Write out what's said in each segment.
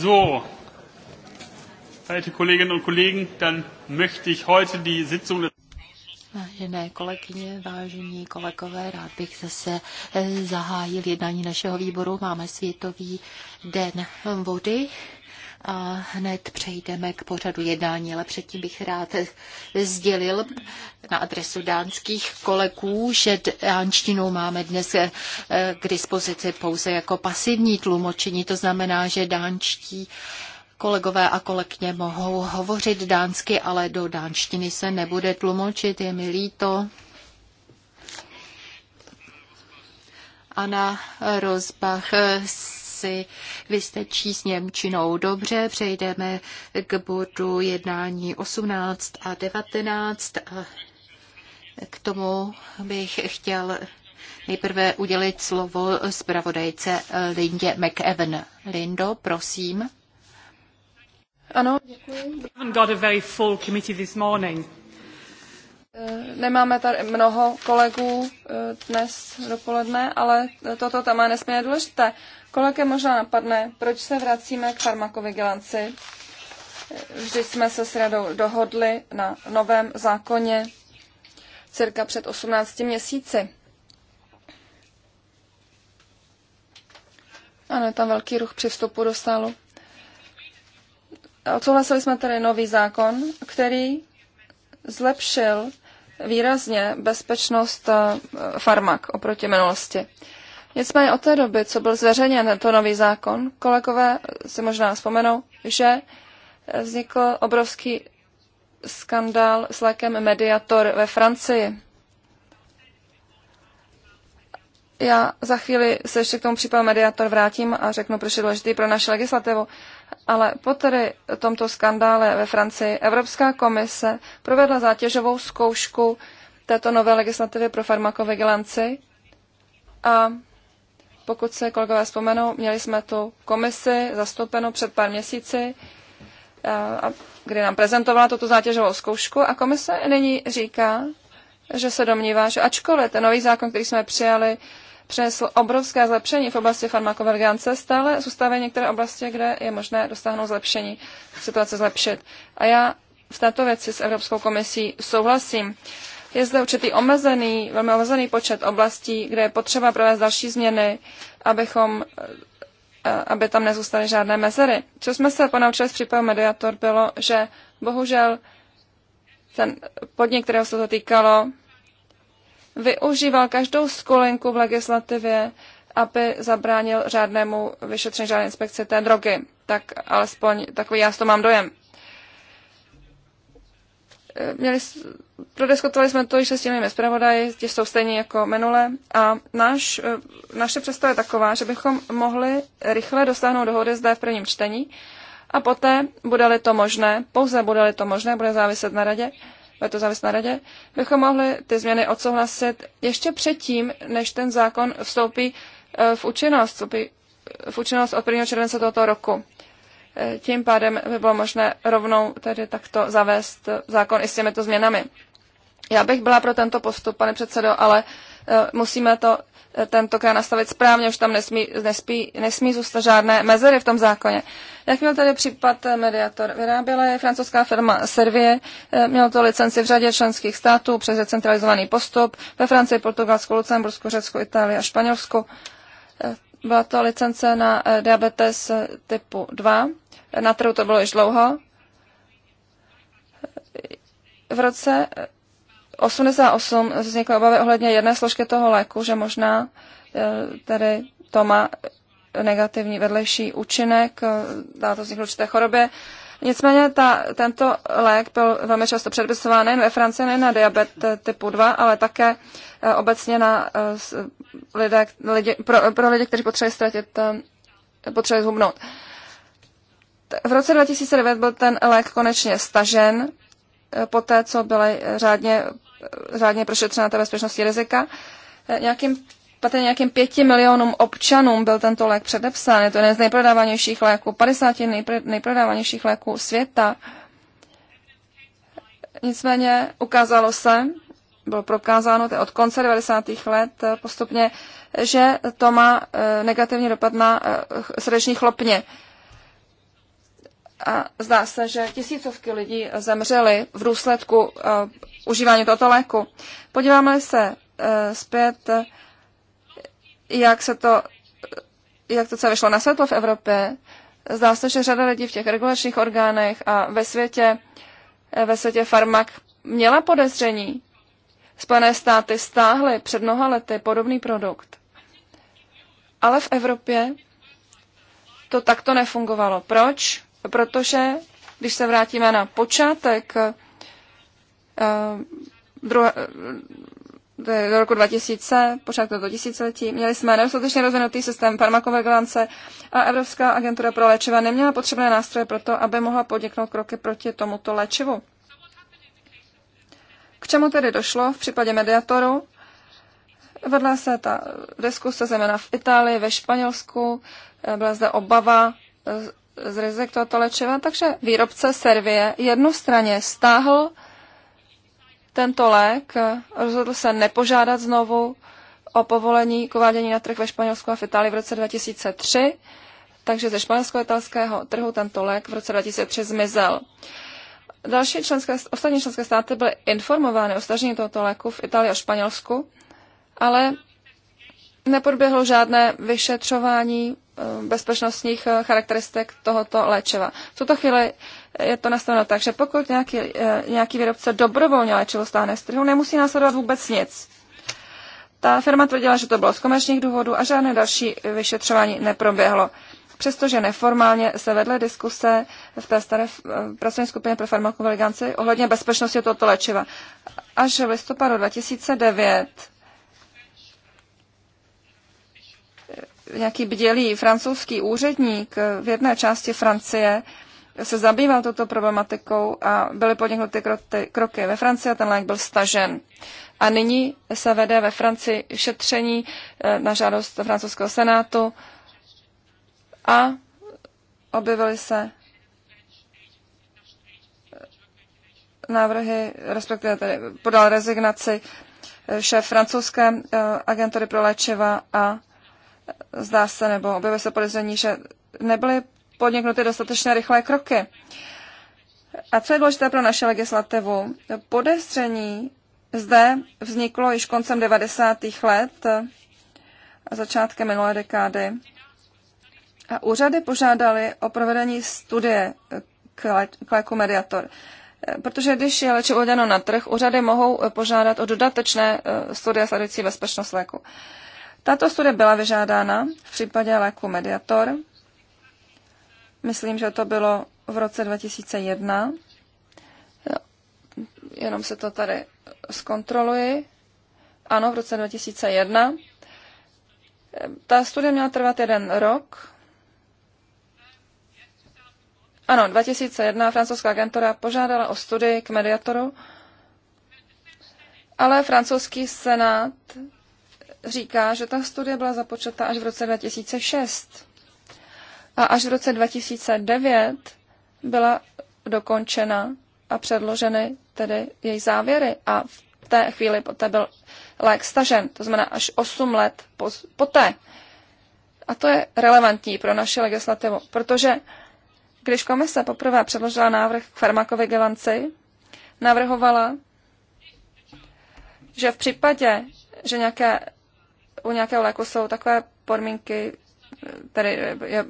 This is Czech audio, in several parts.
So, verehrte Kolleginnen und Kollegen, dann möchte ich heute die Sitzung des Vážené kolegyně, vážení kolegové, rád bych zase eh, zahájil jednání našeho výboru. Máme Světový den vody a hned přejdeme k pořadu jednání, ale předtím bych rád sdělil na adresu dánských kolegů, že dánštinu máme dnes eh, k dispozici pouze jako pasivní tlumočení, to znamená, že dánští Kolegové a kolekně mohou hovořit dánsky, ale do dánštiny se nebude tlumočit, je mi líto. Anna Rozbach si vystečí s Němčinou. Dobře, přejdeme k bodu jednání 18 a 19 a k tomu bych chtěl nejprve udělit slovo zpravodajce Lindě McEwen. Lindo, prosím. Ano, děkuji. Eh, nemáme tady mnoho kolegů eh, dnes dopoledne, ale toto téma je nesmírně důležité. Kolegy možná napadne, proč se vracíme k farmakovigilanci. Vždy jsme se s radou dohodli na novém zákoně cirka před 18 měsíci. Ano, je tam velký ruch při vstupu do stálu. Odsouhlasili jsme tedy nový zákon, který zlepšil výrazně bezpečnost eh, farmak oproti minulosti. Nicméně od té doby, co byl zveřejněn tento nový zákon, kolegové si možná vzpomenou, že vznikl obrovský skandál s lékem Mediator ve Francii. Já za chvíli se ještě k tomu případu Mediator vrátím a řeknu, proč je důležitý pro naši legislativu. Ale po tedy tomto skandále ve Francii Evropská komise provedla zátěžovou zkoušku této nové legislativy pro farmakovigilanci a pokud se kolegové vzpomenou, měli jsme tu komisi zastoupenou před pár měsíci, eh, kdy nám prezentovala tuto zátěžovou zkoušku a komise nyní říká, že se domnívá, že ačkoliv ten nový zákon, který jsme přijali, přinesl obrovské zlepšení v oblasti farmakovergance, stále zůstávají některé oblasti, kde je možné dosáhnout zlepšení, situace zlepšit. A já v této věci s Evropskou komisí souhlasím. Je zde určitý omezený, velmi omezený počet oblastí, kde je potřeba provést další změny, abychom, eh, aby tam nezůstaly žádné mezery. Co jsme se ponaučili z případu Mediator bylo, že bohužel ten podnik, kterého se to týkalo, využíval každou skulinku v legislativě, aby zabránil řádnému vyšetření žádné inspekce té drogy. Tak alespoň takový já to mám dojem. Eh, měli, prodiskutovali jsme to, že s těmi zpravodaji, ti jsou stejně jako minule a náš, eh, naše představa je taková, že bychom mohli rychle dosáhnout dohody zde v prvním čtení a poté, bude-li to možné, pouze bude-li to možné, bude záviset na radě, bude to záviset na radě, bychom mohli ty změny odsouhlasit ještě předtím, než ten zákon vstoupí eh, v účinnost, vstoupí eh, v účinnost od 1. července tohoto roku. Tím pádem by bylo možné rovnou tedy takto zavést zákon i s těmito změnami. Já bych byla pro tento postup, pane předsedo, ale eh, musíme to eh, tentokrát nastavit správně, už tam nesmí, nesmí, nesmí zůstat žádné mezery v tom zákoně. Jak měl tedy případ eh, mediator? Vyráběla je francouzská firma Servie, měl to licenci v řadě členských států přes decentralizovaný postup ve Francii, Portugalsku, Lucembursku, Řecku, Itálii a Španělsku. Byla to licence na diabetes typu 2. Na trhu to bylo již dlouho. V roce 88 vznikly obavy ohledně jedné složky toho léku, že možná eh, tedy to má negativní vedlejší účinek, eh, dá to vzniknout určité chorobě. Nicméně ta, tento lék byl velmi často předpisován nejen ve Francii, nejen na diabet eh, typu 2, ale také obecně na lidé, lidi, pro, pro lidi, kteří potřebují ztratit, potřebují zhubnout. V roce 2009 byl ten lék konečně stažen, poté co byly řádně řádně prošetřena ta bezpečnostní rizika. Eh, nějakým, patrně nějakým pěti milionům občanům byl tento lék předepsán. Je to jeden z nejprodávanějších léků, 50 nejpr- nejprodávanějších léků světa. Nicméně ukázalo se, bylo prokázáno to od konce 90. let eh, postupně, že to má eh, negativní dopad na srdeční chlopně a zdá se, že tisícovky lidí zemřely v důsledku uh, užívání tohoto léku. Podíváme se uh, zpět, jak se to, jak to celé vyšlo na světlo v Evropě. Zdá se, že řada lidí v těch regulačních orgánech a ve světě, eh, ve světě farmak měla podezření. Spojené státy stáhly před mnoha lety podobný produkt. Ale v Evropě to takto nefungovalo. Proč? protože když se vrátíme na počátek eh, eh, do roku 2000, počátku do tisíciletí, měli jsme nedostatečně rozvinutý systém farmakovigilance a Evropská agentura pro léčiva neměla potřebné nástroje pro to, aby mohla podniknout kroky proti tomuto léčivu. K čemu tedy došlo v případě mediatoru? Vedla se ta diskuse zejména v Itálii, ve Španělsku, eh, byla zde obava z rizik tohoto léčiva, takže výrobce Servie jednostranně stáhl tento lék, rozhodl se nepožádat znovu o povolení k uvádění na trh ve Španělsku a v Itálii v roce 2003, takže ze španělsko-italského trhu tento lék v roce 2003 zmizel. Další členské, ostatní členské státy byly informovány o stažení tohoto léku v Itálii a Španělsku, ale nepodběhlo žádné vyšetřování Eh, bezpečnostních eh, charakteristik tohoto léčiva. V tuto chvíli je to nastaveno tak, že pokud nějaký, eh, nějaký výrobce dobrovolně léčivo stáhne z trhu, nemusí následovat vůbec nic. Ta firma tvrdila, že to bylo z komerčních důvodů a žádné další vyšetřování neproběhlo. Přestože neformálně se vedly diskuse v té staré pracovní skupině pro farmakovigilanci ohledně bezpečnosti tohoto léčiva. Až v listopadu 2009 nějaký bdělý francouzský úředník v jedné části Francie se zabýval touto problematikou a byly podniknuty kroky ve Francii a ten lék byl stažen. A nyní se vede ve Francii šetření eh, na žádost francouzského senátu a objevily se eh, návrhy, respektive tedy podal rezignaci eh, šéf francouzské agentury pro léčiva a zdá se, nebo objevuje se podezření, že nebyly podniknuty dostatečně rychlé kroky. A co je důležité pro naši legislativu? Podezření zde vzniklo již koncem 90. let a začátkem minulé dekády. A úřady požádali o provedení studie k léku Mediator. Protože když je léčivo uděleno na trh, úřady mohou požádat o dodatečné eh, studie sledující bezpečnost léku. Tato studie byla vyžádána v případě léku Mediator. Myslím, že to bylo v roce 2001. Jenom se to tady zkontroluji. Ano, v roce 2001. Ta studie měla trvat jeden rok. Ano, 2001 francouzská agentura požádala o studii k mediatoru, ale francouzský senát říká, že ta studie byla započata až v roce 2006 a až v roce 2009 byla dokončena a předloženy tedy její závěry a v té chvíli poté byl lék stažen, to znamená až 8 let poté. A to je relevantní pro naši legislativu, protože když komise poprvé předložila návrh k farmakovigilanci, navrhovala, že v případě, že nějaké u nějakého léku jsou takové podmínky, tady eh, je,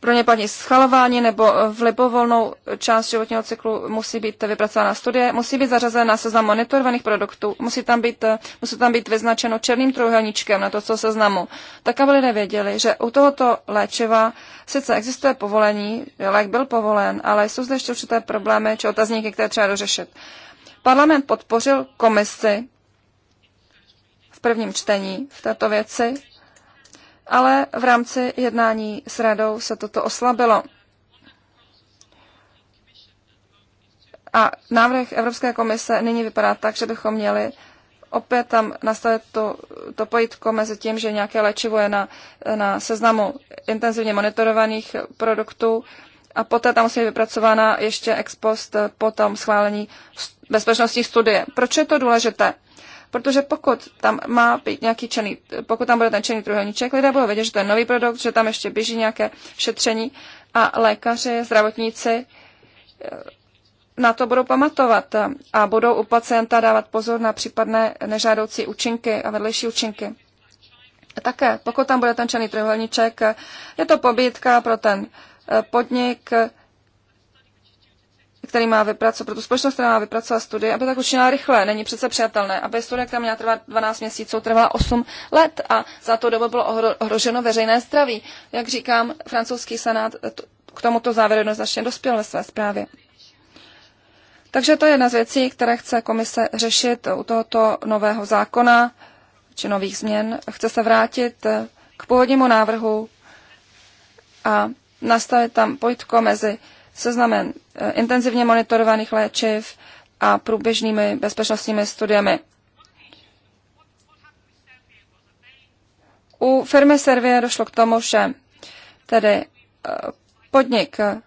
pro ně platí schvalování nebo eh, v libovolnou část životního cyklu musí být vypracována studie, musí být zařazena na seznam monitorovaných produktů, musí tam být, eh, musí tam být vyznačeno černým trojuhelníčkem na to, co seznamu, tak aby lidé věděli, že u tohoto léčiva sice existuje povolení, lék byl povolen, ale jsou zde ještě určité problémy či otazníky, které třeba dořešit. Parlament podpořil komisi prvním čtení v této věci, ale v rámci jednání s radou se toto oslabilo. A návrh Evropské komise nyní vypadá tak, že bychom měli opět tam nastavit to, to pojitko mezi tím, že nějaké léčivo je na, na seznamu intenzivně monitorovaných produktů a poté tam musí být vypracována ještě ex post po tom schválení bezpečnostní studie. Proč je to důležité? Protože pokud tam má být nějaký černý, pokud tam bude ten černý trojúhelníček, lidé budou vědět, že to je nový produkt, že tam ještě běží nějaké šetření a lékaři, zdravotníci eh, na to budou pamatovat a budou u pacienta dávat pozor na případné nežádoucí účinky a vedlejší účinky. Také, pokud tam bude ten černý trojúhelníček, je to pobídka pro ten eh, podnik, který má vypracovat, pro tu společnost, která má vypracovat studii, aby tak učinila rychle. Není přece přijatelné, aby studie, která měla trvat 12 měsíců, trvala 8 let a za to dobu bylo ohroženo veřejné zdraví. Jak říkám, francouzský senát k tomuto závěru jednoznačně dospěl ve své zprávě. Takže to je jedna z věcí, které chce komise řešit u tohoto nového zákona či nových změn. Chce se vrátit eh, k původnímu návrhu a nastavit tam pojitko mezi seznamem eh, intenzivně monitorovaných léčiv a průběžnými bezpečnostními studiemi. U firmy Servier došlo k tomu, že tedy eh, podnik eh,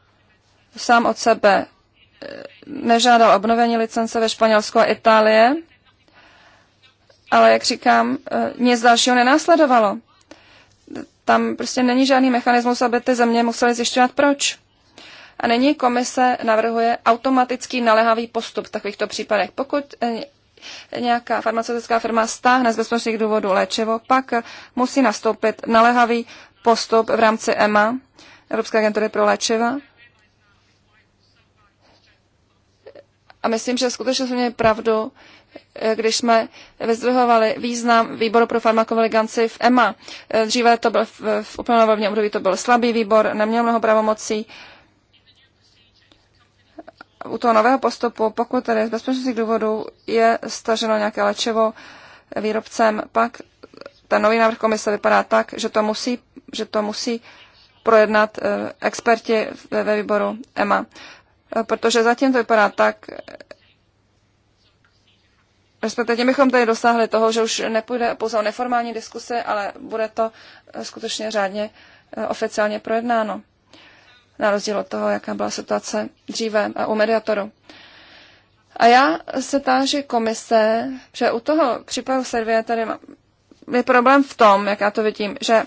sám od sebe nežádal obnovení licence ve Španělsku a Itálie, ale jak říkám, nic dalšího nenásledovalo. Tam prostě není žádný mechanismus, aby ty země musely zjišťovat proč. A nyní komise navrhuje automatický naléhavý postup v takovýchto případech. Pokud eh, nějaká farmaceutická firma stáhne z bezpečných důvodů léčivo, pak musí nastoupit naléhavý postup v rámci EMA, Evropské agentury pro léčiva. A myslím, že skutečně jsme měli pravdu, eh, když jsme vyzdvihovali význam výboru pro farmakovigilanci v EMA. Eh, dříve to byl v, v úplně období to byl slabý výbor, neměl mnoho pravomocí u toho nového postupu, pokud tedy z bezpečnostních důvodů je staženo nějaké léčivo výrobcem, pak ten nový návrh komise vypadá tak, že to musí, že to musí projednat eh, experti ve výboru EMA. Eh, protože zatím to vypadá tak, respektive tím bychom tady dosáhli toho, že už nepůjde pouze o neformální diskuse, ale bude to eh, skutečně řádně oficiálně projednáno na rozdíl od toho, jaká byla situace dříve u mediatoru. A já se táži komise, že u toho případu Servie tady je problém v tom, jak já to vidím, že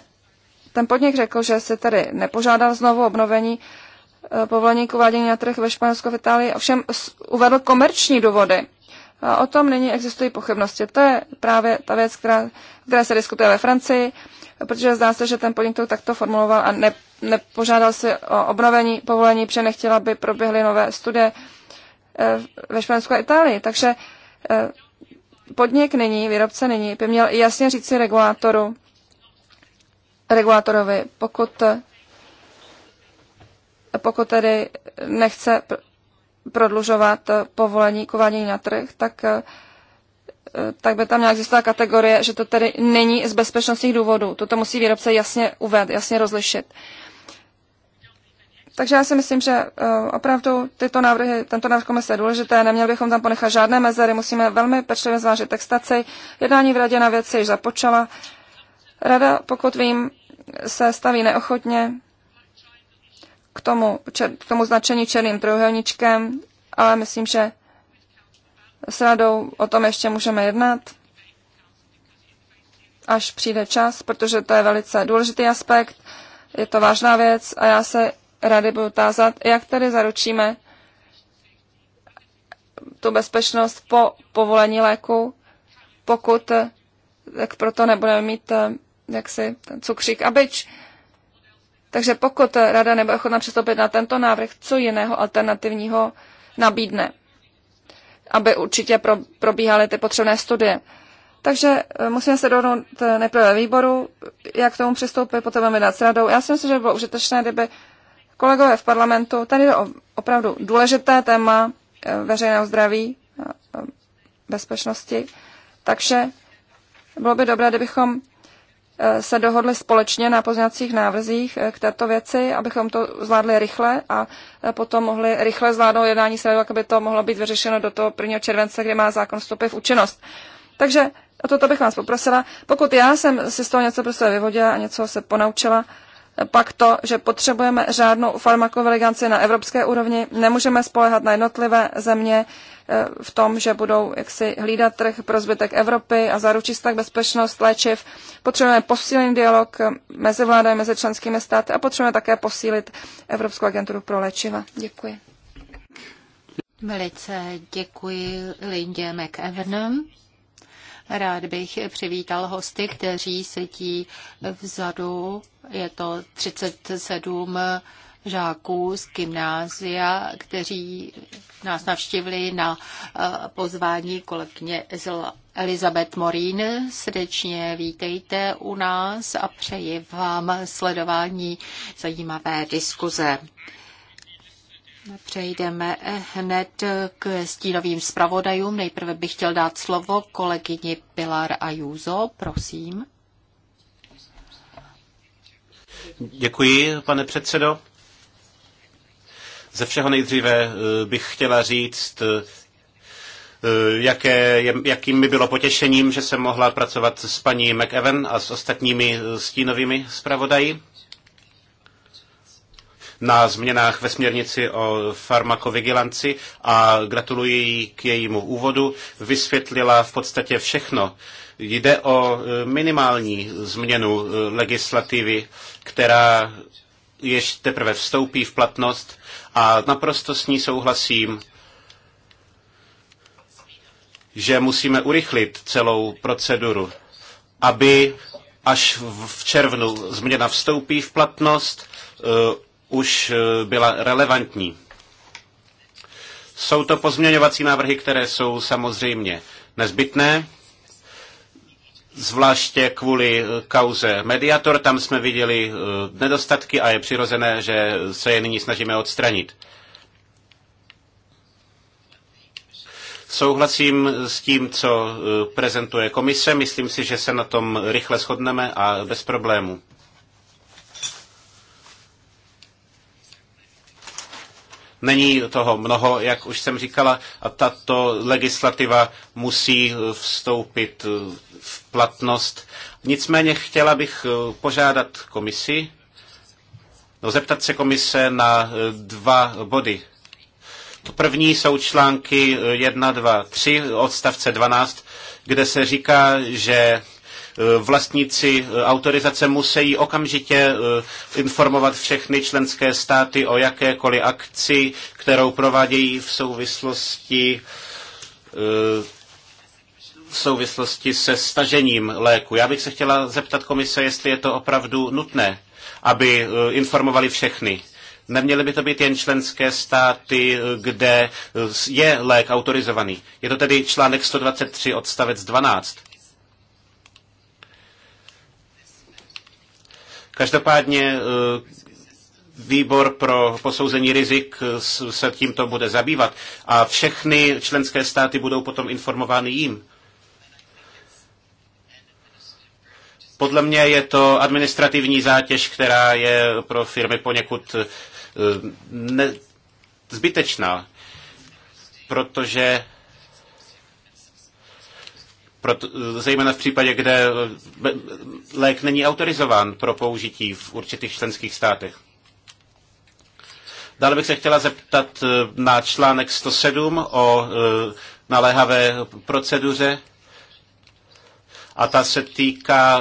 ten podnik řekl, že se tady nepožádal znovu obnovení eh, povolení k uvádění na trh ve Španělsku v Itálii, ovšem uvedl komerční důvody. O tom nyní existují pochybnosti. To je právě ta věc, která, která se diskutuje ve Francii, protože zdá se, že ten podnik to takto formuloval a ne, nepožádal si o obnovení povolení, protože nechtěla aby proběhly nové studie eh, ve Španělsku a Itálii. Takže eh, podnik nyní, výrobce nyní, by měl jasně říci regulátoru, regulátorovi, pokud eh, pokud tedy nechce prodlužovat povolení k na trh, tak, eh, tak by tam měla existovat kategorie, že to tedy není z bezpečnostních důvodů. Toto musí výrobce jasně uvést, jasně rozlišit. Takže já si myslím, že eh, opravdu tyto návrhy, tento návrh komise je důležité, neměli bychom tam ponechat žádné mezery, musíme velmi pečlivě zvážit textaci. Jednání v radě na věci již započala. Rada, pokud vím, se staví neochotně k tomu, čer, k tomu značení černým trojuhelníčkem, ale myslím, že s radou o tom ještě můžeme jednat, až přijde čas, protože to je velice důležitý aspekt, je to vážná věc a já se rady budu tázat, jak tedy zaručíme tu bezpečnost po povolení léku, pokud tak proto nebudeme mít eh, jaksi ten cukřík a byč. Takže pokud rada nebude ochotna přistoupit na tento návrh, co jiného alternativního nabídne, aby určitě probíhaly ty potřebné studie. Takže eh, musíme se dohodnout eh, nejprve výboru, jak k tomu přistoupit, potom dát s radou. Já si myslím, že by bylo užitečné, kdyby kolegové v parlamentu, tady je opravdu důležité téma eh, veřejného zdraví, bezpečnosti, takže bylo by dobré, kdybychom se dohodli společně na pozněcích návrzích eh, k této věci, abychom to zvládli rychle a eh, potom mohli rychle zvládnout jednání se, aby to mohlo být vyřešeno do toho 1. července, kdy má zákon vstupy v účinnost. Takže o toto bych vás poprosila. Pokud já jsem si z toho něco prostě vyvodila a něco se ponaučila, pak to, že potřebujeme řádnou farmakovigilanci na evropské úrovni, nemůžeme spolehat na jednotlivé země eh, v tom, že budou jaksi hlídat trh pro zbytek Evropy a zaručí tak bezpečnost léčiv. Potřebujeme posílený dialog eh, mezi vládami, mezi členskými státy a potřebujeme také posílit Evropskou agenturu pro léčiva. Děkuji. Velice děkuji Lindě McEvernem. Rád bych přivítal hosty, kteří sedí vzadu. Je to 37 žáků z gymnázia, kteří nás navštívili na eh, pozvání kolegyně Elizabeth Morín. Srdečně vítejte u nás a přeji vám sledování zajímavé diskuze. Přejdeme hned k stínovým zpravodajům. Nejprve bych chtěl dát slovo kolegyni Pilar Ajuzo, prosím. Děkuji, pane předsedo. Ze všeho nejdříve eh, bych chtěla říct, eh, jaké, jakým mi bylo potěšením, že jsem mohla pracovat s paní McEwen a s ostatními eh, stínovými zpravodaji na změnách ve směrnici o farmakovigilanci a gratuluji jí k jejímu úvodu. Vysvětlila v podstatě všechno. Jde o e, minimální změnu e, legislativy, která jež teprve vstoupí v platnost a naprosto s ní souhlasím že musíme urychlit celou proceduru, aby až v červnu změna vstoupí v platnost, e, už eh, byla relevantní. Jsou to pozměňovací návrhy, které jsou samozřejmě nezbytné, zvláště kvůli eh, kauze Mediator. Tam jsme viděli eh, nedostatky a je přirozené, že se je nyní snažíme odstranit. Souhlasím s tím, co prezentuje komise. Myslím si, že se na tom rychle shodneme a bez problémů. Není toho mnoho, jak už jsem říkala, a tato legislativa musí eh, vstoupit eh, v platnost. Nicméně chtěla bych eh, požádat komisi, no zeptat se komise na dva body. To první jsou články 1, 2, 3, odstavce 12, kde se říká, že Eh, vlastníci eh, autorizace musí okamžitě eh, informovat všechny členské státy o jakékoliv akci, kterou provádějí v souvislosti v souvislosti se stažením léku. Já bych se chtěla zeptat komise, jestli je to opravdu nutné, aby informovali všechny. Neměly by to být jen členské státy, kde je lék autorizovaný. Je to tedy článek 123 odstavec 12. Každopádně eh, výbor pro posouzení rizik eh, se tímto bude zabývat a všechny členské státy budou potom informovány jím. Podle mě je to administrativní zátěž, která je pro firmy poněkud eh, ne- zbytečná, protože proto, zejména v případě, kde eh, lék není autorizován pro použití v určitých členských státech. Dále bych se chtěla zeptat eh, na článek 107 o eh, naléhavé proceduře a ta se týká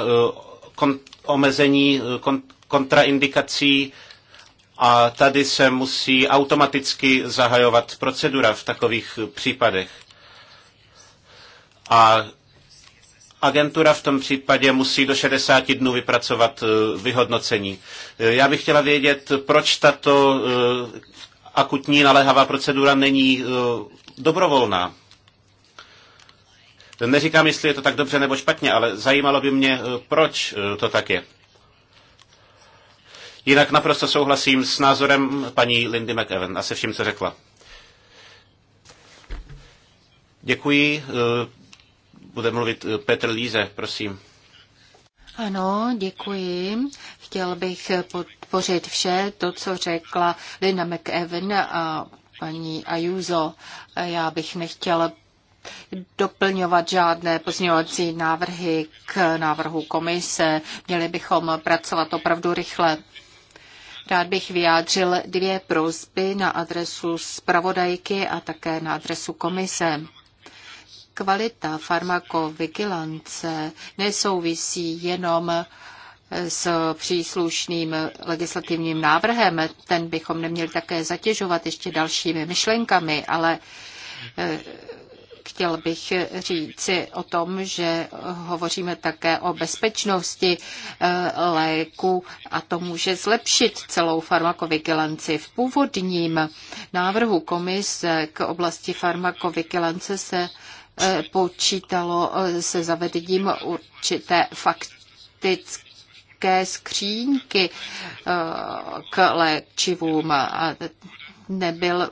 kon, omezení kon, kontraindikací a tady se musí automaticky zahajovat procedura v takových případech. A Agentura v tom případě musí do 60 dnů vypracovat eh, vyhodnocení. Eh, já bych chtěla vědět, proč tato eh, akutní naléhavá procedura není dobrovolná. Neříkám, jestli je to tak dobře nebo špatně, ale zajímalo by mě, proč to tak je. Jinak naprosto souhlasím s názorem paní Lindy McEwen a se vším, co řekla. Děkuji. Bude mluvit eh, Petr Líze, prosím. Ano, děkuji. Chtěl bych podpořit vše to, co řekla Lina McEwen a paní Ajuzo. Já bych nechtěl doplňovat žádné pozměňovací návrhy k návrhu komise. Měli bychom pracovat opravdu rychle. Rád bych vyjádřil dvě prozby na adresu zpravodajky a také na adresu komise kvalita farmakovigilance nesouvisí jenom s příslušným legislativním návrhem. Ten bychom neměli také zatěžovat ještě dalšími myšlenkami, ale eh, chtěl bych říci o tom, že hovoříme také o bezpečnosti eh, léku a to může zlepšit celou farmakovigilanci. V původním návrhu komise k oblasti farmakovigilance se Eh, počítalo eh, se zavedením určité faktické skřínky eh, k léčivům a nebyl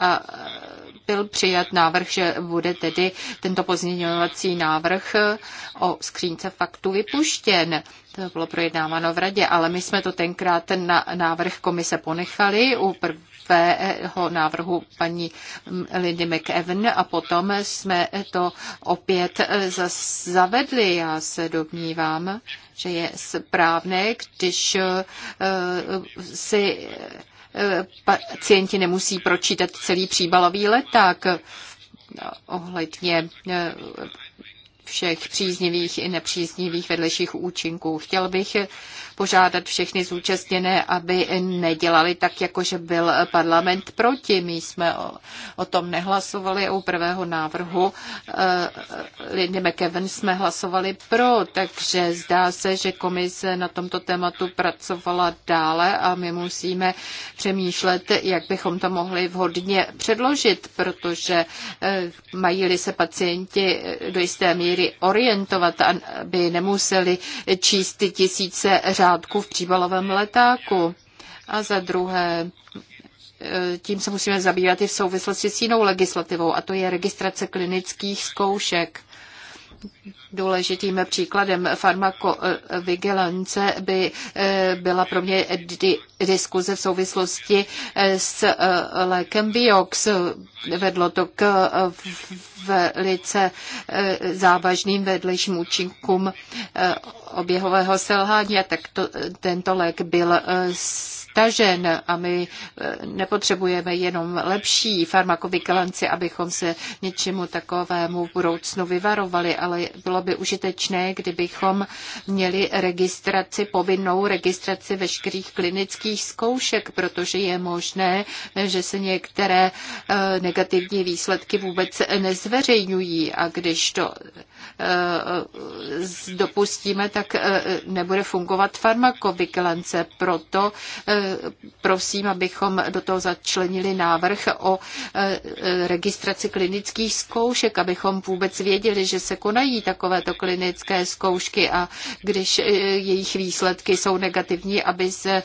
a byl přijat návrh, že bude tedy tento pozměňovací návrh o skřínce faktu vypuštěn. To bylo projednáváno v radě, ale my jsme to tenkrát na návrh komise ponechali u první svého návrhu paní Lindy McEwen a potom jsme to opět eh, zavedli. Já se domnívám, že je správné, když eh, si eh, pacienti nemusí pročítat celý příbalový leták ohledně všech příznivých i nepříznivých vedlejších účinků. Chtěl bych požádat všechny zúčastněné, aby nedělali tak, jako že byl parlament proti. My jsme o, o tom nehlasovali u prvého návrhu. Eh, Lindy McEwen jsme hlasovali pro, takže zdá se, že komise na tomto tématu pracovala dále a my musíme přemýšlet, jak bychom to mohli vhodně předložit, protože eh, mají-li se pacienti do jisté míry chvíli orientovat, aby nemuseli číst ty tisíce řádků v příbalovém letáku. A za druhé, eh, tím se musíme zabývat i v souvislosti s jinou legislativou, a to je registrace klinických zkoušek. Důležitým příkladem farmakovigilance by eh, byla pro mě diskuze v souvislosti eh, s eh, lékem Biox. Vedlo to k velice závažným vedlejším účinkům oběhového selhání a tak to, tento lék byl s tažen a my eh, nepotřebujeme jenom lepší farmakovigilanci, abychom se něčemu takovému v budoucnu vyvarovali, ale bylo by užitečné, kdybychom měli registraci, povinnou registraci veškerých klinických zkoušek, protože je možné, že se některé eh, negativní výsledky vůbec nezveřejňují a když to eh, dopustíme, tak nebude fungovat farmakovigilance. Proto prosím, abychom do toho začlenili návrh o e, e, registraci klinických zkoušek, abychom vůbec věděli, že se konají takovéto klinické zkoušky a když e, jejich výsledky jsou negativní, aby se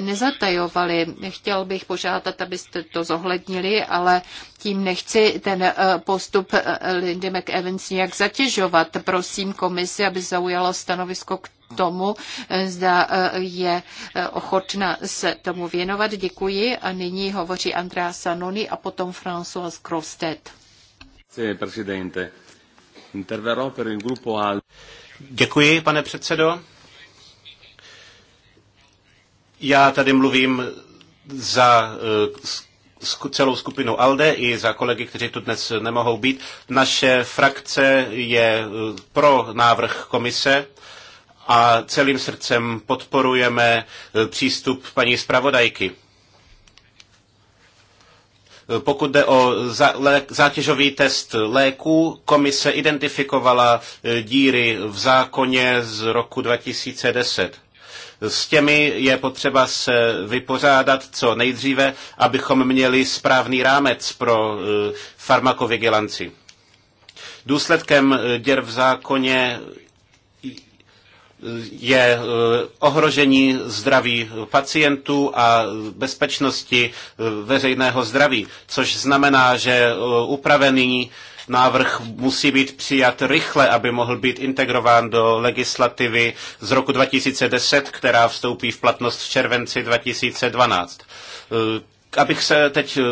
nezatajovaly. Chtěl bych požádat, abyste to zohlednili, ale tím nechci ten eh, postup eh, Lindy McEvans nějak zatěžovat. Prosím komisi, aby zaujala stanovisko k tomu, eh, zda je ochotna se tomu věnovat. Děkuji. A nyní hovoří Andrea Sanoni a potom François Grostet. Děkuji, pane předsedo. Já tady mluvím za celou skupinu ALDE i za kolegy, kteří tu dnes nemohou být. Naše frakce je e, pro návrh komise a celým srdcem podporujeme e, přístup paní zpravodajky. E, pokud jde o zátěžový test léků, komise identifikovala díry v zákoně z roku 2010. S těmi je potřeba se vypořádat co nejdříve, abychom měli správný rámec pro e, farmakovigilanci. Důsledkem e, děr v zákoně je e, ohrožení zdraví pacientů a bezpečnosti veřejného zdraví, což znamená, že upravený Návrh musí být přijat rychle, aby mohl být integrován do legislativy z roku 2010, která vstoupí v platnost v červenci 2012. Eh, abych se teď eh,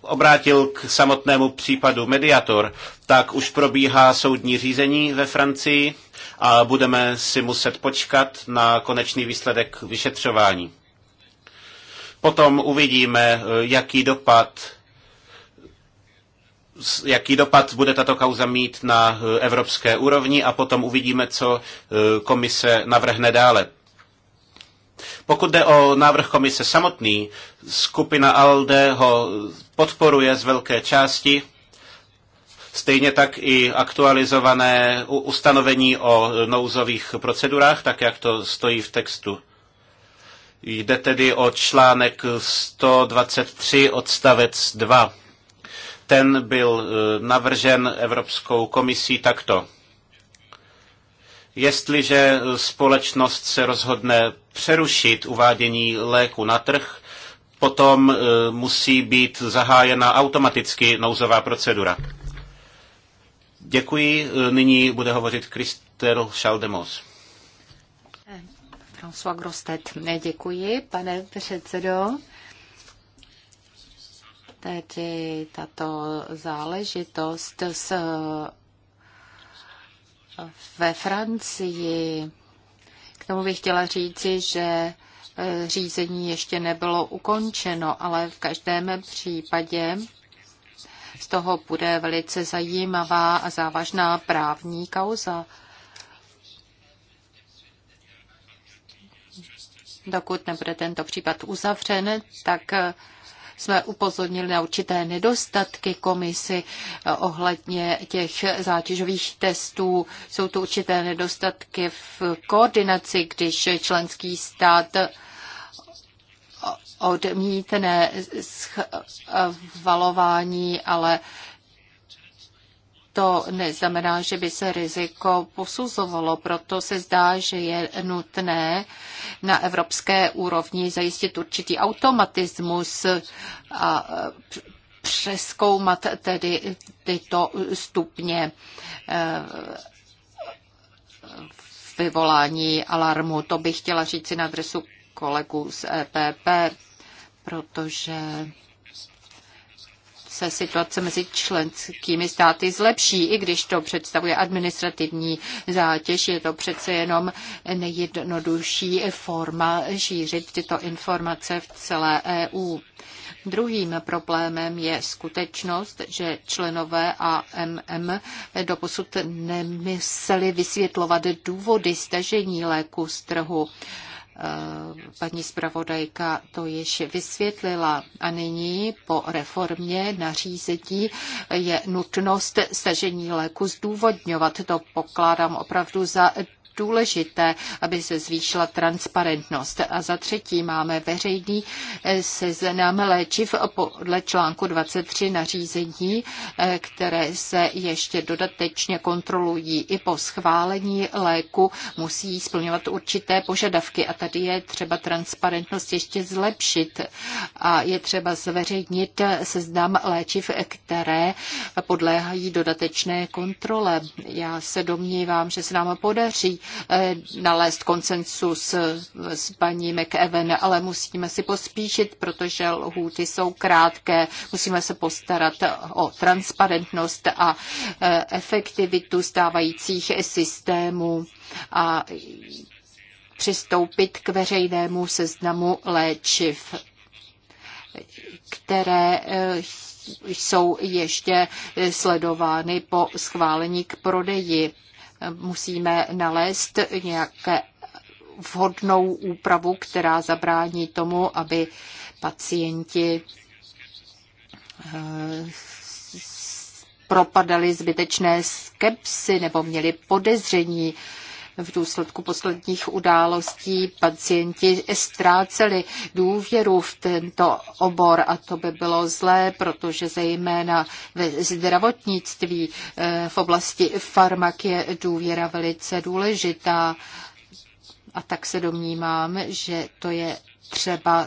obrátil k samotnému případu Mediator, tak už probíhá soudní řízení ve Francii a budeme si muset počkat na konečný výsledek vyšetřování. Potom uvidíme, eh, jaký dopad jaký dopad bude tato kauza mít na eh, evropské úrovni a potom uvidíme, co eh, komise navrhne dále. Pokud jde o návrh komise samotný, skupina ALDE ho podporuje z velké části, stejně tak i aktualizované ustanovení o nouzových procedurách, tak jak to stojí v textu. Jde tedy o článek 123 odstavec 2 ten byl eh, navržen Evropskou komisí takto. Jestliže eh, společnost se rozhodne přerušit uvádění léku na trh, potom eh, musí být zahájena automaticky nouzová procedura. Děkuji. Nyní bude hovořit Kristel Schaldemos. François Grostet. Děkuji, pane předsedo. Tedy tato záležitost s, ve Francii. K tomu bych chtěla říci, že e, řízení ještě nebylo ukončeno, ale v každém případě z toho bude velice zajímavá a závažná právní kauza. Dokud nebude tento případ uzavřen, tak jsme upozornili na určité nedostatky komisy eh, ohledně těch zátěžových testů. Jsou to určité nedostatky v koordinaci, když členský stát odmítne schvalování, ale to neznamená, že by se riziko posuzovalo, proto se zdá, že je nutné na evropské úrovni zajistit určitý automatismus a eh, přeskoumat tedy tyto stupně eh, vyvolání alarmu. To bych chtěla říct si na adresu kolegů z EPP, protože se situace mezi členskými státy zlepší, i když to představuje administrativní zátěž. Je to přece jenom nejjednodušší forma šířit tyto informace v celé EU. Druhým problémem je skutečnost, že členové AMM doposud nemysleli vysvětlovat důvody stažení léku z trhu. Eh, paní zpravodajka to již vysvětlila. A nyní po reformě nařízení je nutnost stažení léku zdůvodňovat. To pokládám opravdu za důležité, aby se zvýšila transparentnost. A za třetí máme veřejný eh, seznam léčiv podle článku 23 nařízení, eh, které se ještě dodatečně kontrolují i po schválení léku, musí splňovat určité požadavky a tady je třeba transparentnost ještě zlepšit a je třeba zveřejnit seznam léčiv, které podléhají dodatečné kontrole. Já se domnívám, že se nám podaří Eh, nalézt koncensus s paní McEwen, ale musíme si pospíšit, protože lhůty jsou krátké. Musíme se postarat o transparentnost a eh, efektivitu stávajících systémů a přistoupit k veřejnému seznamu léčiv, které eh, jsou ještě sledovány po schválení k prodeji musíme nalézt nějaké vhodnou úpravu, která zabrání tomu, aby pacienti eh, propadali zbytečné skepsy nebo měli podezření v důsledku posledních událostí pacienti ztráceli důvěru v tento obor a to by bylo zlé, protože zejména ve zdravotnictví eh, v oblasti farmak je důvěra velice důležitá. A tak se domnívám, že to je třeba,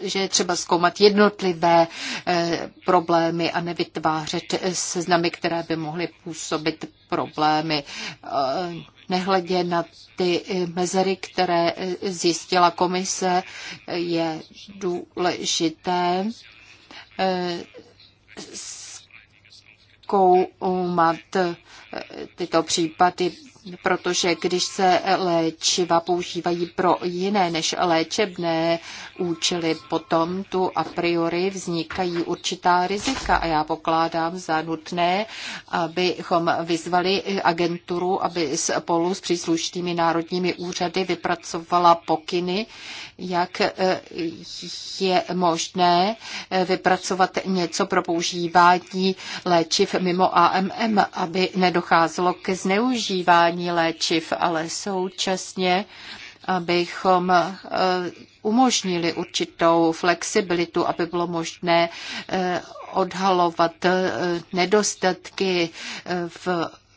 že je třeba zkoumat jednotlivé eh, problémy a nevytvářet eh, seznamy, které by mohly působit problémy nehledě na ty eh, mezery, které eh, zjistila komise, eh, je důležité zkoumat tyto případy protože když se léčiva používají pro jiné než léčebné účely, potom tu a priori vznikají určitá rizika a já pokládám za nutné, abychom vyzvali agenturu, aby spolu s příslušnými národními úřady vypracovala pokyny, jak e, je možné e, vypracovat něco pro používání léčiv mimo AMM, aby nedocházelo ke zneužívání povolování léčiv, ale současně abychom eh, umožnili určitou flexibilitu, aby bylo možné eh, odhalovat eh, nedostatky v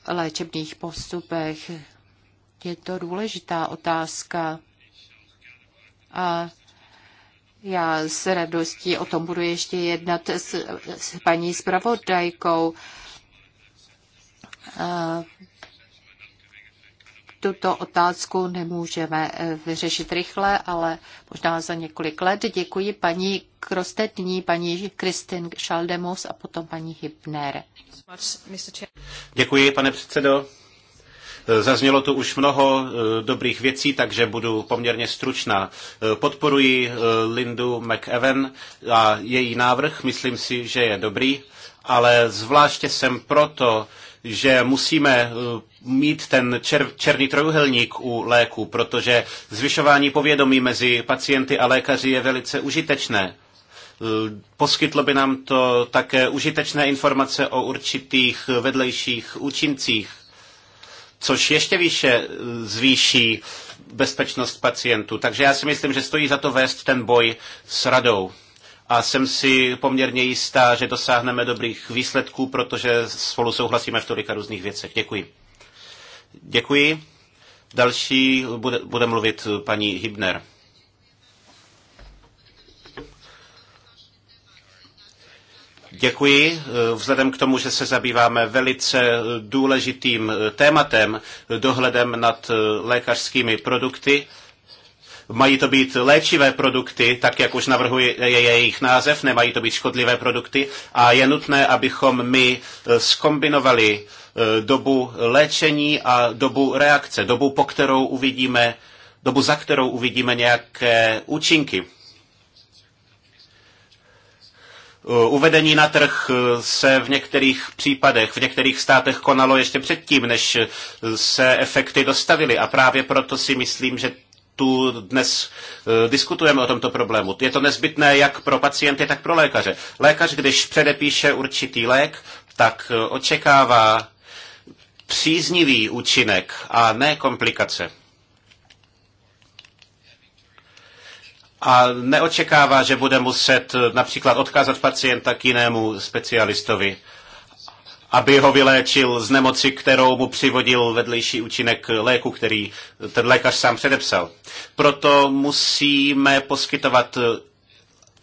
léčebných postupech. Je to důležitá otázka. A já s radostí o tom budu ještě jednat s, s paní zpravodajkou tuto otázku nemůžeme eh, vyřešit rychle, ale možná za několik let. Děkuji paní Krostetní, paní Kristin Šaldemus a potom paní Hybner. Děkuji, pane předsedo. Eh, zaznělo tu už mnoho eh, dobrých věcí, takže budu poměrně stručná. Podporuji Lindu McEwen a její návrh, myslím si, že je dobrý, ale zvláště jsem proto, že musíme eh, mít ten čer, černý trojuhelník u léku, protože zvyšování povědomí mezi pacienty a lékaři je velice užitečné. Eh, poskytlo by nám to také užitečné informace o určitých vedlejších účincích, což ještě výše eh, zvýší bezpečnost pacientů. Takže já si myslím, že stojí za to vést ten boj s radou a jsem si poměrně jistá, že dosáhneme dobrých výsledků, protože spolu souhlasíme v tolika různých věcech. Děkuji. Děkuji. Další bude, bude mluvit paní Hibner. Děkuji. Vzhledem k tomu, že se zabýváme velice důležitým tématem, dohledem nad lékařskými produkty, Mají to být léčivé produkty, tak jak už navrhuje jejich název, nemají to být škodlivé produkty a je nutné, abychom my skombinovali eh, eh, dobu léčení a dobu reakce, dobu, po kterou uvidíme, dobu za kterou uvidíme nějaké účinky. Eh, uvedení na trh se v některých případech, v některých státech konalo ještě předtím, než se efekty dostavily. A právě proto si myslím, že tu dnes e, diskutujeme o tomto problému. Je to nezbytné jak pro pacienty, tak pro lékaře. Lékař, když předepíše určitý lék, tak e, očekává příznivý účinek a ne komplikace. a neočekává, že bude muset e, například odkázat pacienta k jinému specialistovi aby ho vyléčil z nemoci, kterou mu přivodil vedlejší účinek léku, který ten lékař sám předepsal. Proto musíme poskytovat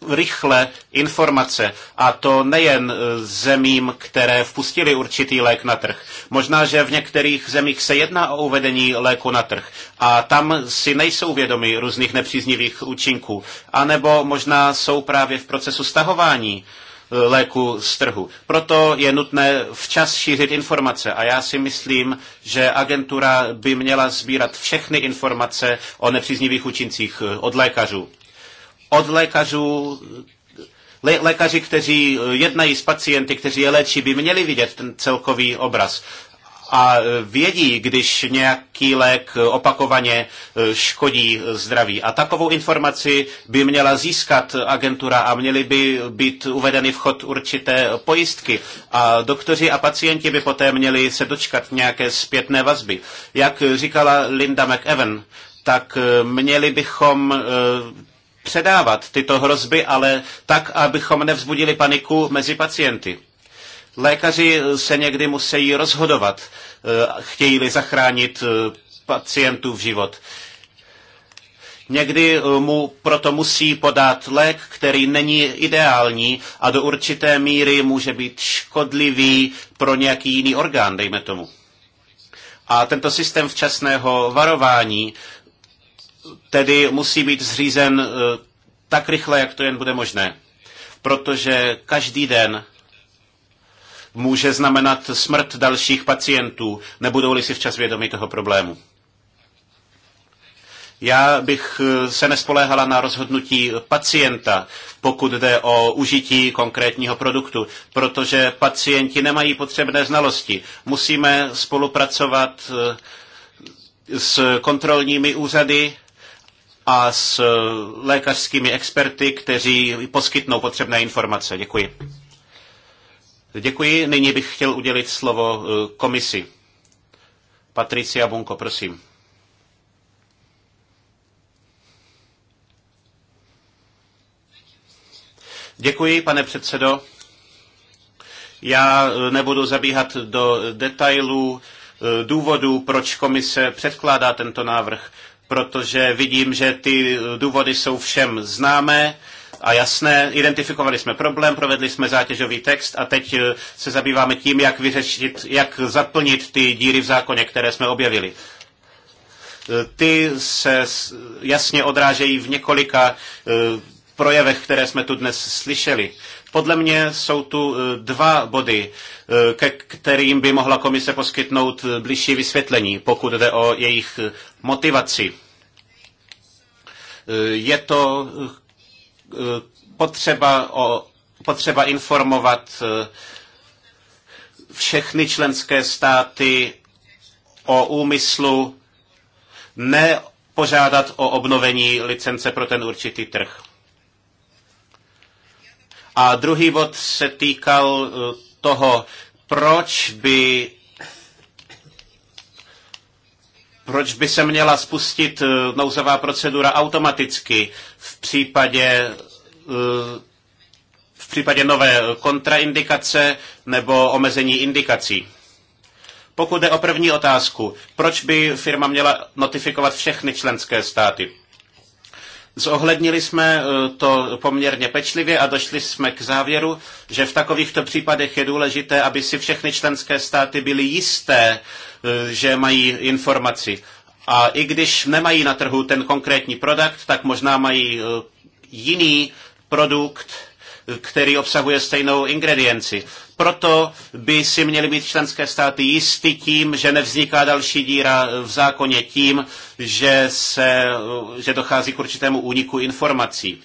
rychle informace, a to nejen zemím, které vpustili určitý lék na trh. Možná, že v některých zemích se jedná o uvedení léku na trh a tam si nejsou vědomi různých nepříznivých účinků, anebo možná jsou právě v procesu stahování Eh, léku z trhu. Proto je nutné včas šířit informace a já si myslím, že agentura by měla sbírat všechny informace o nepříznivých účincích eh, od lékařů. Od lékařů eh, Lékaři, kteří jednají s pacienty, kteří je léčí, by měli vidět ten celkový obraz a e, vědí, když nějaký lék opakovaně e, škodí zdraví. A takovou informaci by měla získat agentura a měly by být uvedeny v chod určité pojistky. A doktoři a pacienti by poté měli se dočkat nějaké zpětné vazby. Jak říkala Linda McEwen, tak e, měli bychom předávat tyto hrozby, ale tak, abychom nevzbudili paniku mezi pacienty. Lékaři se někdy musí rozhodovat, eh, chtějí-li zachránit eh, v život. Někdy eh, mu proto musí podat lék, který není ideální a do určité míry může být škodlivý pro nějaký jiný orgán, dejme tomu. A tento systém včasného varování tedy musí být zřízen tak rychle, jak to jen bude možné. Protože každý den může znamenat smrt dalších pacientů, nebudou-li si včas vědomi toho problému. Já bych eh, se nespoléhala na rozhodnutí pacienta, pokud jde o užití konkrétního produktu, protože pacienti nemají potřebné znalosti. Musíme spolupracovat eh, s kontrolními úřady a s eh, lékařskými experty, kteří poskytnou potřebné informace. Děkuji. Děkuji. Nyní bych chtěl udělit slovo eh, komisi. Patricia Bunko, prosím. Děkuji, pane předsedo. Já eh, nebudu zabíhat do detailů eh, důvodů, proč komise předkládá tento návrh, protože vidím, že ty důvody jsou všem známé a jasné. Identifikovali jsme problém, provedli jsme zátěžový text a teď eh, se zabýváme tím, jak vyřešit, jak zaplnit ty díry v zákoně, které jsme objevili. Eh, ty se jasně odrážejí v několika eh, projevech, které jsme tu dnes slyšeli. Podle mě jsou tu dva body, ke kterým by mohla komise poskytnout bližší vysvětlení, pokud jde o jejich motivaci. Je to Eh, potřeba, o, potřeba informovat eh, všechny členské státy o úmyslu nepožádat o obnovení licence pro ten určitý trh. A druhý bod se týkal eh, toho, proč by proč by se měla spustit eh, nouzová procedura automaticky v případě eh, v případě nové kontraindikace nebo omezení indikací. Pokud jde o první otázku, proč by firma měla notifikovat všechny členské státy? Zohlednili jsme eh, to poměrně pečlivě a došli jsme k závěru, že v takovýchto případech je důležité, aby si všechny členské státy byly jisté, Eh, že mají informaci. A i když nemají na trhu ten konkrétní produkt, tak možná mají eh, jiný produkt, který obsahuje stejnou ingredienci. Proto by si měly být členské státy jistý tím, že nevzniká další díra eh, v zákoně tím, že, se, že dochází k určitému úniku informací.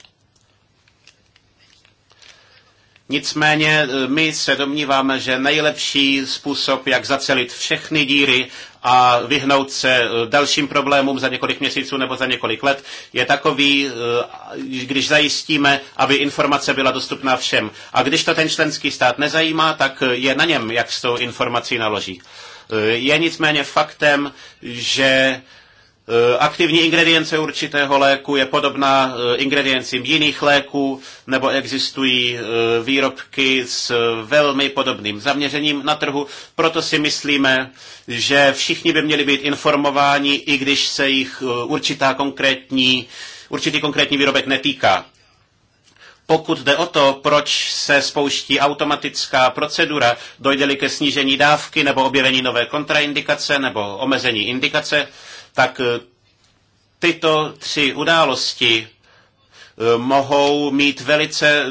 Nicméně e, my se domníváme, že nejlepší způsob, jak zacelit všechny díry a vyhnout se e, dalším problémům za několik měsíců nebo za několik let, je takový, e, když zajistíme, aby informace byla dostupná všem. A když to ten členský stát nezajímá, tak je na něm, jak s tou informací naloží. Je nicméně faktem, že Eh, aktivní ingredience určitého léku je podobná eh, ingrediencím jiných léků, nebo existují eh, výrobky s velmi podobným zaměřením na trhu. Proto si myslíme, že všichni by měli být informováni, i když se jich určitá konkrétní, určitý konkrétní výrobek netýká. Pokud jde o to, proč se spouští automatická procedura, dojde-li ke snížení dávky nebo objevení nové kontraindikace nebo omezení indikace, tak eh, tyto tři události eh, mohou mít velice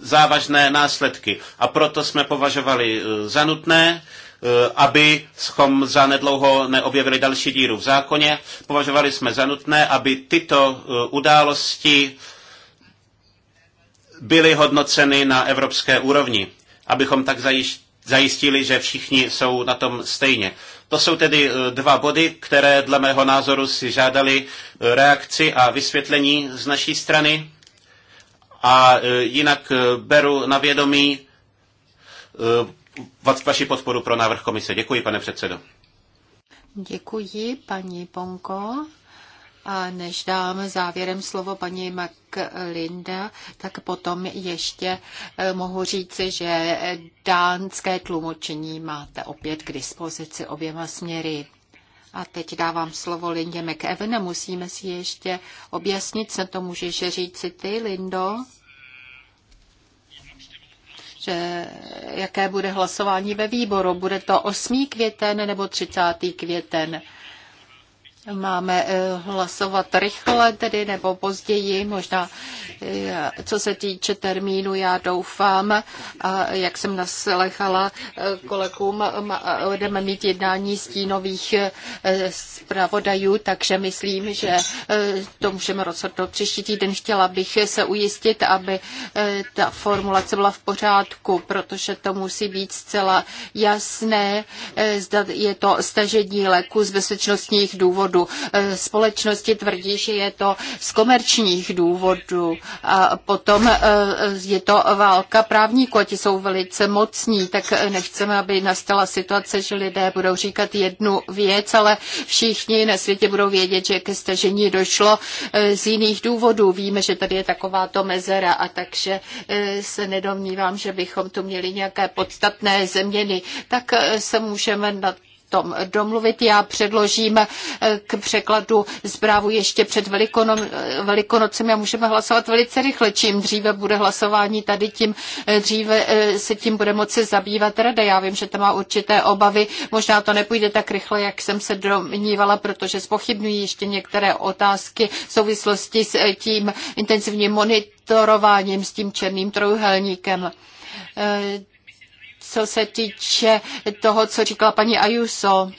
závažné následky. A proto jsme považovali eh, za nutné, aby schom za nedlouho neobjevili další díru v zákoně. Považovali jsme za nutné, aby tyto události byly hodnoceny na evropské úrovni, abychom tak zajistili, že všichni jsou na tom stejně. To jsou tedy eh, dva body, které dle mého názoru si žádali eh, reakci a vysvětlení z naší strany. A eh, jinak beru na vědomí vaši podporu pro návrh komise. Děkuji, pane předsedo. Děkuji, paní Ponko. A než dám závěrem slovo paní Linda, tak potom ještě eh, mohu říci, že dánské tlumočení máte opět k dispozici oběma směry. A teď dávám slovo Lindě McEwen a musíme si ještě objasnit, co to můžeš říci ty, Lindo? Že jaké bude hlasování ve výboru? Bude to 8. květen nebo 30. květen? Máme eh, hlasovat rychle tedy nebo později, možná eh, co se týče termínu, já doufám, a jak jsem naslechala eh, kolegům, budeme mít jednání stínových zpravodajů, takže myslím, že to můžeme rozhodnout příští týden. Chtěla bych se ujistit, aby ta formulace byla v pořádku, protože to musí být zcela jasné, zda je to stažení léku z bezpečnostních důvodů důvodu. E, společnosti tvrdí, že je to z komerčních důvodů. A potom e, je to válka právníků, ti jsou velice mocní, tak nechceme, aby nastala situace, že lidé budou říkat jednu věc, ale všichni na světě budou vědět, že ke stažení došlo e, z jiných důvodů. Víme, že tady je takováto mezera a takže se nedomnívám, že bychom tu měli nějaké podstatné změny. Tak se můžeme na tom domluvit. Já předložím eh, k překladu zprávu ještě před velikonocemi. Eh, velikonocem a můžeme hlasovat velice rychle. Čím dříve bude hlasování tady, tím eh, dříve se tím bude moci zabývat rada. Já vím, že to má určité obavy. Možná to nepůjde tak rychle, jak jsem se domnívala, protože spochybnují ještě některé otázky v souvislosti s tím intenzivním monitorováním, s tím černým trojuhelníkem co se týče toho, co říkala paní Ayuso.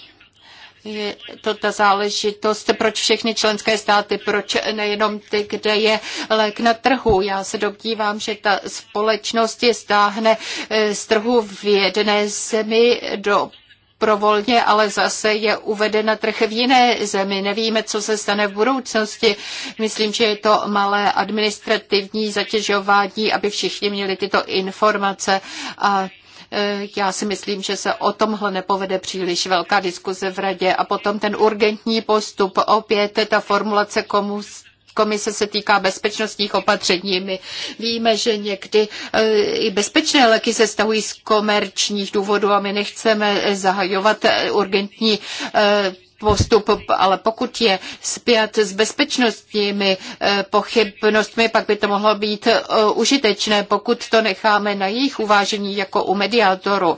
Je to ta záležitost, proč všechny členské státy, proč nejenom ty, kde je lék na trhu. Já se domnívám, že ta společnost je stáhne eh, z trhu v jedné zemi do provolně, ale zase je uveden trh v jiné zemi. Nevíme, co se stane v budoucnosti. Myslím, že je to malé administrativní zatěžování, aby všichni měli tyto informace a Eh, já si myslím, že se o tomhle nepovede příliš velká diskuze v radě. A potom ten urgentní postup, opět ta formulace komu komise se týká bezpečnostních opatření. My víme, že někdy eh, i bezpečné léky se stahují z komerčních důvodů a my nechceme zahajovat eh, urgentní postup, ale pokud je zpět s bezpečnostními eh, pochybnostmi, pak by to mohlo být eh, užitečné, pokud to necháme na jejich uvážení jako u mediátoru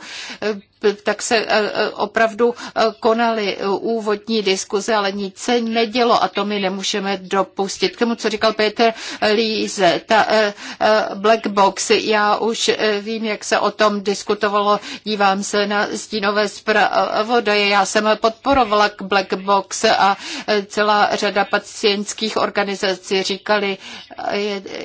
tak se eh, eh, opravdu eh, konaly úvodní diskuze, ale nic se nedělo a to my nemůžeme dopustit. K tomu, co říkal Peter Líze, ta black box, já už vím, jak se o tom diskutovalo, dívám se na stínové zpravodaje, já jsem podporovala black box a celá řada pacientských organizací říkali,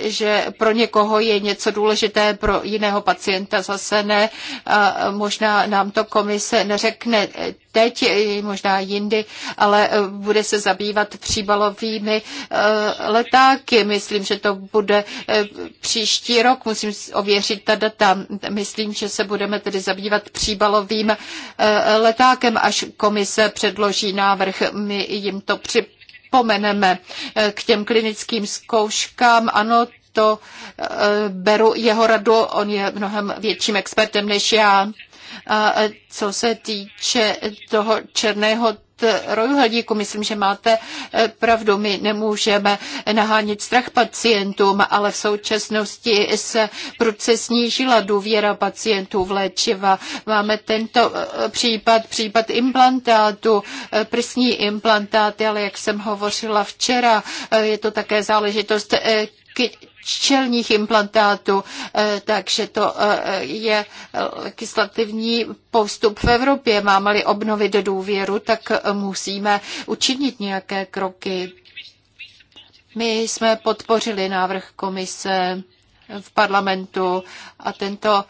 že pro někoho je něco důležité, pro jiného pacienta zase ne. A možná nám to komise neřekne teď, eh, možná jindy, ale eh, bude se zabývat příbalovými eh, letáky. Myslím, že to bude příští rok. Musím ověřit ta data. Myslím, že se budeme tedy zabývat příbalovým letákem, až komise předloží návrh. My jim to připomeneme k těm klinickým zkouškám. Ano, to beru jeho radu, on je mnohem větším expertem než já. A co se týče toho černého trojuhelníku. Myslím, že máte e, pravdu. My nemůžeme nahánit strach pacientům, ale v současnosti se prudce snížila důvěra pacientů v léčiva. Máme tento e, případ, případ implantátu, e, prsní implantáty, ale jak jsem hovořila včera, je to také záležitost čelních implantátů, eh, takže to eh, je legislativní postup v Evropě. Máme-li obnovit důvěru, tak musíme učinit nějaké kroky. My jsme podpořili návrh komise v parlamentu a tento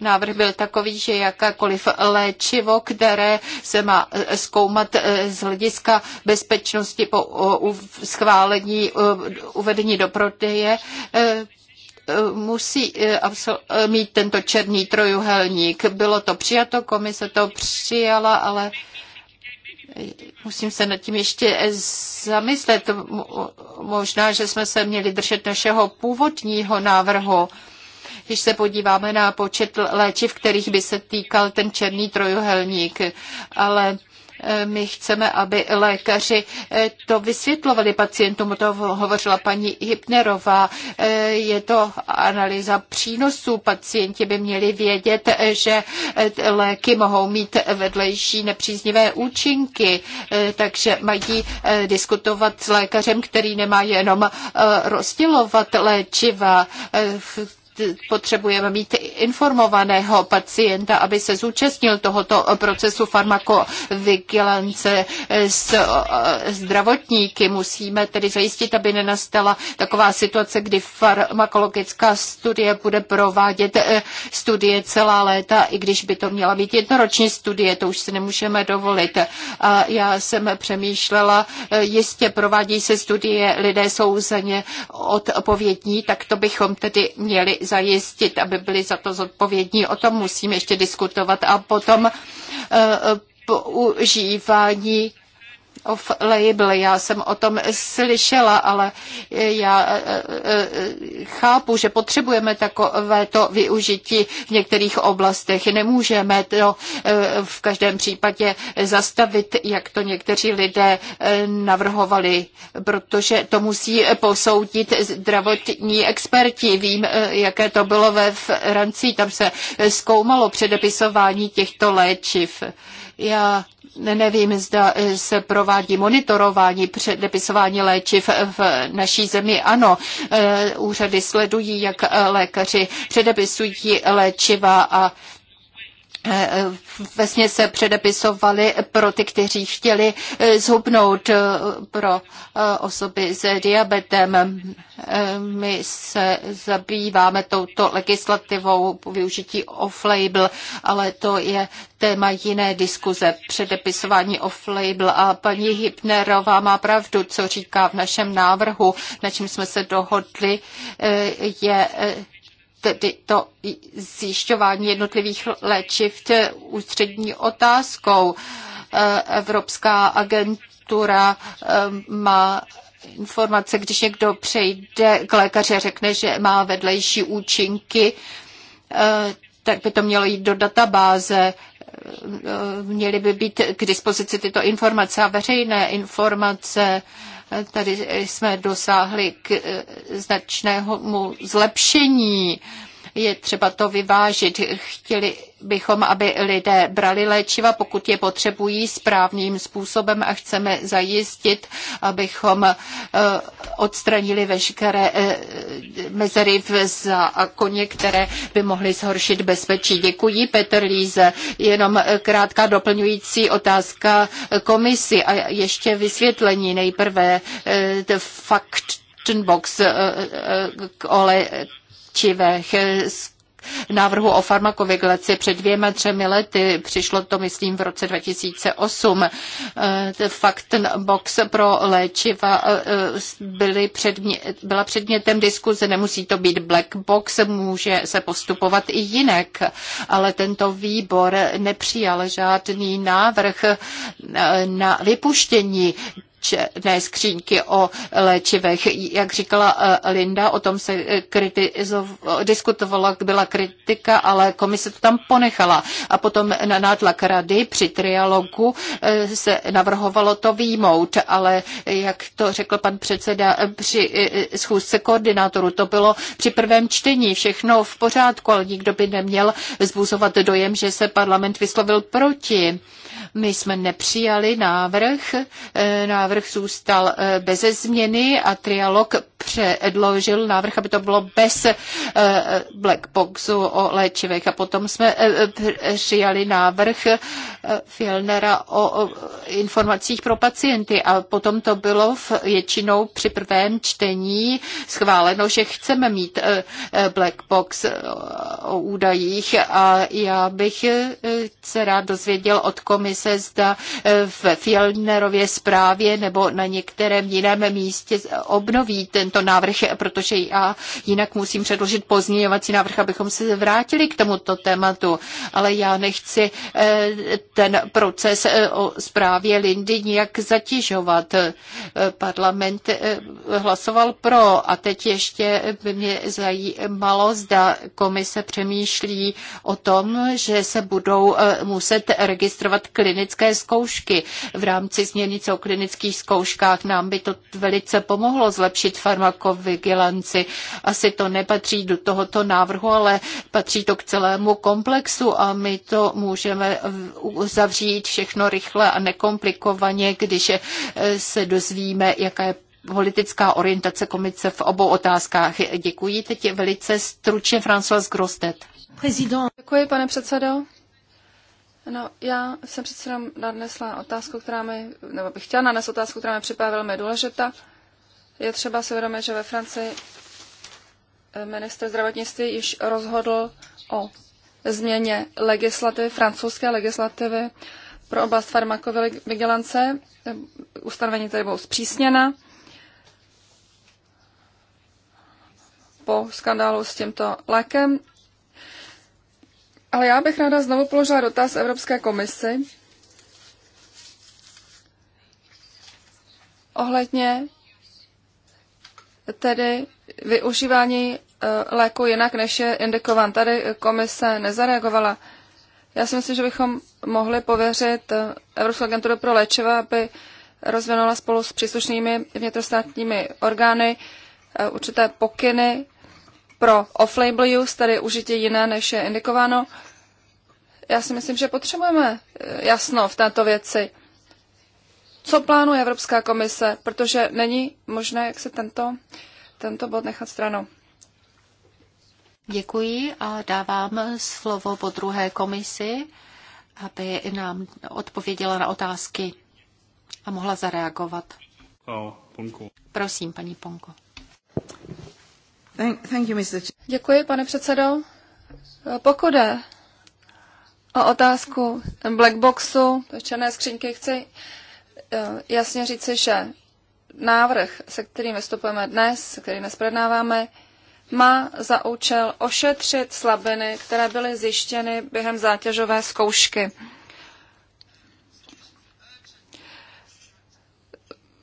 návrh byl takový, že jakákoliv léčivo, které se má eh, zkoumat eh, z hlediska bezpečnosti po schválení eh, uvedení do prodeje, musí mít tento černý trojuhelník. Bylo to přijato, komise to přijala, ale musím se nad tím ještě zamyslet. Možná, že jsme se měli držet našeho původního návrhu. Když se podíváme na počet léčiv, kterých by se týkal ten černý trojuhelník, ale e, my chceme, aby lékaři e, to vysvětlovali pacientům, o to hovořila paní Hypnerová. E, je to analýza přínosů. Pacienti by měli vědět, že léky mohou mít vedlejší nepříznivé účinky, takže mají diskutovat s lékařem, který nemá jenom rozdělovat léčiva potřebujeme mít informovaného pacienta, aby se zúčastnil tohoto procesu farmakovigilance s eh, zdravotníky. Musíme tedy zajistit, aby nenastala taková situace, kdy farmakologická studie bude provádět eh, studie celá léta, i když by to měla být jednoroční studie, to už si nemůžeme dovolit. A já jsem přemýšlela, eh, jistě provádějí se studie, lidé jsou za ně odpovědní, tak to bychom tedy měli zajistit, aby byli za to zodpovědní. O tom musíme ještě diskutovat a potom eh, eh, používání of label Já jsem o tom slyšela, ale já e, e, e, chápu, že potřebujeme takové to využití v některých oblastech. Nemůžeme to v každém případě zastavit, jak to někteří lidé navrhovali, protože to musí posoudit zdravotní experti. Vím, jaké to bylo ve Francii, tam se zkoumalo předepisování těchto léčiv. Já nevím, zda eh, se provádí monitorování předepisování léčiv v naší zemi. Ano, eh, úřady sledují, jak eh, lékaři předepisují léčiva a Vesně se předepisovali pro ty, kteří chtěli eh, zhubnout eh, pro eh, osoby s diabetem. My se zabýváme touto legislativou využití off-label, ale to je téma jiné diskuze, předepisování off-label a paní Hypnerová má pravdu, co říká v našem návrhu, na čem jsme se dohodli, je tedy to zjišťování jednotlivých léčiv ústřední otázkou. Evropská agentura eh, má informace, když někdo přejde k lékaři a řekne, že má vedlejší účinky, eh, tak by to mělo jít do databáze. Eh, měly by být k dispozici tyto informace a veřejné informace Tady jsme dosáhli k e, značnému zlepšení je třeba to vyvážit. Chtěli bychom, aby lidé brali léčiva, pokud je potřebují správným způsobem a chceme zajistit, abychom eh, odstranili veškeré eh, mezery v zákoně, které by mohly zhoršit bezpečí. Děkuji, Petr Líze. Jenom eh, krátká doplňující otázka komisi a ještě vysvětlení nejprve. Fakt box k ole léčivech, návrhu o farmakovigilaci před dvěma, třemi lety. Přišlo to, myslím, v roce 2008. Fakt box pro léčiva eh, byly předmě, byla předmětem diskuze. Nemusí to být black box, může se postupovat i jinak. Ale tento výbor nepřijal žádný návrh eh, na vypuštění černé skřínky o léčivech. Jak říkala eh, Linda, o tom se eh, diskutovala, byla kritika, ale komise to tam ponechala. A potom na nátlak rady při trialogu eh, se navrhovalo to výjmout, ale jak to řekl pan předseda při schůzce koordinátoru, to bylo při prvém čtení všechno v pořádku, ale nikdo by neměl zbuzovat dojem, že se parlament vyslovil proti. My jsme nepřijali návrh, eh, návrh zůstal eh, bez změny a trialog předložil návrh, aby to bylo bez eh, black boxu o léčivech. A potom jsme eh, přijali návrh eh, Fielnera o informacích pro pacienty. A potom to bylo v většinou při prvém čtení schváleno, že chceme mít black box o údajích. A já bych se rád dozvěděl od komise, zda v Fielnerově zprávě nebo na některém jiném místě obnoví ten tento návrh, protože já jinak musím předložit pozměňovací návrh, abychom se vrátili k tomuto tématu. Ale já nechci eh, ten proces eh, o zprávě Lindy nijak zatěžovat. Eh, parlament hlasoval pro a teď ještě by mě zajímalo, zda komise přemýšlí o tom, že se budou muset registrovat klinické zkoušky. V rámci změnice o klinických zkouškách nám by to velice pomohlo zlepšit farmaceutické farmakovigilanci. Asi to nepatří do tohoto návrhu, ale patří to k celému komplexu a my to můžeme uzavřít všechno rychle a nekomplikovaně, když eh, se dozvíme, jaká je politická orientace komice v obou otázkách. Děkuji teď velice stručně François Grostet. Prezident. Děkuji, pane předsedo. No, já jsem přece jenom nadnesla otázku, která mi, nebo bych chtěla nanést otázku, která mi připravila velmi důležitá je třeba si uvědomit, že ve Francii eh, minister zdravotnictví již rozhodl o změně legislativy, francouzské legislativy pro oblast farmakovigilance. Eh, ustanovení tedy bylo zpřísněna. po skandálu s tímto lékem. Ale já bych ráda znovu položila dotaz Evropské komisi ohledně tedy využívání eh, léku jinak, než je indikován. Tady komise nezareagovala. Já si myslím, že bychom mohli pověřit eh, Evropskou agenturu pro léčiva, aby rozvinula spolu s příslušnými vnitrostátními orgány eh, určité pokyny pro off-label use, tedy užití jiné, než je indikováno. Já si myslím, že potřebujeme jasno v této věci co plánuje Evropská komise, protože není možné, jak se tento, tento bod nechat stranou. Děkuji a dávám slovo po druhé komisi, aby nám odpověděla na otázky a mohla zareagovat. Prosím, paní Ponko. Děkuji, pane předsedo. Pokud je o otázku blackboxu, černé skřínky, chci Eh, jasně říci, že návrh, se kterým vystupujeme dnes, který dnes projednáváme, má za účel ošetřit slabiny, které byly zjištěny během zátěžové zkoušky.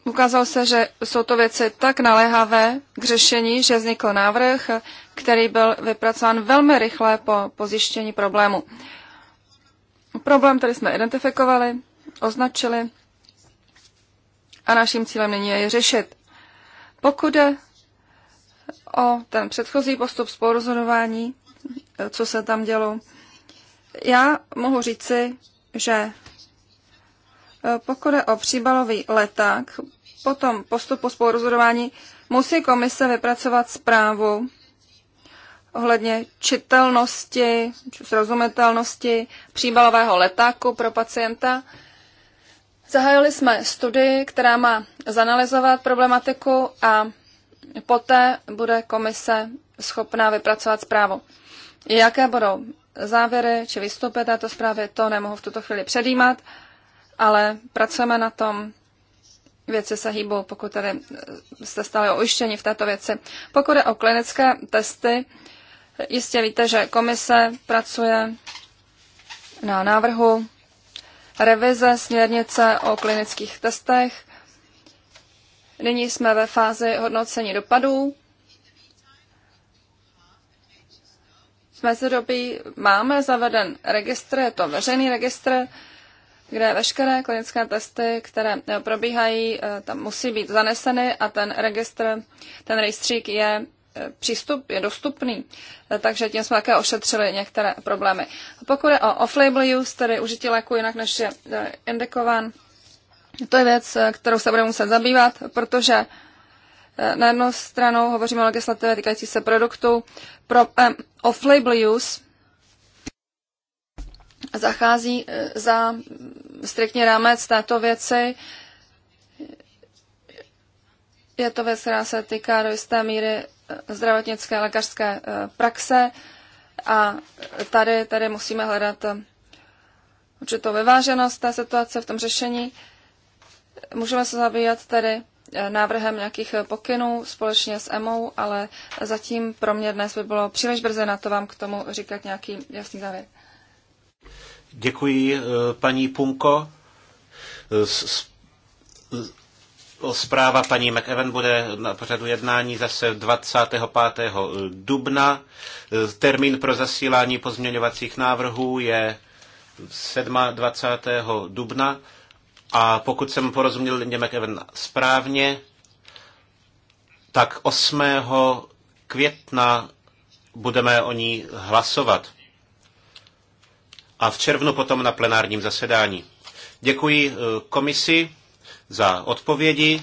Ukázalo se, že jsou to věci tak naléhavé k řešení, že vznikl návrh, který byl vypracován velmi rychle po, po zjištění problému. Problém, který jsme identifikovali, označili a naším cílem není je řešit. Pokud je o ten předchozí postup spolurozhodování, co se tam dělo, já mohu říci, že e, pokud je o příbalový leták, potom postupu spolurozhodování musí komise vypracovat zprávu ohledně čitelnosti, srozumitelnosti příbalového letáku pro pacienta Zahájili jsme studii, která má zanalizovat problematiku a poté bude komise schopná vypracovat zprávu. Jaké budou závěry či výstupy této zprávy, to nemohu v tuto chvíli předjímat, ale pracujeme na tom, věci se hýbou, pokud tedy jste stále ojištěni v této věci. Pokud je o klinické testy, jistě víte, že komise pracuje na návrhu revize směrnice o klinických testech. Nyní jsme ve fázi hodnocení dopadů. V mezidobí máme zaveden registr, je to veřejný registr, kde veškeré klinické testy, které probíhají, eh, tam musí být zaneseny a ten registr, ten rejstřík je přístup je dostupný, takže tím jsme také ošetřili některé problémy. Pokud je o off-label use, tedy užití léku jinak než je eh, indikován, to je věc, eh, kterou se budeme muset zabývat, protože eh, na jednu stranu hovoříme o legislativě týkající se produktů. Pro um, off-label use zachází za striktně rámec této věci. Je to věc, která se týká do jisté míry zdravotnické lékařské eh, praxe a tady, tady musíme hledat eh, určitou vyváženost té situace v tom řešení. Můžeme se zabývat tady eh, návrhem nějakých pokynů společně s EMO, ale zatím pro mě dnes by bylo příliš brzy na to vám k tomu říkat nějaký jasný závěr. Děkuji, paní Punko. Zpráva paní McEwen bude na pořadu jednání zase 25. dubna. Termín pro zasílání pozměňovacích návrhů je 27. dubna. A pokud jsem porozuměl Lindě McEwen správně, tak 8. května budeme o ní hlasovat. A v červnu potom na plenárním zasedání. Děkuji eh, komisi za odpovědi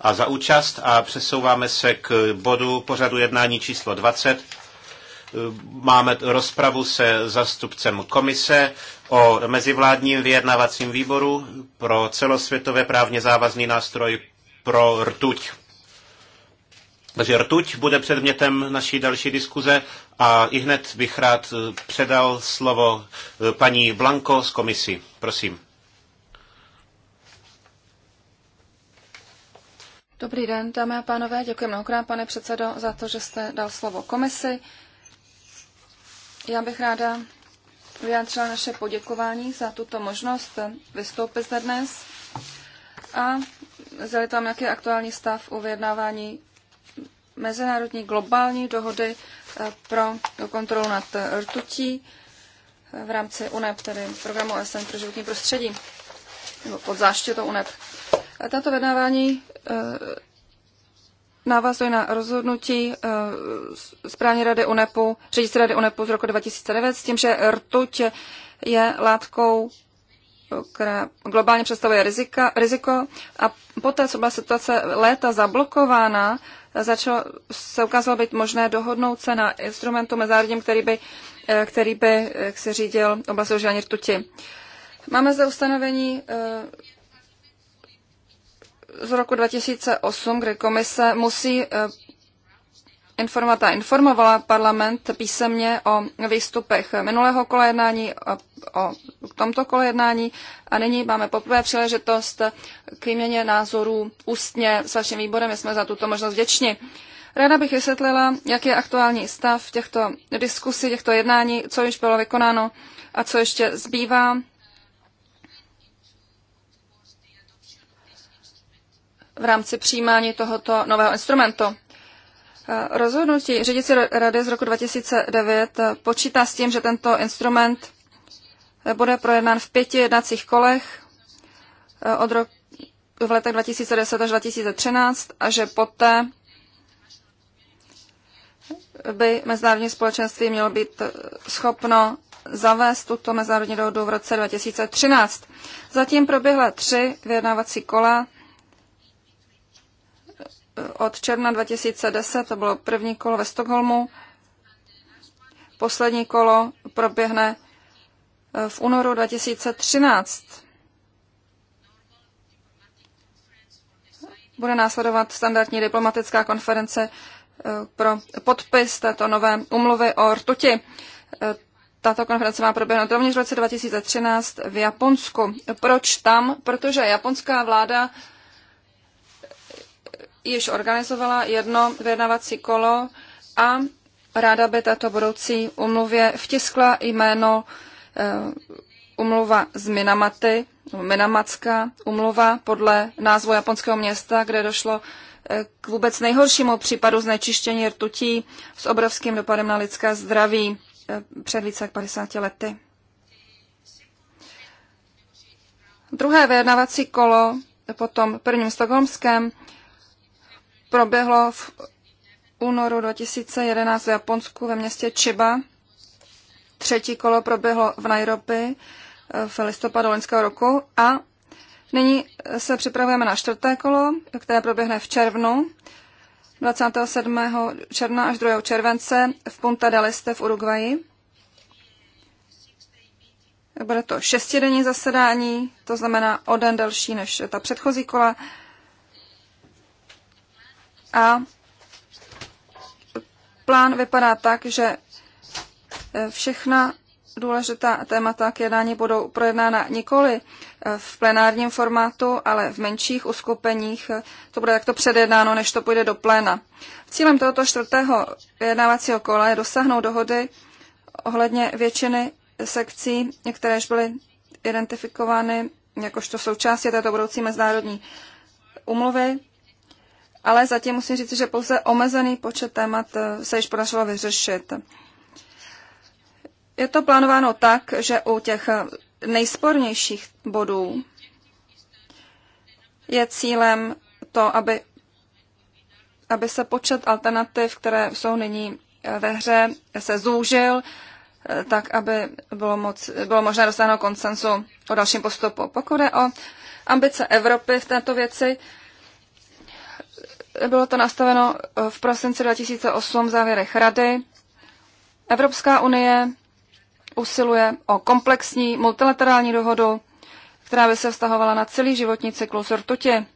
a za účast a přesouváme se k bodu pořadu jednání číslo 20. Máme rozpravu se zastupcem komise o mezivládním vyjednávacím výboru pro celosvětové právně závazný nástroj pro rtuť. Takže rtuť bude předmětem naší další diskuze a i hned bych rád předal slovo paní Blanko z komisi. Prosím. Dobrý den, dámy a pánové. Děkuji mnohokrát, pane předsedo, za to, že jste dal slovo komisi. Já bych ráda vyjádřila naše poděkování za tuto možnost vystoupit zde dnes a sdělit tam, jaký je aktuální stav u vyjednávání mezinárodní globální dohody eh, pro kontrolu nad rtutí eh, v rámci UNEP, tedy programu OSN pro životní prostředí, nebo pod záštitou UNEP. Eh, tato vyjednávání Eh, návazuje na rozhodnutí eh, správní rady UNEPu, řidice rady UNEPu z roku 2009 s tím, že rtuť je látkou, která globálně představuje rizika, riziko a poté, co byla situace léta zablokována, začalo, se ukázalo být možné dohodnout se na instrumentu mezinárodním, který by, eh, který by jak se řídil oblast užívání rtuti. Máme zde ustanovení z roku 2008, kdy komise musí eh, informovat a informovala parlament písemně o výstupech minulého kola jednání, o, o tomto kole jednání a nyní máme poprvé příležitost k výměně názorů ústně s vaším výborem. jsme za tuto možnost vděční. Ráda bych vysvětlila, jak je aktuální stav těchto diskusí, těchto jednání, co již bylo vykonáno a co ještě zbývá v rámci přijímání tohoto nového instrumentu. Rozhodnutí řídící rady z roku 2009 počítá s tím, že tento instrument bude projednán v pěti jednacích kolech eh, od roku v letech 2010 až 2013 a že poté by mezinárodní společenství mělo být eh, schopno zavést tuto mezinárodní dohodu v roce 2013. Zatím proběhla tři vyjednávací kola od června 2010, to bylo první kolo ve Stockholmu. Poslední kolo proběhne eh, v únoru 2013. Bude následovat standardní diplomatická konference eh, pro podpis této nové umluvy o rtuti. Eh, tato konference má proběhnout rovněž v roce 2013 v Japonsku. Proč tam? Protože japonská vláda již organizovala jedno vyjednavací kolo a ráda by tato budoucí umluvě vtiskla jméno eh, umluva z Minamaty, Minamatska umluva podle názvu japonského města, kde došlo eh, k vůbec nejhoršímu případu znečištění rtutí s obrovským dopadem na lidské zdraví eh, před více jak 50 lety. Druhé vyjednavací kolo po tom prvním stokholmském proběhlo v únoru 2011 v Japonsku ve městě Chiba. Třetí kolo proběhlo v Nairobi eh, v listopadu loňského roku a nyní se připravujeme na čtvrté kolo, které proběhne v červnu 27. června až 2. července v Punta del Este v Uruguayi. Bude to šestidenní zasedání, to znamená o den delší než ta předchozí kola a plán vypadá tak, že e, všechna důležitá témata k jednání budou projednána nikoli e, v plenárním formátu, ale v menších uskupeních. E, to bude takto předjednáno, než to půjde do pléna. Cílem tohoto čtvrtého vyjednávacího kola je dosáhnout dohody ohledně většiny sekcí, některéž byly identifikovány jakožto součástí této budoucí mezinárodní umluvy ale zatím musím říct, že pouze omezený počet témat eh, se již podařilo vyřešit. Je to plánováno tak, že u těch eh, nejspornějších bodů je cílem to, aby, aby se počet alternativ, které jsou nyní eh, ve hře, se zúžil, tak aby bylo, moc, bylo možné dosáhnout konsenzu o dalším postupu. Pokud je o ambice Evropy v této věci, bylo to nastaveno eh, v prosinci 2008 v závěrech Rady. Evropská unie usiluje o komplexní multilaterální dohodu, která by se vztahovala na celý životní cyklus rtuti.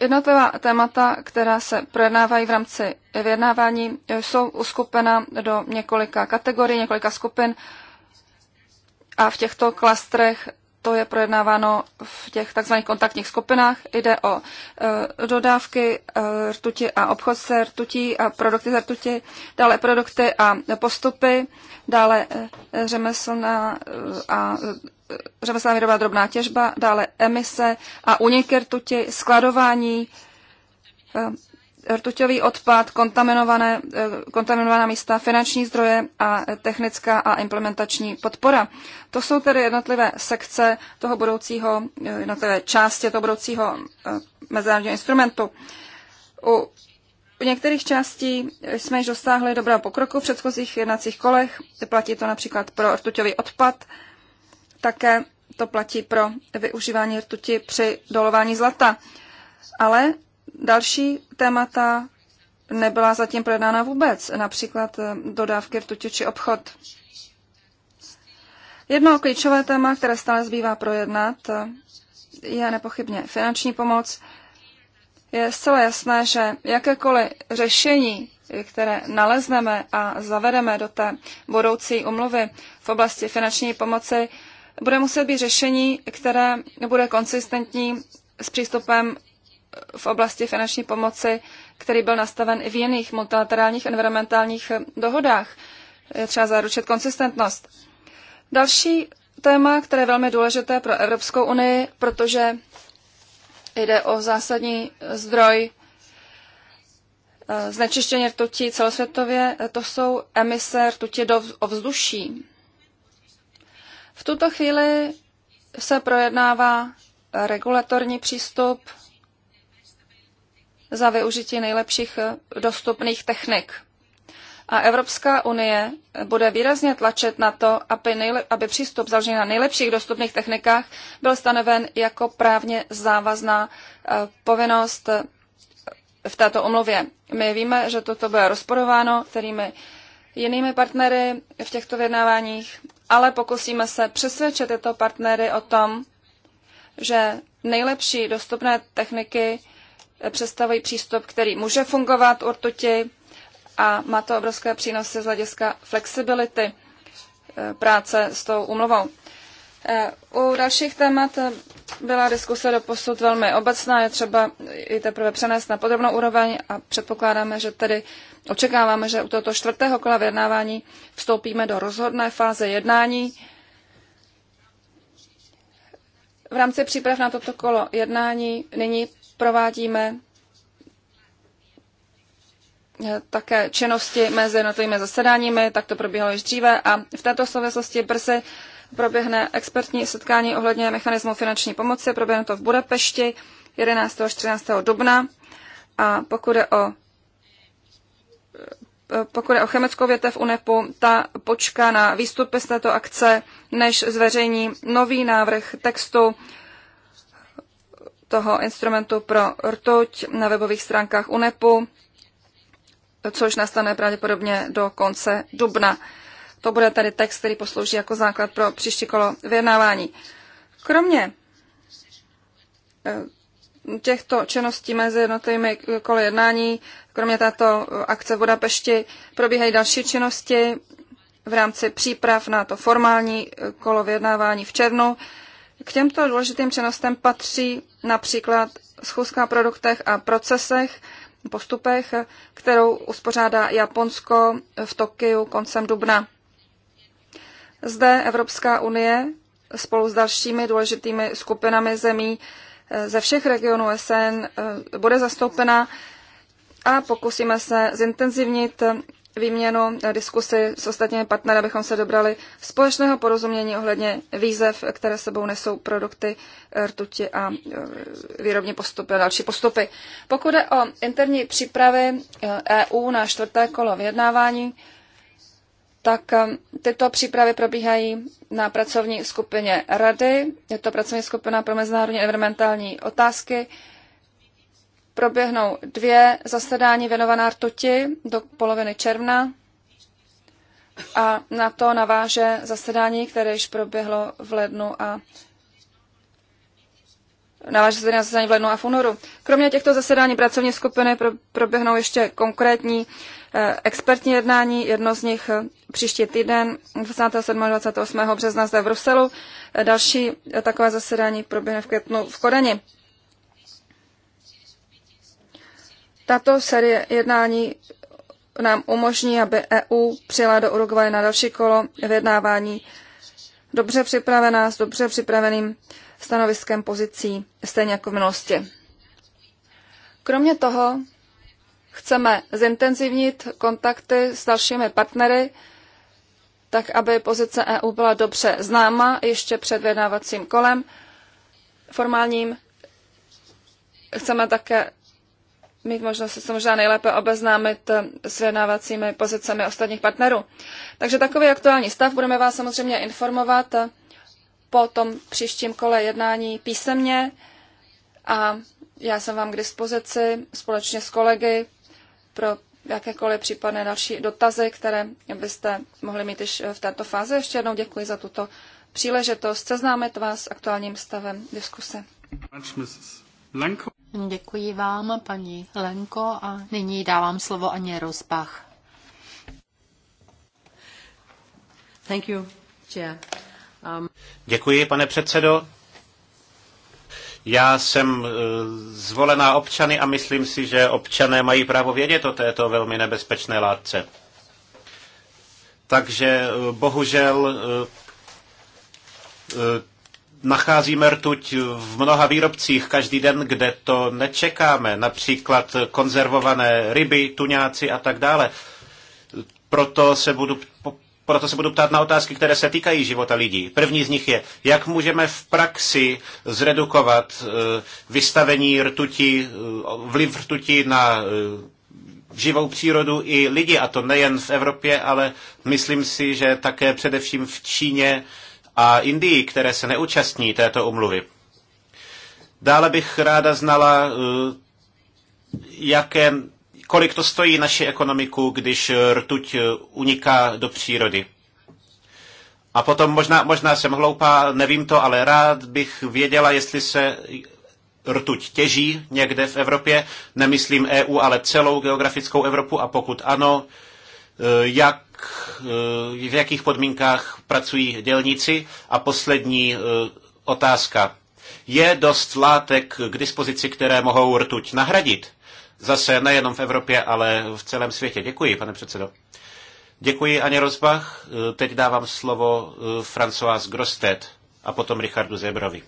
Jednotlivá témata, která se projednávají v rámci vyjednávání, eh, jsou uskupena do několika kategorií, několika skupin a v těchto klastrech to je projednáváno v těch takzvaných kontaktních skupinách. Jde o e, dodávky e, rtuti a obchod se rtutí a produkty ze rtuti, dále produkty a postupy, dále e, řemeslná a řemeslná výroba drobná těžba, dále emise a uniky rtuti, skladování, rtuťový odpad, kontaminované, eh, kontaminovaná místa, finanční zdroje a eh, technická a implementační podpora. To jsou tedy jednotlivé sekce toho budoucího, eh, jednotlivé části toho budoucího mezinárodního instrumentu. U u některých částí jsme již dosáhli dobrého pokroku v předchozích jednacích kolech. Platí to například pro rtuťový odpad, také to platí pro využívání rtuti při dolování zlata. Ale Další témata nebyla zatím projednána vůbec, například eh, dodávky rtuti či obchod. Jedno klíčové téma, které stále zbývá projednat, eh, je nepochybně finanční pomoc. Je zcela jasné, že jakékoliv řešení, které nalezneme a zavedeme do té budoucí umluvy v oblasti finanční pomoci, bude muset být řešení, které bude konsistentní s přístupem v oblasti finanční pomoci, který byl nastaven i v jiných multilaterálních environmentálních dohodách. Je třeba zaručit konsistentnost. Další téma, které je velmi důležité pro Evropskou unii, protože jde o zásadní zdroj eh, znečištění rtutí celosvětově, eh, to jsou emise rtutí do ovzduší. V tuto chvíli se projednává regulatorní přístup za využití nejlepších eh, dostupných technik. A Evropská unie bude výrazně tlačit na to, aby, nejle, aby přístup založený na nejlepších dostupných technikách byl stanoven jako právně závazná eh, povinnost eh, v této omluvě. My víme, že toto bude rozporováno kterými jinými partnery v těchto vyjednáváních, ale pokusíme se přesvědčit tyto partnery o tom, že nejlepší dostupné techniky představují přístup, který může fungovat rtuti a má to obrovské přínosy z hlediska flexibility eh, práce s tou umluvou. Eh, u dalších témat byla diskuse do posud velmi obecná, je třeba ji teprve přenést na podrobnou úroveň a předpokládáme, že tedy očekáváme, že u tohoto čtvrtého kola vyjednávání vstoupíme do rozhodné fáze jednání. V rámci příprav na toto kolo jednání nyní Provádíme eh, také činnosti mezi jednotlivými zasedáními, tak to probíhalo již dříve a v této souvislosti brzy proběhne expertní setkání ohledně mechanismu finanční pomoci, proběhne to v Budapešti 11. až 13. dubna a pokud je o eh, pokud je o chemickou větev UNEPu, ta počká na výstupy z této akce, než zveřejní nový návrh textu toho instrumentu pro rtuť na webových stránkách UNEPu, což nastane pravděpodobně do konce dubna. To bude tady text, který poslouží jako základ pro příští kolo vyjednávání. Kromě eh, těchto činností mezi jednotlivými kolo jednání, kromě této akce v Budapešti, probíhají další činnosti v rámci příprav na to formální eh, kolo vyjednávání v červnu. K těmto důležitým činnostem patří například schůzka o produktech a procesech, postupech, kterou uspořádá Japonsko v Tokiu koncem dubna. Zde Evropská unie spolu s dalšími důležitými skupinami zemí eh, ze všech regionů SN eh, bude zastoupena a pokusíme se zintenzivnit výměnu eh, diskusy s ostatními partnery, abychom se dobrali společného porozumění ohledně výzev, které sebou nesou produkty eh, rtuti a eh, výrobní postupy a další postupy. Pokud je o interní přípravy EU e na čtvrté kolo vyjednávání, tak tyto přípravy probíhají na pracovní skupině Rady. Je to pracovní skupina pro mezinárodní environmentální otázky, proběhnou dvě zasedání věnovaná rtuti do poloviny června a na to naváže zasedání, které již proběhlo v lednu a naváže se na zasedání v lednu a v únoru. Kromě těchto zasedání pracovní skupiny proběhnou ještě konkrétní eh, expertní jednání, jedno z nich eh, příští týden 27. a 28. března zde v Bruselu. Eh, další takové zasedání proběhne v květnu v Kodani. Tato série jednání nám umožní, aby EU přijela do Uruguay na další kolo vyjednávání dobře připravená, s dobře připraveným stanoviskem pozicí, stejně jako v minulosti. Kromě toho chceme zintenzivnit kontakty s dalšími partnery, tak aby pozice EU byla dobře známa ještě před vyjednávacím kolem formálním. Chceme také mít možnost se možná nejlépe obeznámit eh, s vyjednávacími pozicemi ostatních partnerů. Takže takový aktuální stav. Budeme vás samozřejmě informovat eh, po tom příštím kole jednání písemně a já jsem vám k dispozici společně s kolegy pro jakékoliv případné další dotazy, které byste mohli mít již eh, v této fázi. Ještě jednou děkuji za tuto příležitost seznámit vás s aktuálním stavem diskuse. Děkuji vám, paní Lenko, a nyní dávám slovo Aně Rozbach. Thank you, Chair. Um... Děkuji, pane předsedo. Já jsem e, zvolená občany a myslím si, že občané mají právo vědět o této velmi nebezpečné látce. Takže e, bohužel e, nacházíme rtuť v mnoha výrobcích každý den, kde to nečekáme, například konzervované ryby, tuňáci a tak dále. Proto se budu proto se budu ptát na otázky, které se týkají života lidí. První z nich je, jak můžeme v praxi zredukovat eh, vystavení rtuti, eh, vliv rtuti na eh, živou přírodu i lidi, a to nejen v Evropě, ale myslím si, že také především v Číně a Indii, které se neúčastní této umluvy. Dále bych ráda znala, eh, jaké, kolik to stojí naši ekonomiku, když eh, rtuť eh, uniká do přírody. A potom možná, možná jsem hloupá, nevím to, ale rád bych věděla, jestli se rtuť těží někde v Evropě, nemyslím EU, ale celou geografickou Evropu a pokud ano, jak Eh, v jakých podmínkách pracují dělníci? A poslední eh, otázka. Je dost látek k dispozici, které mohou rtuť nahradit? Zase nejenom v Evropě, ale v celém světě. Děkuji, pane předsedo. Děkuji, Aně Rozbach. Eh, teď dávám slovo François Grostet a potom Richardu Zebrovi.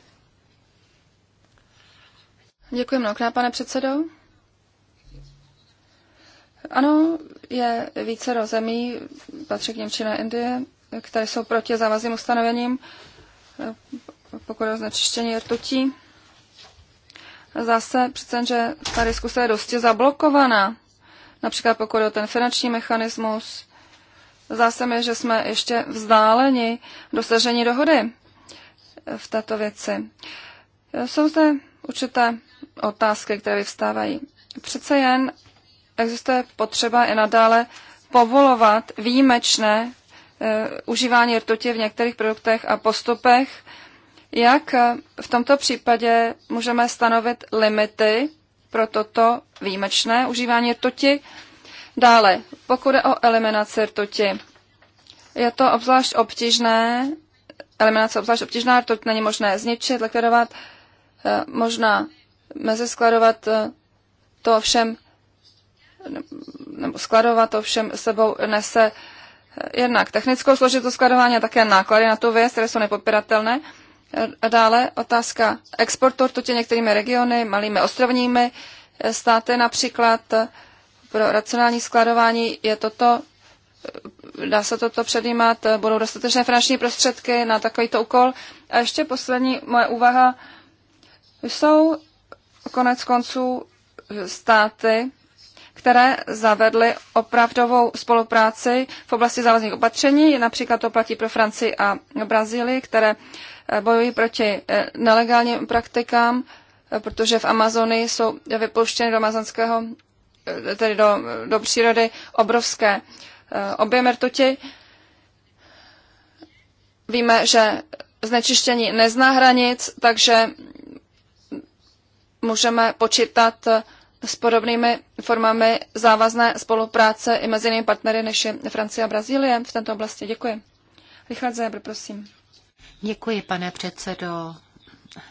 Děkuji mnohokrát, pane předsedo. Ano, je více do zemí, patří k Němčina Indie, které jsou proti závazným ustanovením, pokud je o znečištění rtutí. Zase přece, že ta diskuse je dosti zablokovaná. Například pokud je o ten finanční mechanismus. Zase je, že jsme ještě vzdáleni dosažení dohody v této věci. Jsou zde určité otázky, které vyvstávají. Přece jen existuje potřeba i nadále povolovat výjimečné eh, užívání rtuti v některých produktech a postupech. Jak eh, v tomto případě můžeme stanovit limity pro toto výjimečné užívání rtuti? Dále, pokud je o eliminaci rtuti, je to obzvlášť obtížné, eliminace obzvlášť obtížná, rtuť není možné zničit, likvidovat, eh, možná meziskladovat, to ovšem nebo skladovat, ovšem sebou nese jednak technickou složitost skladování a také náklady na tu věc, které jsou nepopiratelné. A dále otázka exportu rtuti některými regiony, malými ostrovními státy například. Pro racionální skladování je toto, dá se toto předjímat, budou dostatečné finanční prostředky na takovýto úkol. A ještě poslední moje úvaha, jsou konec konců státy, které zavedly opravdovou spolupráci v oblasti závazných opatření. Například to platí pro Francii a Brazílii, které eh, bojují proti eh, nelegálním praktikám, eh, protože v Amazonii jsou vypouštěny do amazonského, tedy do, do přírody, obrovské objemy rtuti. Víme, že znečištění nezná hranic, takže můžeme počítat s podobnými formami závazné spolupráce i mezi jinými partnery, než je Francie a Brazílie v této oblasti. Děkuji. Richard Zébr, prosím. Děkuji, pane předsedo.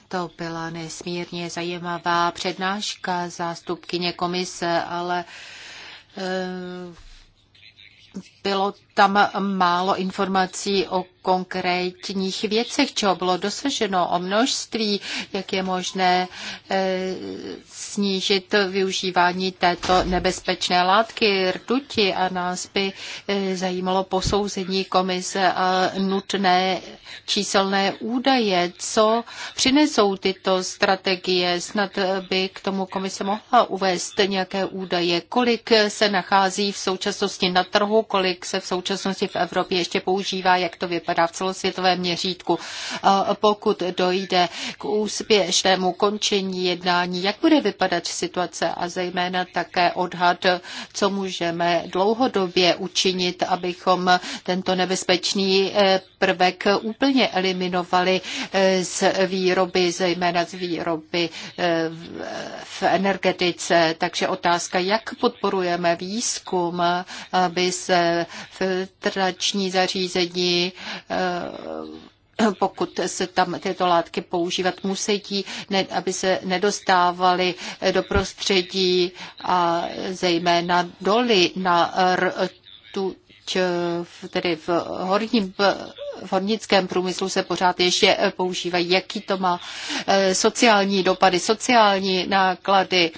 To byla nesmírně zajímavá přednáška zástupkyně komise, ale eh, bylo tam málo informací o konkrétních věcech, čeho bylo dosaženo, o množství, jak je možné e, snížit využívání této nebezpečné látky, rtuti a nás by e, zajímalo posouzení komise a nutné číselné údaje, co přinesou tyto strategie. Snad by k tomu komise mohla uvést nějaké údaje, kolik se nachází v současnosti na trhu, kolik kolik se v současnosti v Evropě ještě používá, jak to vypadá v celosvětovém měřítku. pokud dojde k úspěšnému končení jednání, jak bude vypadat situace a zejména také odhad, co můžeme dlouhodobě učinit, abychom tento nebezpečný eh, prvek úplně eliminovali eh, z výroby, zejména z výroby eh, v energetice. Takže otázka, jak podporujeme výzkum, aby se filtrační zařízení eh, pokud se tam tyto látky používat musí, aby se nedostávaly do prostředí a zejména doly na rtu Byť eh, tedy v, horním, v hornickém průmyslu se pořád ještě eh, používají, jaký to má eh, sociální dopady, sociální náklady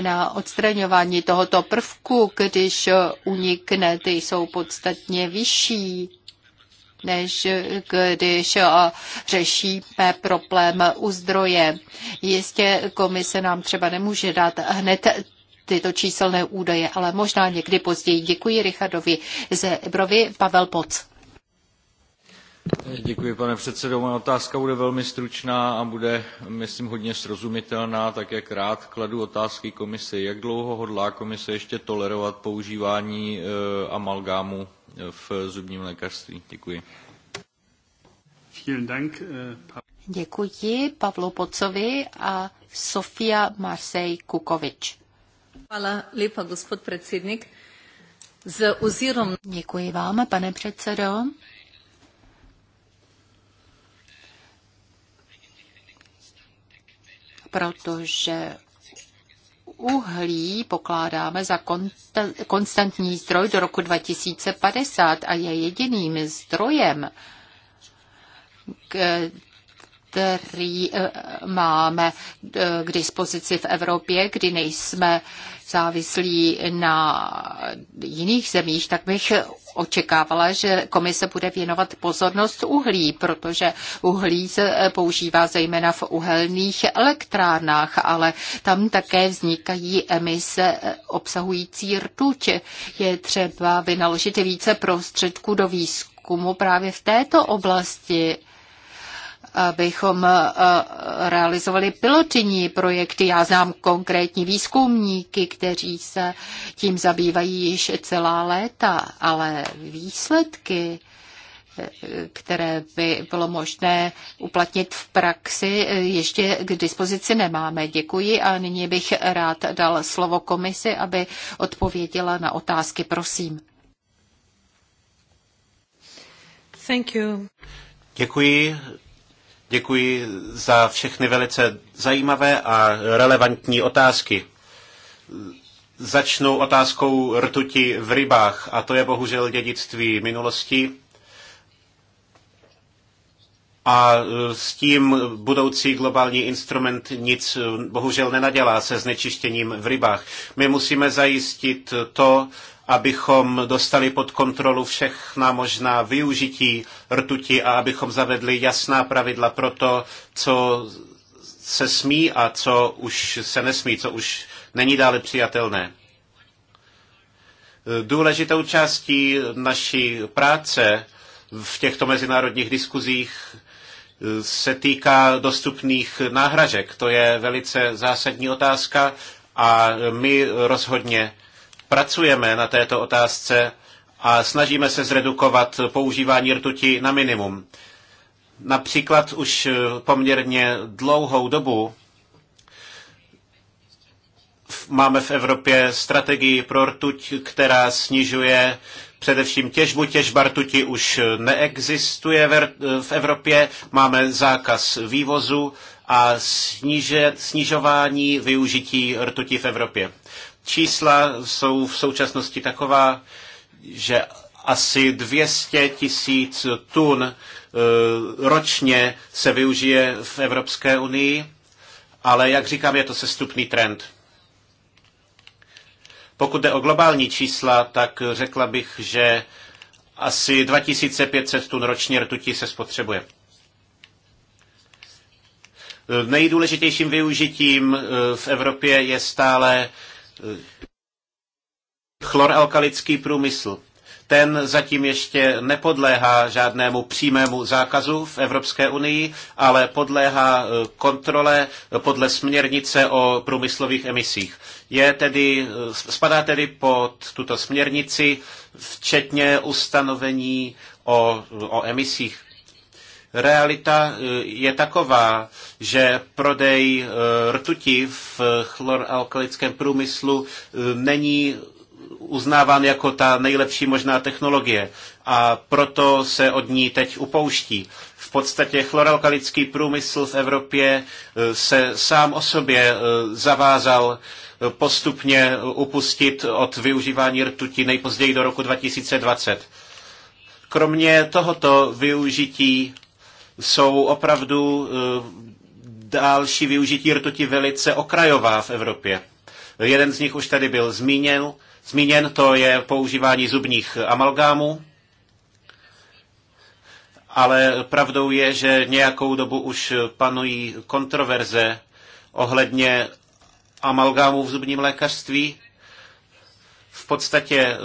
na odstraňování tohoto prvku, když unikne, ty jsou podstatně vyšší než když řešíme problém u zdroje. Jistě komise nám třeba nemůže dát hned tyto číselné údaje, ale možná někdy později. Děkuji Richardovi Brovy, Pavel Poc. Děkuji, pane předsedo. Moje otázka bude velmi stručná a bude, myslím, hodně srozumitelná, tak jak rád kladu otázky komisi. Jak dlouho hodlá komise ještě tolerovat používání e, amalgámu eh, v zubním lékařství? Děkuji. Eh, Děkuji Pavlu Pocovi a Sofia Marsej Kukovič. Hvala lepa, gospod predsednik. Z ozirom... Děkuji vám, pane předsedo. Protože uhlí pokládáme za konstantní zdroj do roku 2050 a je jediným zdrojem, který eh, máme eh, k dispozici v Evropě, kdy nejsme závislí na jiných zemích, tak bych očekávala, že komise bude věnovat pozornost uhlí, protože uhlí se eh, používá zejména v uhelných elektrárnách, ale tam také vznikají emise obsahující rtuť. Je třeba vynaložit více prostředků do výzkumu právě v této oblasti abychom eh, eh, realizovali pilotní projekty. Já znám konkrétní výzkumníky, kteří se tím zabývají již celá léta, ale výsledky eh, které by bylo možné uplatnit v praxi, ještě k dispozici nemáme. Děkuji a nyní bych rád dal slovo komisi, aby odpověděla na otázky. Prosím. Thank you. Děkuji. Děkuji za všechny velice zajímavé a relevantní otázky. Začnu otázkou rtuti v rybách a to je bohužel dědictví minulosti a s tím budoucí globální instrument nic bohužel nenadělá se znečištěním v rybách. My musíme zajistit to, abychom dostali pod kontrolu všechna možná využití rtuti a abychom zavedli jasná pravidla pro to, co se smí a co už se nesmí, co už není dále přijatelné. Důležitou částí naší práce v těchto mezinárodních diskuzích se týká dostupných náhražek. To je velice zásadní otázka a my rozhodně Pracujeme na této otázce a snažíme se zredukovat používání rtuti na minimum. Například už poměrně dlouhou dobu máme v Evropě strategii pro rtuť, která snižuje především těžbu. Těžba rtuti už neexistuje v Evropě. Máme zákaz vývozu a snižování využití rtuti v Evropě. Čísla jsou v současnosti taková, že asi 200 tisíc tun e, ročně se využije v Evropské unii, ale jak říkám, je to sestupný trend. Pokud jde o globální čísla, tak řekla bych, že asi 2500 tun ročně rtutí se spotřebuje. Nejdůležitějším využitím e, v Evropě je stále chloralkalický průmysl. Ten zatím ještě nepodléhá žádnému přímému zákazu v Evropské unii, ale podléhá eh, kontrole podle směrnice o průmyslových emisích. Je tedy, eh, spadá tedy pod tuto směrnici, včetně ustanovení o, o emisích. Realita eh, je taková, že prodej eh, rtuti v chloralkalickém průmyslu eh, není uznáván jako ta nejlepší možná technologie a proto se od ní teď upouští. V podstatě chloralkalický průmysl v Evropě se sám o sobě zavázal postupně upustit od využívání rtuti nejpozději do roku 2020. Kromě tohoto využití jsou opravdu eh, další využití rtuti velice okrajová v Evropě. Jeden z nich už tady byl zmíněn, zmíněn to je používání zubních amalgámů, ale pravdou je, že nějakou dobu už panují kontroverze ohledně amalgámů v zubním lékařství. V podstatě eh,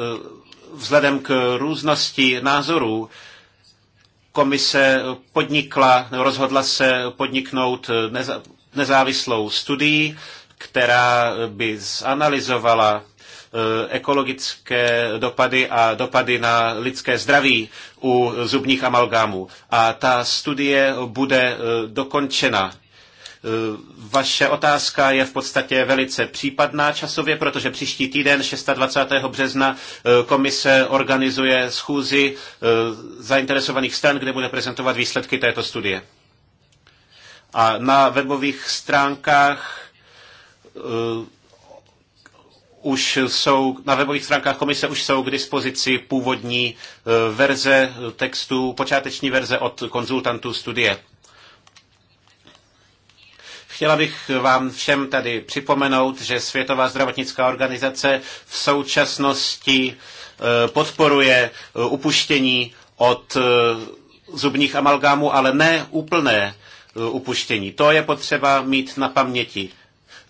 vzhledem k různosti názorů komise podnikla, rozhodla se podniknout nezávislou studii, která by zanalizovala e, ekologické dopady a dopady na lidské zdraví u zubních amalgámů. A ta studie bude e, dokončena Eh, vaše otázka je v podstatě velice případná časově, protože příští týden 26. března eh, komise organizuje schůzi eh, zainteresovaných stran, kde bude prezentovat výsledky této studie. A na webových stránkách už jsou, na webových stránkách komise už jsou k dispozici původní verze textu, počáteční verze od konzultantů studie. Chtěla bych vám všem tady připomenout, že Světová zdravotnická organizace v současnosti e, podporuje e, upuštění od e, zubních amalgámů, ale ne úplné upuštění. To je potřeba mít na paměti.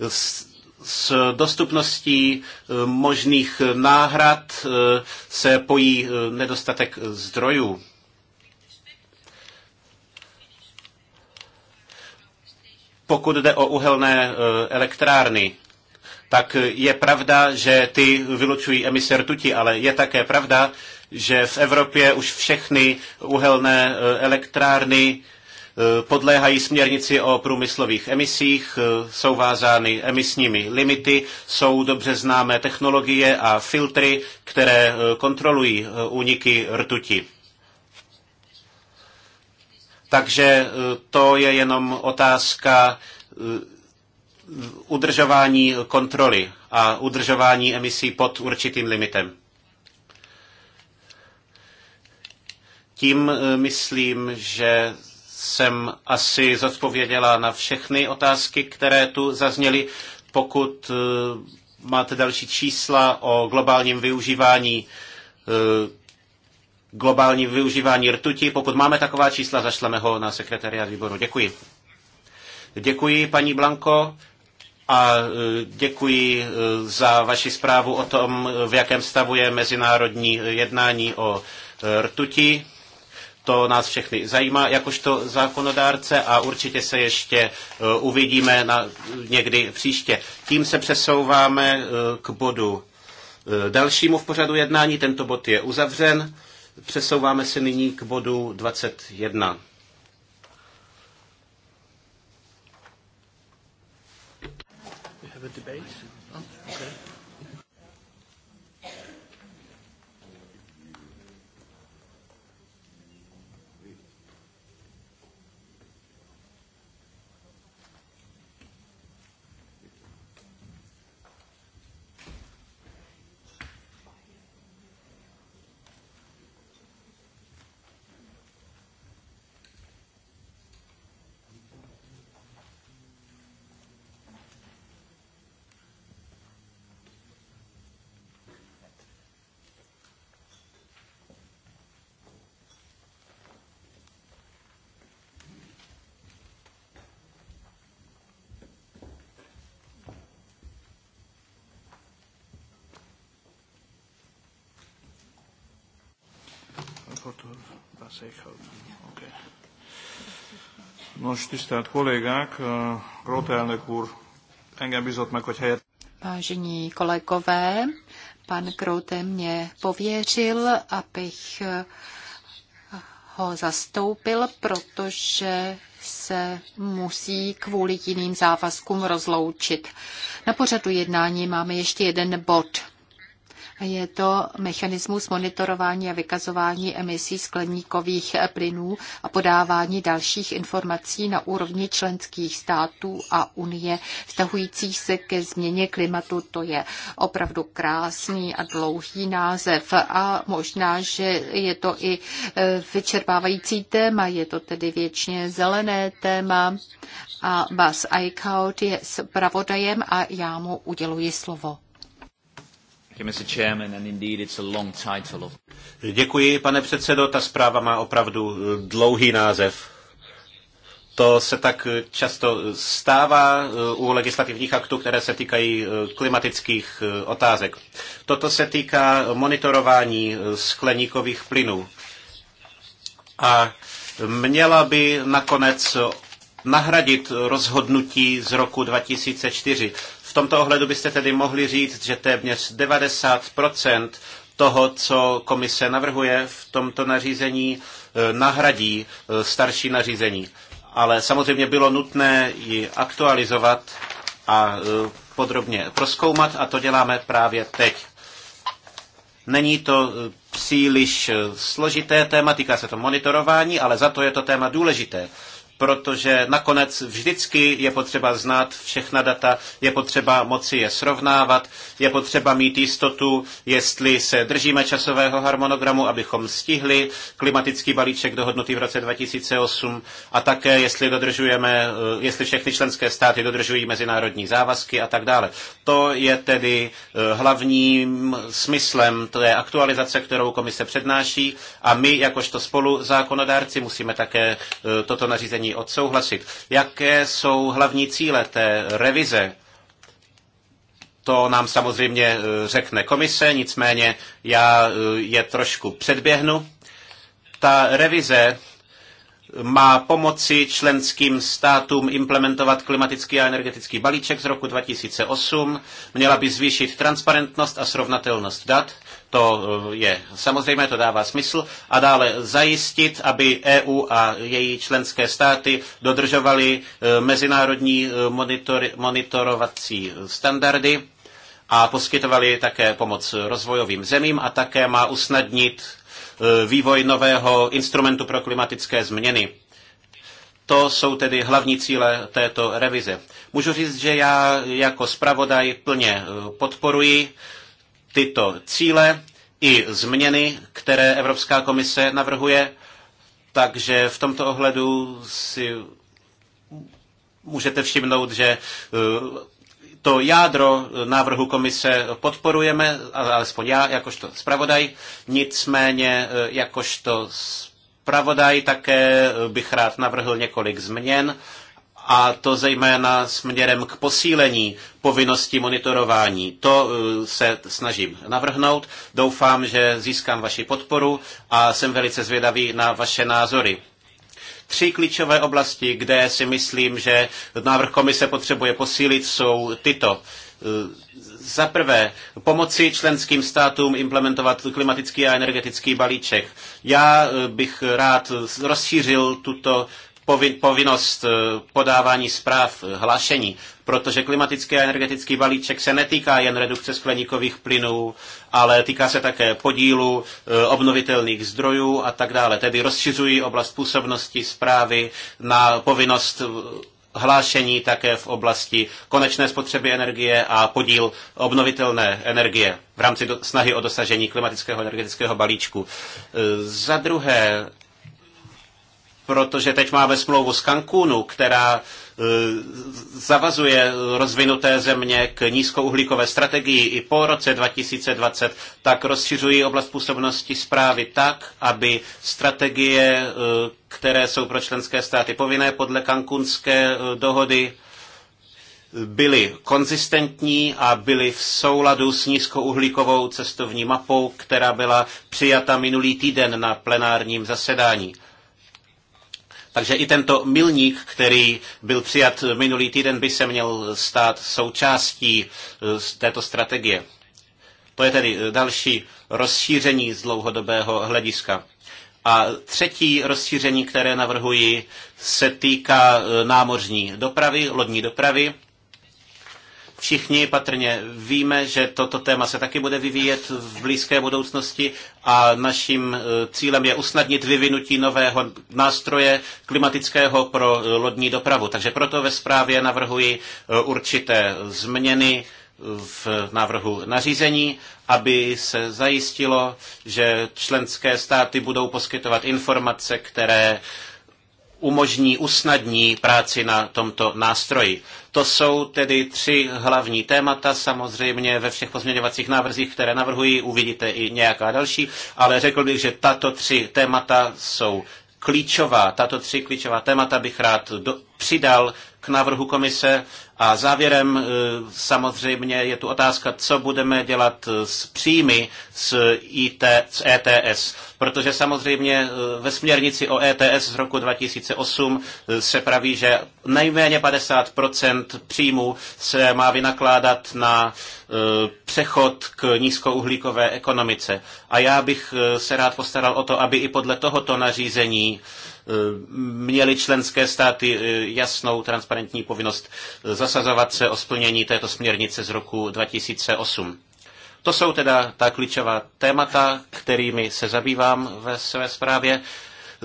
S, s dostupností možných náhrad se pojí nedostatek zdrojů. Pokud jde o uhelné e, elektrárny, tak je pravda, že ty vylučují emise rtuti, ale je také pravda, že v Evropě už všechny uhelné e, elektrárny e, podléhají směrnici o průmyslových emisích, jsou vázány emisními limity, jsou dobře známé technologie a filtry, které kontrolují úniky rtuti. Takže e, to je jenom otázka e, udržování kontroly a udržování emisí pod určitým limitem. Tím e, myslím, že jsem asi zodpověděla na všechny otázky, které tu zazněly. Pokud máte další čísla o globálním využívání globální využívání rtuti. Pokud máme taková čísla, zašleme ho na sekretariat výboru. Děkuji. Děkuji, paní Blanko, a e, děkuji e, za vaši zprávu o tom, v jakém stavu je mezinárodní jednání o e, rtuti. To nás všechny zajímá jakožto zákonodárce a určitě se ještě uvidíme na někdy příště. Tím se přesouváme k bodu dalšímu v pořadu jednání. Tento bod je uzavřen. Přesouváme se nyní k bodu 21. Have a debate. Okay. Nos, tisztelt kollégák, Grote elnök úr engem bizott meg, hogy helyett... Vážení kolegové, pan Grote mě pověřil, abych ho zastoupil, protože se musí kvůli jiným závazkům rozloučit. Na pořadu jednání máme ještě jeden bod. Je to mechanismus monitorování a vykazování emisí skleníkových plynů a podávání dalších informací na úrovni členských států a Unie vztahujících se ke změně klimatu. To je opravdu krásný a dlouhý název a možná, že je to i e, vyčerpávající téma. Je to tedy věčně zelené téma a Bas Eichhout je zpravodajem a já mu uděluji slovo. Děkuji, pane předsedo. Ta zpráva má opravdu eh, dlouhý název. To se tak eh, často stává eh, u legislativních aktů, které se týkají klimatických otázek. Toto se týká monitorování skleníkových plynů. A měla by nakonec nahradit rozhodnutí z roku 2004, tomto ohledu byste tedy mohli říct, že téměř 90% toho, co komise navrhuje v tomto nařízení, e, nahradí e, starší nařízení. Ale samozřejmě bylo nutné ji aktualizovat a e, podrobně proskoumat a to děláme právě teď. Není to příliš složité téma, týká se to monitorování, ale za to je to téma důležité protože nakonec vždycky je potřeba znát všechna data, je potřeba moci je srovnávat, je potřeba mít jistotu, jestli se držíme časového harmonogramu, abychom stihli klimatický balíček dohodnutý v roce 2008 a také jestli dodržujeme, eh, jestli všechny členské státy dodržují mezinárodní závazky a tak dále. To je tedy eh, hlavním smyslem té aktualizace, kterou komise přednáší a my jakožto spolu zákonodárci musíme také eh, toto nařízení ní odsouhlasit. Jaké jsou hlavní cíle té revize? To nám samozřejmě eh, řekne komise, nicméně já eh, je trošku předběhnu. Ta revize má pomoci členským státům implementovat klimatický a energetický balíček z roku 2008, měla by zvýšit transparentnost a srovnatelnost dat, to eh, je samozřejmě, to dává smysl, a dále zajistit, aby EU a její členské státy dodržovaly eh, mezinárodní eh, monitor, monitorovací standardy a poskytovali také pomoc rozvojovým zemím a také má usnadnit Eh, vývoj nového instrumentu pro klimatické změny. To jsou tedy hlavní cíle této revize. Můžu říct, že já jako zpravodaj plně eh, podporuji tyto cíle i změny, které Evropská komise navrhuje, takže v tomto ohledu si můžete všimnout, že eh, to jádro návrhu komise podporujeme, alespoň já jakožto zpravodaj, nicméně e, jakožto zpravodaj také e, bych rád navrhl několik změn, a to zejména směrem k posílení povinnosti monitorování. To e, se snažím navrhnout. Doufám, že získám vaši podporu a jsem velice zvědavý na vaše názory. Tři klíčové oblasti, kde si myslím, že návrh komise potřebuje posílit, jsou tyto. Eh, za prvé, pomoci členským státům implementovat klimatický a energetický balíček. Já eh, bych rád rozšířil tuto povinnost eh, podávání zpráv, eh, hlášení, protože klimatický a energetický balíček se netýká jen redukce skleníkových plynů, ale týká se také podílu eh, obnovitelných zdrojů a tak dále. Tedy rozšiřují oblast působnosti zprávy na povinnost hlášení také v oblasti konečné spotřeby energie a podíl obnovitelné energie v rámci snahy o dosažení klimatického energetického balíčku. Za druhé, protože teď máme smlouvu s Cancúnu, která e, zavazuje rozvinuté země k nízkouhlíkové strategii i po roce 2020, tak rozšiřují oblast působnosti zprávy tak, aby strategie, e, které jsou pro členské státy povinné podle kankunské e, dohody, byly konzistentní a byly v souladu s nízkouhlíkovou cestovní mapou, která byla přijata minulý týden na plenárním zasedání. Takže i tento milník, který byl přijat minulý týden, by se měl stát součástí e, této strategie. To je tedy e, další rozšíření z dlouhodobého hlediska. A třetí rozšíření, které navrhuji, se týká e, námořní dopravy, lodní dopravy. Všichni patrně víme, že toto téma se taky bude vyvíjet v blízké budoucnosti a naším eh, cílem je usnadnit vyvinutí nového nástroje klimatického pro eh, lodní dopravu. Takže proto ve zprávě navrhuji eh, určité změny v návrhu nařízení, aby se zajistilo, že členské státy budou poskytovat informace, které umožní, usnadní práci na tomto nástroji. To jsou tedy tři hlavní témata. Samozřejmě ve všech pozměňovacích návrzích, které navrhuji, uvidíte i nějaká další, ale řekl bych, že tato tři témata jsou klíčová. Tato tři klíčová témata bych rád do, přidal k návrhu komise a závěrem eh, samozřejmě je tu otázka, co budeme dělat eh, s příjmy z, IT, z ETS, protože samozřejmě eh, ve směrnici o ETS z roku 2008 se praví, že nejméně 50% příjmů se má vynakládat na přechod k nízkouhlíkové ekonomice. A já bych se rád postaral o to, aby i podle tohoto nařízení Eh, měly členské státy eh, jasnou transparentní povinnost zasazovat se o splnění této směrnice z roku 2008. To jsou teda ta klíčová témata, kterými se zabývám ve své zprávě.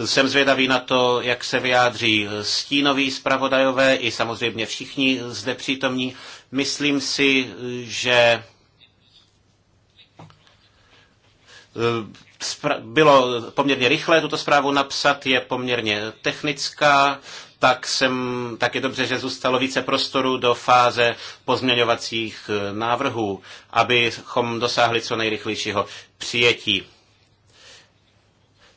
Jsem zvědavý na to, jak se vyjádří stínoví zpravodajové i samozřejmě všichni zde přítomní. Myslím si, že eh, bylo poměrně rychlé tuto zprávu napsat, je poměrně technická, tak, jsem, tak je dobře, že zůstalo více prostoru do fáze pozměňovacích eh, návrhů, abychom dosáhli co nejrychlejšího přijetí.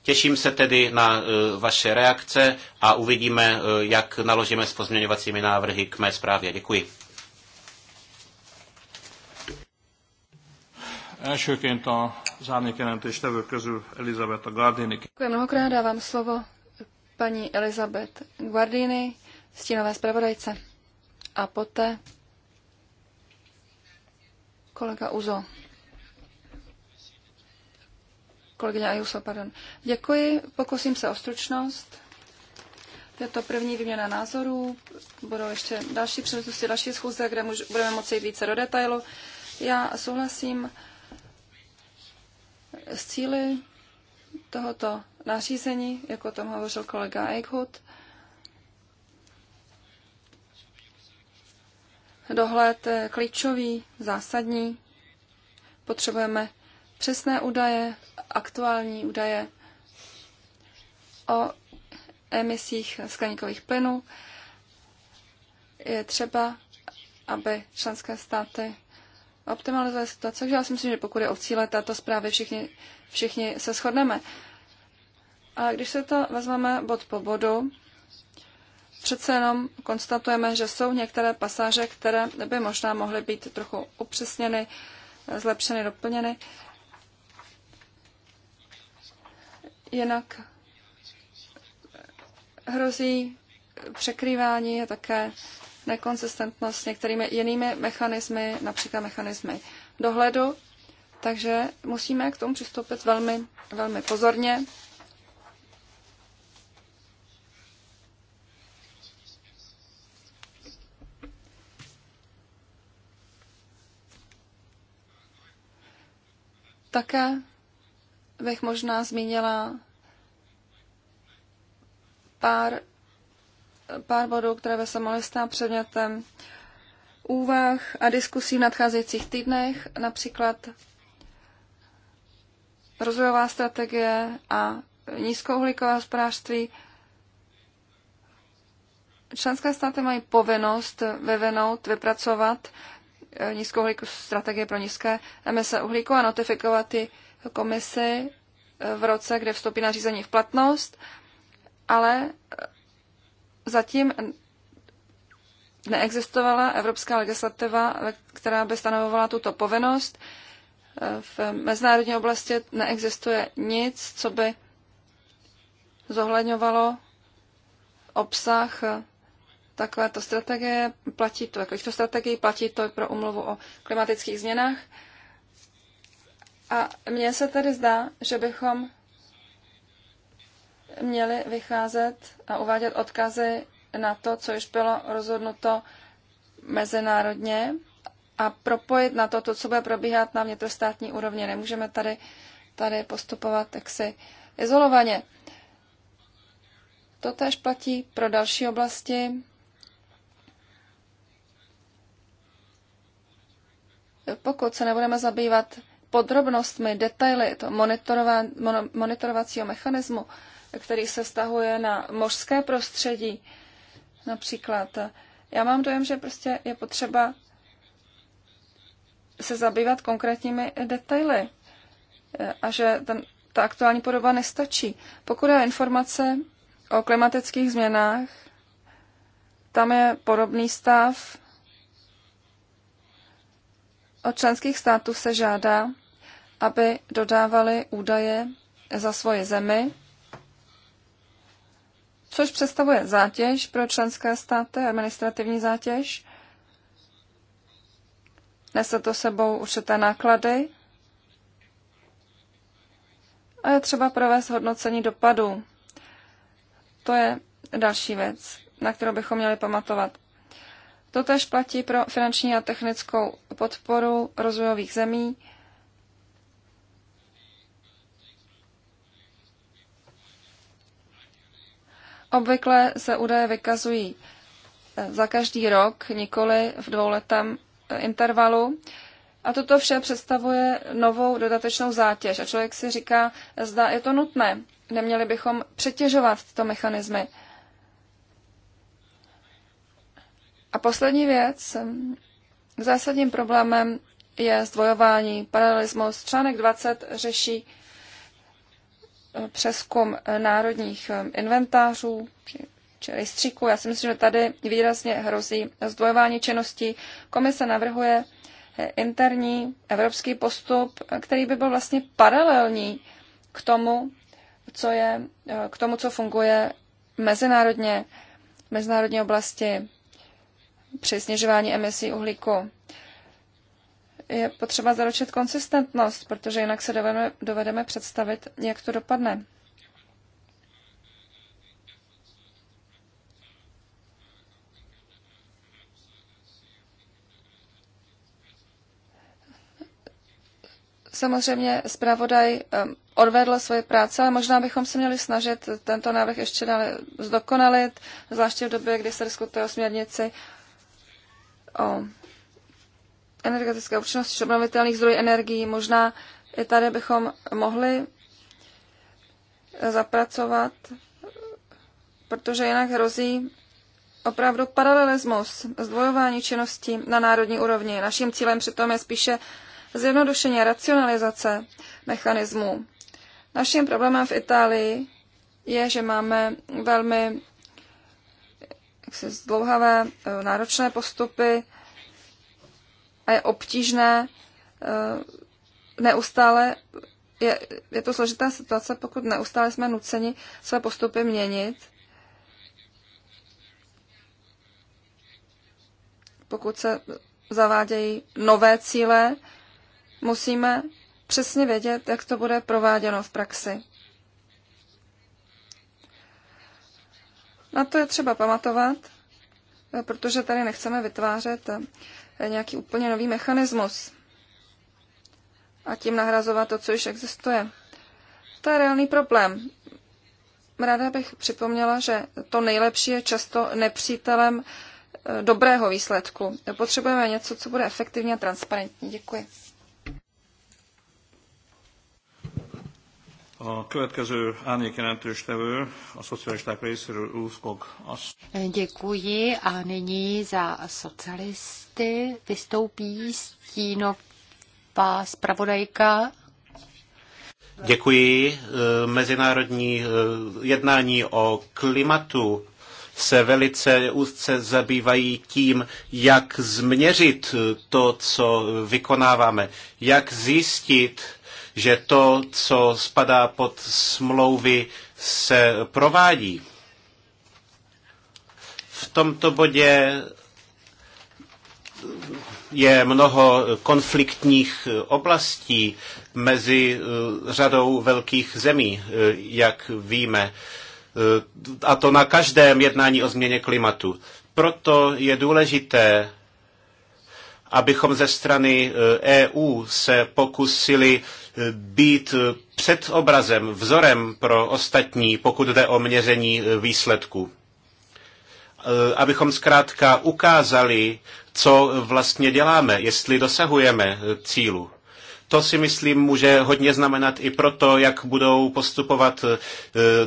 Těším se tedy na eh, vaše reakce a uvidíme, eh, jak naložíme s pozměňovacími návrhy k mé zprávě. Děkuji. Elsőként az közül Elizabeth Gardini. mnohokrát, dávám slovo paní Elizabeth Guardini, stínové zpravodajce. A poté kolega Uzo. Kolegyně Ayuso, pardon. Děkuji, pokusím se o stručnost. Je to první výměna názorů, budou ještě další příležitosti, další schůze, kde můž, budeme moci jít více do detailu. Já souhlasím s cíly tohoto nařízení, jako o tom hovořil kolega Eichhut, dohled eh, klíčový, zásadní. Potřebujeme přesné údaje, aktuální údaje o emisích skleníkových plynů. Je třeba, aby členské státy optimalizuje situace. Takže já si myslím, že pokud je o cíle této zprávy, všichni, všichni se shodneme. A když se to vezmeme bod po bodu, přece jenom konstatujeme, že jsou některé pasáže, které by možná mohly být trochu upřesněny, zlepšeny, doplněny. Jinak hrozí překrývání a také nekonzistentnost s některými jinými mechanismy, například mechanismy dohledu. Takže musíme k tomu přistoupit velmi, velmi pozorně. Také bych možná zmínila pár pár bodů, které by se mohly stát předmětem úvah a diskusí v nadcházejících týdnech, například rozvojová strategie a nízkouhlíkové hospodářství. Členské státy mají povinnost vyvinout, vypracovat eh, nízkouhlíkovou strategie pro nízké emise uhlíku a notifikovat ji komisi eh, v roce, kde vstoupí nařízení v platnost, ale eh, zatím neexistovala evropská legislativa, která by stanovovala tuto povinnost. V mezinárodní oblasti neexistuje nic, co by zohledňovalo obsah takovéto strategie, platí to, to strategií, platí to pro umluvu o klimatických změnách. A mně se tedy zdá, že bychom měli vycházet a uvádět odkazy na to, co již bylo rozhodnuto mezinárodně a propojit na to, to co bude probíhat na vnitrostátní úrovni. Nemůžeme tady, tady postupovat taksi izolovaně. To též platí pro další oblasti. Pokud se nebudeme zabývat podrobnostmi, detaily to monitorovacího mechanismu, který se vztahuje na mořské prostředí. Například, já mám dojem, že prostě je potřeba se zabývat konkrétními detaily a že ten, ta aktuální podoba nestačí. Pokud je informace o klimatických změnách, tam je podobný stav. Od členských států se žádá, aby dodávali údaje za svoje zemi, což představuje zátěž pro členské státy, administrativní zátěž. Nese to sebou určité náklady a je třeba provést hodnocení dopadů. To je další věc, na kterou bychom měli pamatovat. Totež platí pro finanční a technickou podporu rozvojových zemí, Obvykle se údaje vykazují eh, za každý rok, nikoli v dvouletém eh, intervalu. A toto vše představuje novou dodatečnou zátěž. A člověk si říká, zda je to nutné. Neměli bychom přetěžovat tyto mechanismy. A poslední věc. Eh, zásadním problémem je zdvojování. Paralelismus článek 20 řeší přeskum národních um, inventářů či, či rejstříků. Já si myslím, že tady výrazně hrozí zdvojování činností. Komise navrhuje eh, interní evropský postup, eh, který by byl vlastně paralelní k tomu, co je, eh, k tomu, co funguje mezinárodně, mezinárodní oblasti při snižování emisí uhlíku je potřeba zaručit konsistentnost, protože jinak se dovedeme, dovedeme představit, jak to dopadne. Samozřejmě zpravodaj um, odvedl svoji práci, ale možná bychom se měli snažit tento návrh ještě dále zdokonalit, zvláště v době, kdy se diskutuje o směrnici o energetické účinnosti obnovitelných zdrojů energií. Možná i tady bychom mohli zapracovat, protože jinak hrozí opravdu paralelismus, zdvojování činností na národní úrovni. Naším cílem přitom je spíše zjednodušení a racionalizace mechanismů. Naším problémem v Itálii je, že máme velmi jaksi, zdlouhavé, eh, náročné postupy, a je obtížné eh, neustále, je, je to složitá situace, pokud neustále jsme nuceni své postupy měnit. Pokud se zavádějí nové cíle, musíme přesně vědět, jak to bude prováděno v praxi. Na to je třeba pamatovat, eh, protože tady nechceme vytvářet eh, nějaký úplně nový mechanismus a tím nahrazovat to, co již existuje. To je reálný problém. Ráda bych připomněla, že to nejlepší je často nepřítelem eh, dobrého výsledku. Potřebujeme něco, co bude efektivní a transparentní. Děkuji. A következő a szocialisták részéről Děkuji a nyní za socialisty vystoupí stínová zpravodajka Děkuji. E, mezinárodní e, jednání o klimatu se velice úzce zabývají tím, jak změřit to, co vykonáváme, jak zjistit, že to, co spadá pod smlouvy, se provádí. V tomto bodě je mnoho konfliktních oblastí mezi eh, řadou velkých zemí, eh, jak víme, eh, a to na každém jednání o změně klimatu. Proto je důležité, abychom ze strany EU e se pokusili být před obrazem, vzorem pro ostatní, pokud jde o měření výsledků. Abychom zkrátka ukázali, co vlastně děláme, jestli dosahujeme cílu. To si myslím může hodně znamenat i proto, jak budou postupovat e,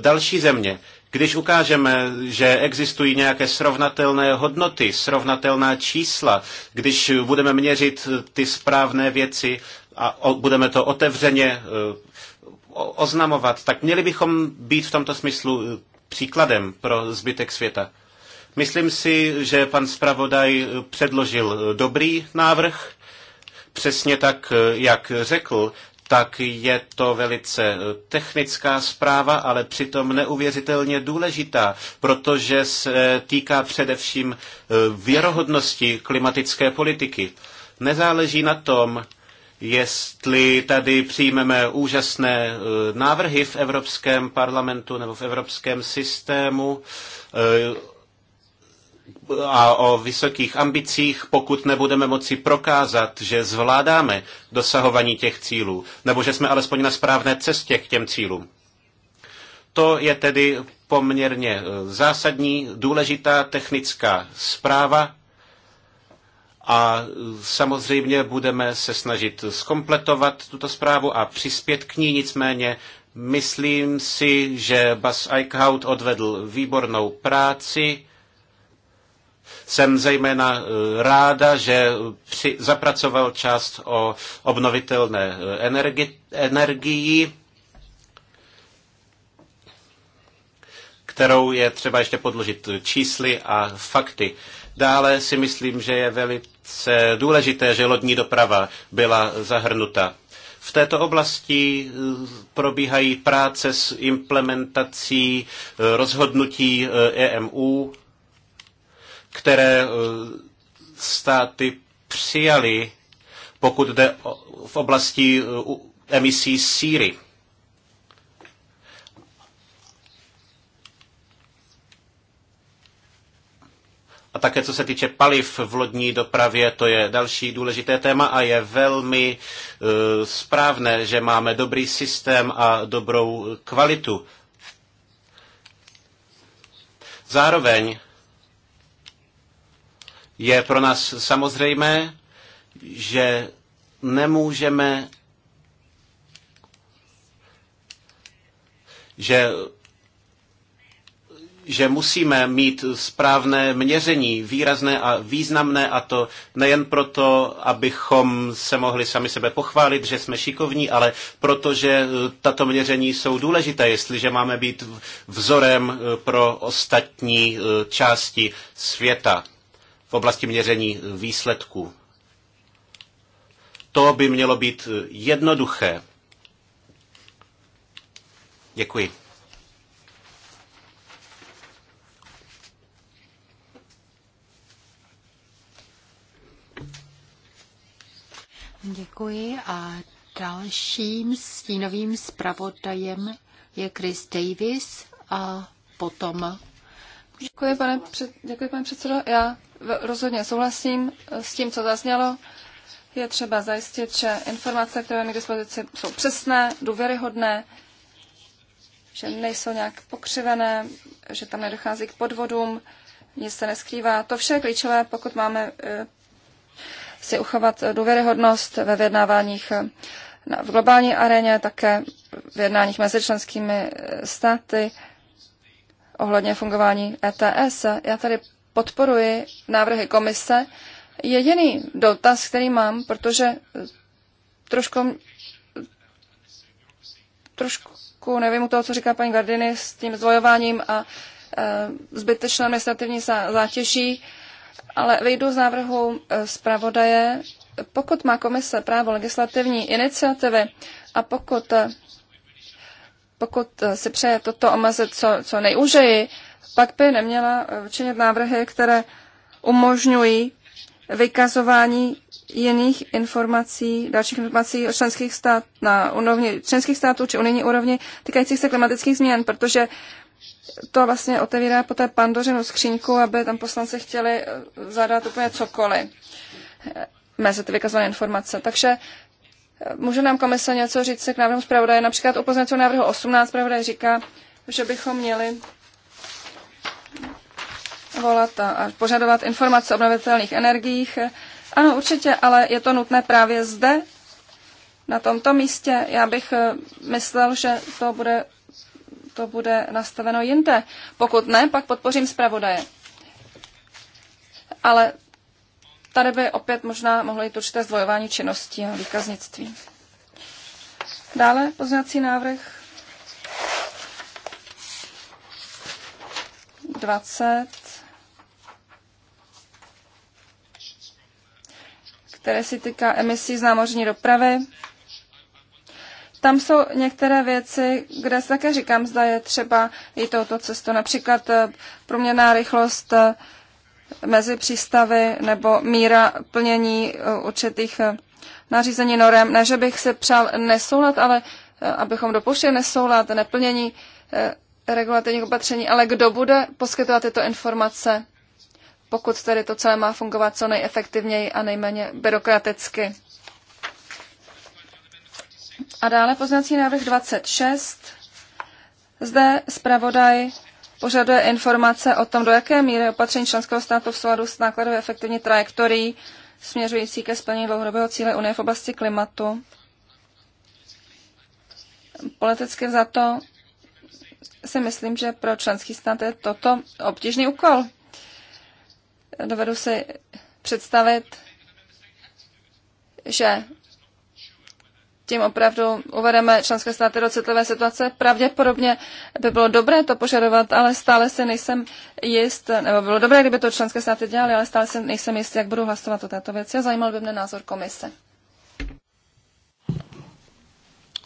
další země. Když ukážeme, že existují nějaké srovnatelné hodnoty, srovnatelná čísla, když budeme měřit ty správné věci, a budeme to otevřeně eh, oznamovat, tak měli bychom být v tomto smyslu eh, příkladem pro zbytek světa. Myslím si, že pan zpravodaj eh, předložil dobrý návrh, přesně tak, jak řekl, tak je to velice technická zpráva, ale přitom neuvěřitelně důležitá, protože se týká především věrohodnosti klimatické politiky. Nezáleží na tom, jestli tady přijmeme úžasné eh, návrhy v Evropském parlamentu nebo v Evropském systému eh, a o vysokých ambicích, pokud nebudeme moci prokázat, že zvládáme dosahování těch cílů, nebo že jsme alespoň na správné cestě k těm cílům. To je tedy poměrně eh, zásadní, důležitá technická zpráva, a e, samozřejmě budeme se snažit skompletovat tuto zprávu a přispět k ní, nicméně myslím si, že Bas Eichhout odvedl výbornou práci. Jsem zejména e, ráda, že při, zapracoval část o obnovitelné e, energi, energii, kterou je třeba ještě podložit čísly a fakty. Dále si myslím, že je velice důležité, že lodní doprava byla zahrnuta. V této oblasti eh, probíhají práce s implementací eh, rozhodnutí EMU, eh, e které státy přijali, pokud jde v oblasti emisí síry. také co se týče paliv v lodní dopravě, to je další důležité téma a je velmi e, správné, že máme dobrý systém a dobrou kvalitu. Zároveň je pro nás samozřejmé, že nemůžeme že že musíme mít správné měření, výrazné a významné, a to nejen proto, abychom se mohli sami sebe pochválit, že jsme šikovní, ale protože eh, tato měření jsou důležité, jestliže máme být vzorem eh, pro ostatní eh, části světa v oblasti měření výsledků. To by mělo být jednoduché. Děkuji. Děkuji a dalším stínovým zpravodajem je Chris Davis a potom. Děkuji, pane, před, děkuji, pane předsedo. Já rozhodně souhlasím eh, s tím, co zaznělo. Je třeba zajistit, že informace, které mi k dispozici, jsou přesné, důvěryhodné, že nejsou nějak pokřivené, že tam nedochází k podvodům, nic se neskrývá. To vše je klíčové, pokud máme eh, si uchovat důvěryhodnost ve vyjednáváních v globální aréně, také v jednáních mezi členskými eh, státy ohledně fungování ETS. Já tady podporuji návrhy komise. Jediný dotaz, který mám, protože eh, trošku, eh, trošku nevím u toho, co říká paní Gardiny s tím zvojováním a e, zbytečnou administrativní zátěží, ale vyjdu z návrhu e, zpravodaje, pokud má komise právo legislativní iniciativy a pokud, e, pokud e, si přeje toto omezit co, co nejúžeji, pak by neměla činit návrhy, které umožňují vykazování jiných informací, dalších informací o členských stát na úrovni členských států či unijní úrovni týkajících se klimatických změn, protože to vlastně otevírá poté pandořinu skřínku, aby tam poslanci chtěli eh, zadat úplně cokoliv eh, mezi ty vykazované informace. Takže eh, může nám komise něco říct se k návrhu zpravodaje? Například o pozměňovacím návrhu 18 zpravodaj říká, že bychom měli volat a požadovat informace o obnovitelných energiích. Ano, určitě, ale je to nutné právě zde, na tomto místě. Já bych myslel, že to bude to bude nastaveno jinde. Pokud ne, pak podpořím zpravodaje. Ale tady by opět možná mohlo jít určité zdvojování činnosti a výkaznictví. Dále poznací návrh 20, které se týká emisí z námořní dopravy. Tam jsou některé věci, kde se také říkám, zda je třeba i touto cestou, například eh, průměrná rychlost eh, mezi přístavy nebo míra plnění eh, určitých nařízení norem. Ne, že bych se přál nesoulad, ale abychom dopouštěli nesoulad, neplnění regulativních opatření, ale kdo bude poskytovat tyto informace, pokud tedy to celé má fungovat co nejefektivněji a nejméně byrokraticky. A dále poznací návrh 26. Zde zpravodaj požaduje informace o tom, do jaké míry opatření členského státu v souladu s nákladově efektivní trajektorií směřující ke splnění dlouhodobého cíle Unie v oblasti klimatu. Politicky za to si myslím, že pro členský stát je toto obtížný úkol. Dovedu si představit, že tím opravdu uvedeme členské státy do citlivé situace. Pravděpodobně by bylo dobré to požadovat, ale stále se nejsem jist, nebo bylo dobré, kdyby to členské státy dělali, ale stále se nejsem jist, jak budu hlasovat o této věci a zajímal by mě názor komise.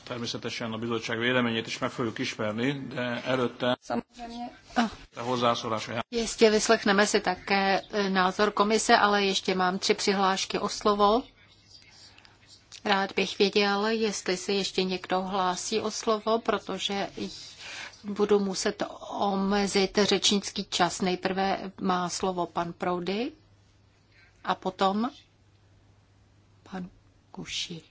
Természetesen a bizottság véleményét is meg fogjuk ismerni, de előtte Samozřejmě. a hozzászólás. Jistě vyslechneme si také názor komise, ale ještě mám tři přihlášky o slovo. Rád bych věděl, jestli se ještě někdo hlásí o slovo, protože budu muset omezit řečnický čas. Nejprve má slovo pan Proudy a potom pan Kuši.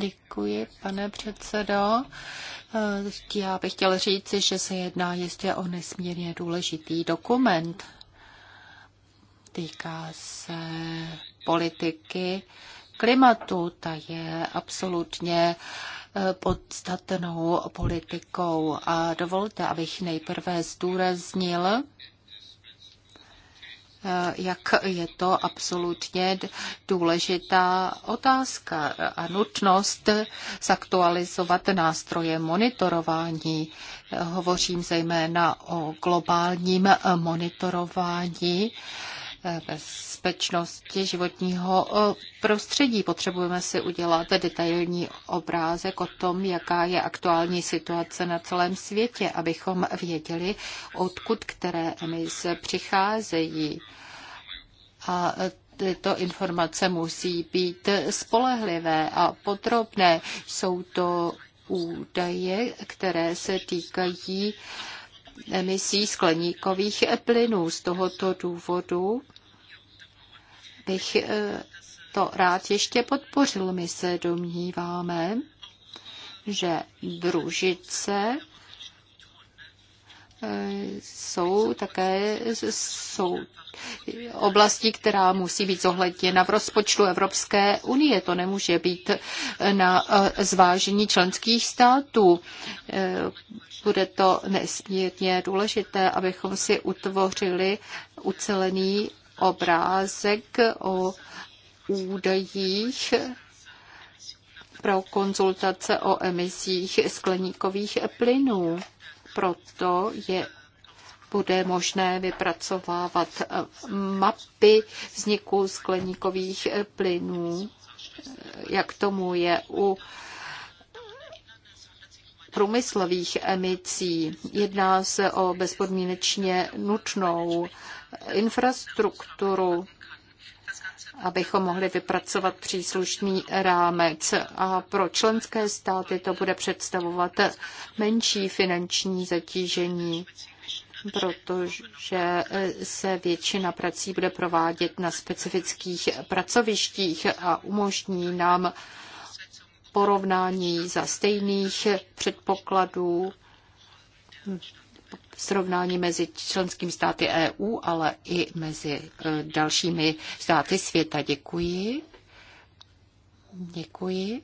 Děkuji, pane předsedo. Já bych chtěl říct, že se jedná jistě o nesmírně důležitý dokument týká se politiky klimatu. Ta je absolutně eh, podstatnou politikou. A dovolte, abych nejprve zdůraznil, eh, jak je to absolutně důležitá otázka a nutnost zaktualizovat nástroje monitorování. Hovořím zejména o globálním monitorování bezpečnosti životního eh, prostředí. Potřebujeme si udělat detailní obrázek o tom, jaká je aktuální situace na celém světě, abychom věděli, odkud které emise přicházejí. A tyto informace musí být spolehlivé a podrobné. Jsou to údaje, které se týkají emisí skleníkových plynů. Z tohoto důvodu bych eh, to rád ještě podpořil. My se domníváme, že družice eh, jsou také jsou oblasti, která musí být zohledněna v rozpočtu Evropské unie. To nemůže být na eh, zvážení členských států. Bude to nesmírně důležité, abychom si utvořili ucelený obrázek o údajích pro konzultace o emisích skleníkových plynů. Proto je bude možné vypracovávat mapy vzniku skleníkových plynů, jak tomu je u průmyslových emisí. Jedná se o bezpodmínečně nutnou infrastrukturu, abychom mohli vypracovat příslušný rámec. A pro členské státy to bude představovat menší finanční zatížení protože se většina prací bude provádět na specifických pracovištích a umožní nám porovnání za stejných předpokladů srovnání mezi členskými státy EU, ale i mezi e, dalšími státy světa. Děkuji. Děkuji.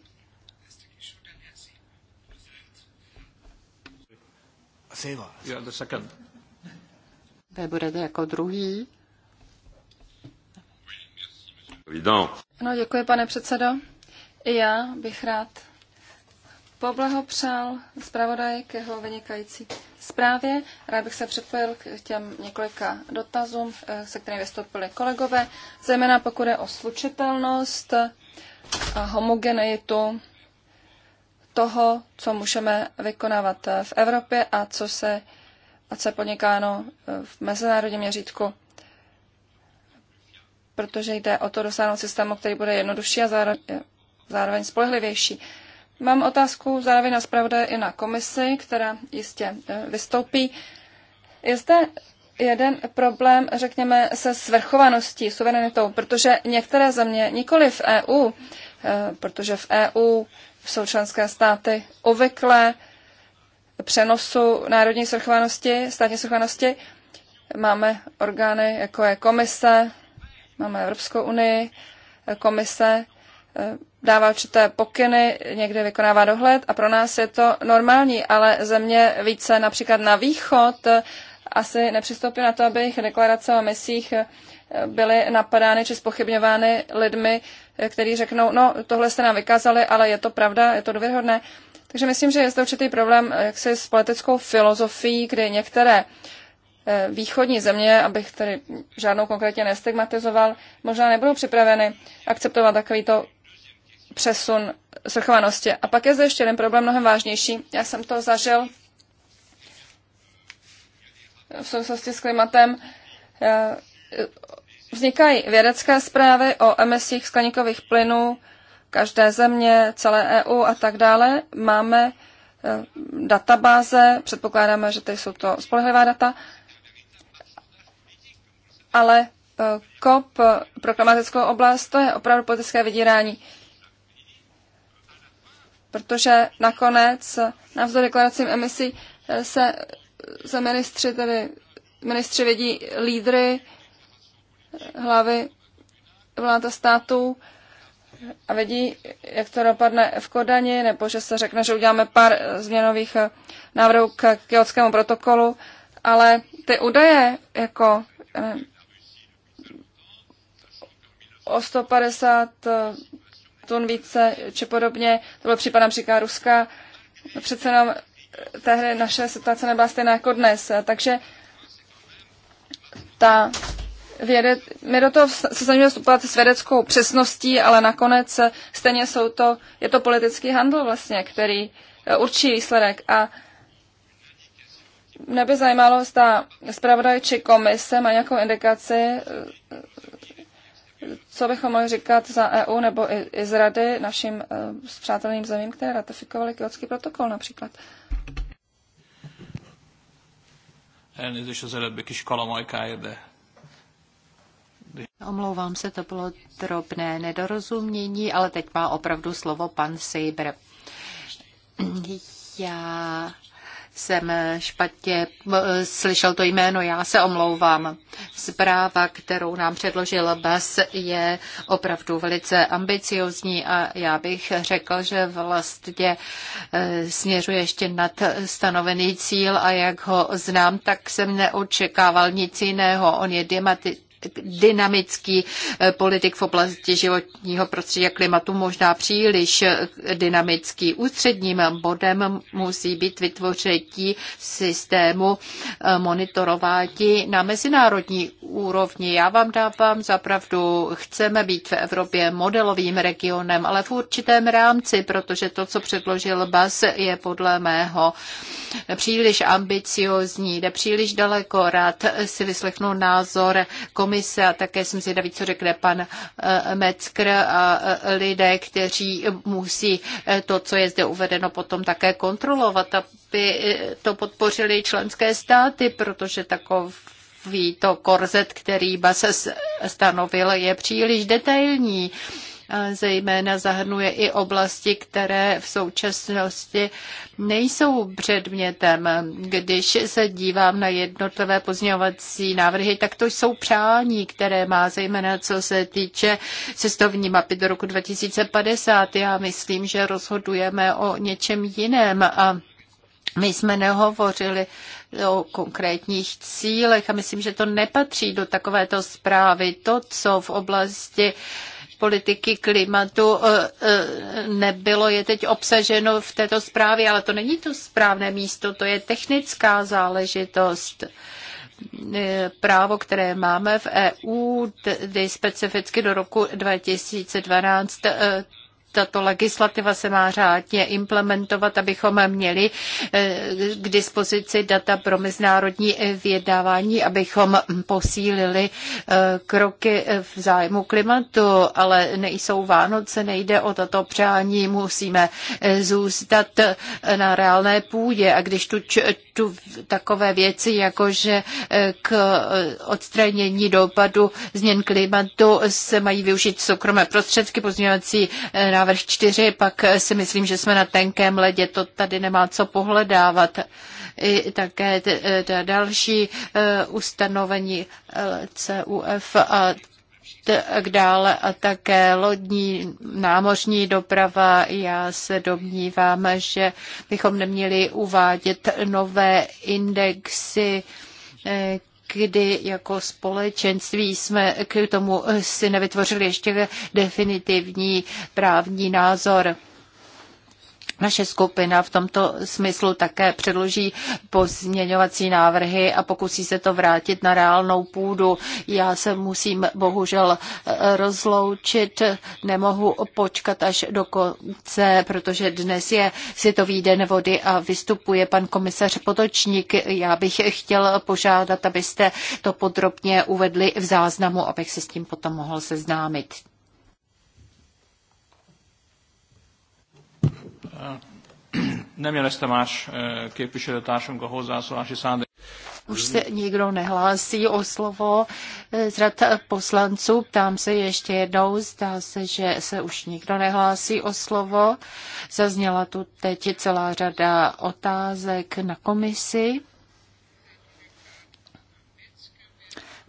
Vy budete jako druhý. No, děkuji, pane předsedo. I já bych rád poblahopřál zpravodaj k jeho vynikající zprávě. Rád bych se připojil k těm několika dotazům, eh, se kterými vystoupili kolegové, zejména pokud je o slučitelnost a homogenitu toho, co můžeme vykonávat eh, v Evropě a co se, a co je podnikáno eh, v mezinárodním měřítku protože jde o to dosáhnout systému, který bude jednodušší a zároveň, zároveň spolehlivější. Mám otázku zároveň na zpravodaje i na komisi, která jistě eh, vystoupí. Je zde jeden problém, řekněme, se svrchovaností, suverenitou, protože některé země, nikoli v EU, eh, protože v EU jsou členské státy obvykle přenosu národní svrchovanosti, státní svrchovanosti. Máme orgány, jako je komise, máme Evropskou unii, eh, komise, Eh, dává určité pokyny, někde vykonává dohled a pro nás je to normální, ale země více například na východ eh, asi nepřistoupí na to, aby jejich deklarace o misích eh, byly napadány či spochybňovány lidmi, kteří řeknou, no tohle jste nám vykázali, ale je to pravda, je to důvěryhodné. Takže myslím, že je zde určitý problém jaksi s politickou filozofií, kdy některé východní země, abych tady žádnou konkrétně nestigmatizoval, možná nebudou připraveny akceptovat takovýto přesun svrchovanosti. A pak je zde ještě jeden problém mnohem vážnější. Já jsem to zažil v souvislosti s klimatem. Eh, vznikají vědecké zprávy o emisích skleníkových plynů každé země, celé EU a tak dále. Máme eh, databáze, předpokládáme, že tady jsou to spolehlivá data, ale COP eh, pro klimatickou oblast, to je opravdu politické vydírání protože nakonec navzdory deklaracím emisí eh, se, eh, se ministři, tedy ministři vidí lídry, eh, hlavy vláda států a vidí, jak to dopadne v Kodani, nebo že se řekne, že uděláme pár změnových návrhů k kyotskému protokolu, ale ty údaje jako o 150 více či podobně. To byl případ například Ruska. Přece nám tehdy naše situace nebyla stejná jako dnes. Takže ta věde, my do toho se snažíme vstupovat s vědeckou přesností, ale nakonec stejně jsou to, je to politický handel vlastně, který eh, určí výsledek. A mě by zajímalo, zda zpravodaj či komise má nějakou indikaci, eh, co bychom mohli říkat za EU nebo i, i z Rady našim uh, eh, zpřátelným zemím, které ratifikovaly Kyotský protokol například. Omlouvám se, to bylo drobné nedorozumění, ale teď má opravdu slovo pan Sejbr. Já jsem špatně slyšel to jméno, já se omlouvám. Zpráva, kterou nám předložil BAS, je opravdu velice ambiciozní a já bych řekl, že vlastně e, směřuje ještě nad stanovený cíl a jak ho znám, tak jsem neočekával nic jiného. On je dynamický eh, politik v oblasti životního prostředí a klimatu, možná příliš eh, dynamický. Ústředním bodem musí být vytvoření systému eh, monitorování na mezinárodní úrovni. Já vám dávám zapravdu, chceme být v Evropě modelovým regionem, ale v určitém rámci, protože to, co předložil Bas, je podle mého příliš ambiciozní, jde příliš daleko. Rád si vyslechnu názor komisí komise a také jsem zvědavý, co řekne pan eh, Metzger a eh, lidé, kteří musí eh, to, co je zde uvedeno, potom také kontrolovat, aby to podpořili členské státy, protože takový to korzet, který se stanovil, je příliš detailní zejména zahrnuje i oblasti, které v současnosti nejsou předmětem. Když se dívám na jednotlivé pozměňovací návrhy, tak to jsou přání, které má zejména co se týče cestovní mapy do roku 2050. Já myslím, že rozhodujeme o něčem jiném a my jsme nehovořili o konkrétních cílech a myslím, že to nepatří do takovéto zprávy. To, co v oblasti politiky klimatu e, e, nebylo, je teď obsaženo v této zprávě, ale to není to správné místo, to je technická záležitost e, právo, které máme v EU, tedy specificky do roku 2012, tato legislativa se má řádně implementovat, abychom měli eh, k dispozici data pro mezinárodní eh, vyjednávání, abychom posílili eh, kroky v zájmu klimatu, ale nejsou Vánoce, nejde o tato přání, musíme zůstat na reálné půdě a když tu č- takové věci, jako že eh, k eh, odstranění dopadu změn klimatu se mají využít soukromé prostředky, pozměňovací eh, návrh 4, pak si myslím, že jsme na tenkém ledě, to tady nemá co pohledávat. I také další ustanovení LCUF a tak dále a také lodní námořní doprava. Já se domnívám, že bychom neměli uvádět nové indexy, kdy jako společenství jsme k tomu si nevytvořili ještě definitivní právní názor. Naše skupina v tomto smyslu také předloží pozměňovací návrhy a pokusí se to vrátit na reálnou půdu. Já se musím bohužel eh, rozloučit, nemohu počkat až do konce, protože dnes je Světový den vody a vystupuje pan komisař Potočník. Já bych chtěl požádat, abyste to podrobně uvedli v záznamu, abych se s tím potom mohl seznámit. Eh, Nem máš eh, képviselőtársunk a hozzászólási szándék. Už se nikdo nehlásí o slovo eh, z rad poslanců. Ptám se ještě jednou. Zdá se, že se už nikdo nehlásí o slovo. Zazněla tu teď celá řada otázek na komisi.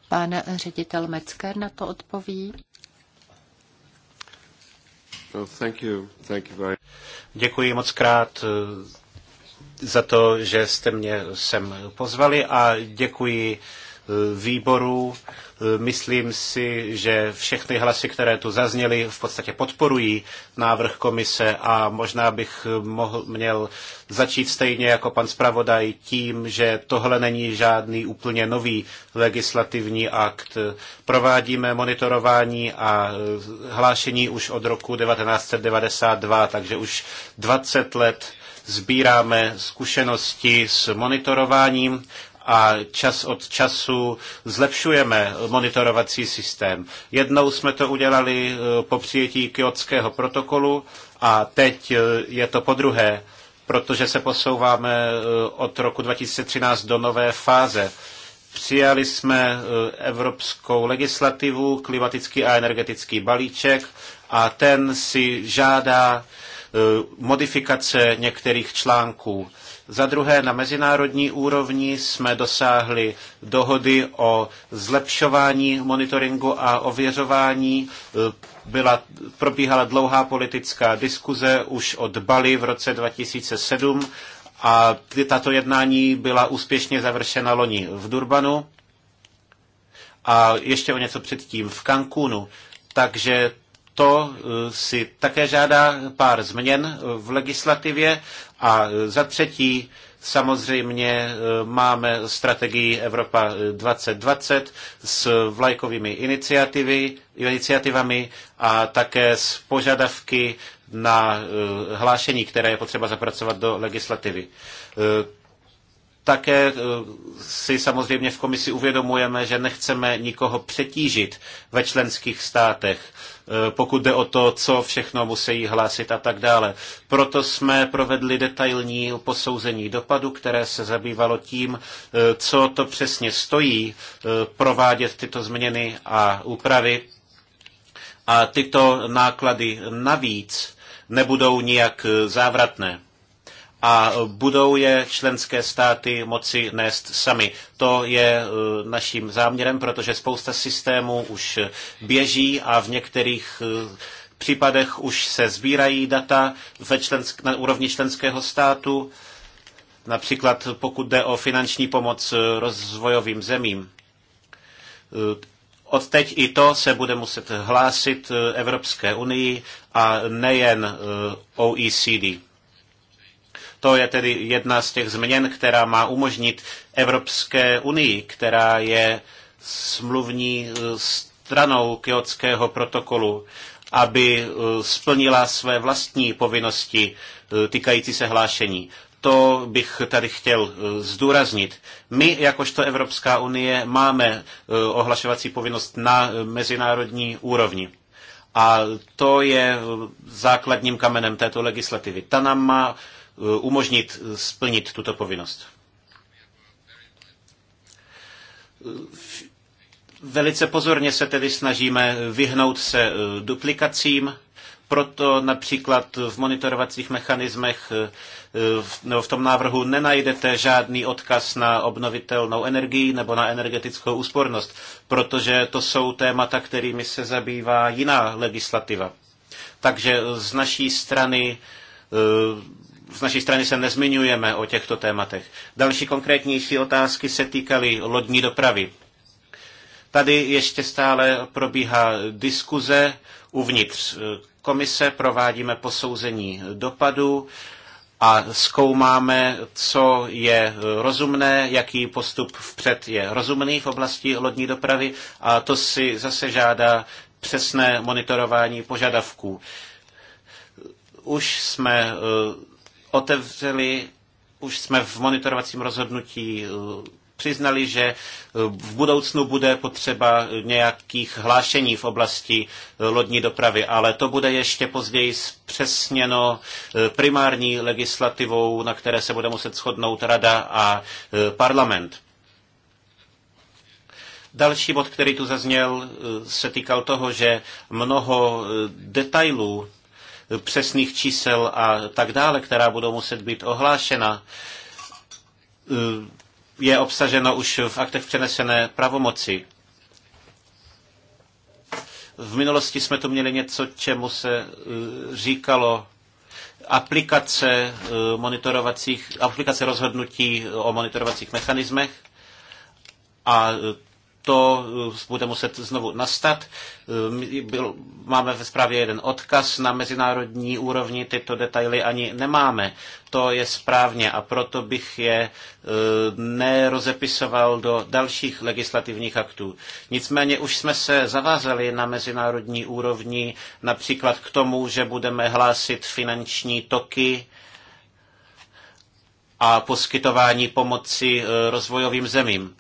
Pan ředitel Mecker na to odpoví. Děkuji moc krát eh, za to, že jste mě sem pozvali a děkuji výborů. Myslím si, že všechny hlasy, které tu zazněly, v podstatě podporují návrh komise a možná bych mohl, měl začít stejně jako pan zpravodaj tím, že tohle není žádný úplně nový legislativní akt. Provádíme monitorování a hlášení už od roku 1992, takže už 20 let sbíráme zkušenosti s monitorováním a čas od času zlepšujeme monitorovací systém. Jednou jsme to udělali e, po přijetí kyotského protokolu a teď e, je to po druhé, protože se posouváme e, od roku 2013 do nové fáze. Přijali jsme evropskou legislativu, klimatický a energetický balíček a ten si žádá modifikace některých článků. Za druhé, na mezinárodní úrovni jsme dosáhli dohody o zlepšování monitoringu a ověřování. E, byla, probíhala dlouhá politická diskuze už od Bali v roce 2007 a tato jednání byla úspěšně završena loni v Durbanu a ještě o něco předtím v Cancúnu. Takže to e, si také žádá pár změn v legislativě. A za třetí, Samozřejmě e, máme strategii Evropa 2020 e, s vlajkovými iniciativy, iniciativami a také s požadavky na e, hlášení, které je potřeba zapracovat do legislativy. Také si samozřejmě v komisi uvědomujeme, že nechceme nikoho přetížit ve členských státech Eh, pokud jde o to, co všechno musí hlásit a tak dále. Proto jsme provedli detailní posouzení dopadu, které se zabývalo tím, eh, co to přesně stojí eh, provádět tyto změny a úpravy. A tyto náklady navíc nebudou nijak závratné a budou je členské státy moci nést sami. To je e, naším záměrem, protože spousta systémů už běží a v některých e, případech už se sbírají data ve člensk- na úrovni členského státu, například pokud jde o finanční pomoc e, rozvojovým zemím. Od teď i to se bude muset hlásit Evropské unii a nejen OECD. To je tedy jedna z těch změn, která má umožnit Evropské unii, která je smluvní eh, stranou Kyotského protokolu, aby eh, splnila své vlastní povinnosti eh, týkající se hlášení. To bych tady chtěl zdůraznit. My, jakožto Evropská unie, máme ohlašovací povinnost na mezinárodní úrovni. A to je základním kamenem této legislativy. Ta nám má Eh, umožnit eh, splnit tuto povinnost. Eh, velice pozorně se tedy snažíme vyhnout se duplikacím, proto například v monitorovacích mechanismech nebo v tom návrhu nenajdete žádný odkaz na obnovitelnou energii nebo na energetickou úspornost, protože to jsou témata, kterými se zabývá jiná legislativa. Takže z naší strany z naší strany se nezmiňujeme o těchto tématech. Další konkrétnější otázky se týkaly lodní dopravy. Tady ještě stále probíhá diskuze uvnitř komise, provádíme posouzení dopadu a zkoumáme, co je rozumné, jaký postup vpřed je rozumný v oblasti lodní dopravy a to si zase žádá přesné monitorování požadavků. Už jsme otevřeli, už jsme v monitorovacím rozhodnutí eh, přiznali, že eh, v budoucnu bude potřeba eh, nějakých hlášení v oblasti lodní dopravy, ale to bude ještě později zpřesněno primární legislativou, na které se bude muset shodnout Rada a parlament. Další bod, který tu zazněl, se týkal toho, že mnoho detailů přesných čísel a tak dále, která budou muset být ohlášena, eh, je obsaženo už v aktech přenesené pravomoci. V minulosti jsme tu měli něco, čemu se eh, říkalo aplikace eh, monitorovacích, aplikace rozhodnutí o monitorovacích mechanismech a to eh, bude muset znovu nastat. Eh, byl, máme ve zprávě jeden odkaz na mezinárodní úrovni, tyto detaily ani nemáme. To je správně a proto bych je eh, nerozepisoval do dalších legislativních aktů. Nicméně už jsme se zavázali na mezinárodní úrovni například k tomu, že budeme hlásit finanční toky, a poskytování pomoci rozvojovým zemím.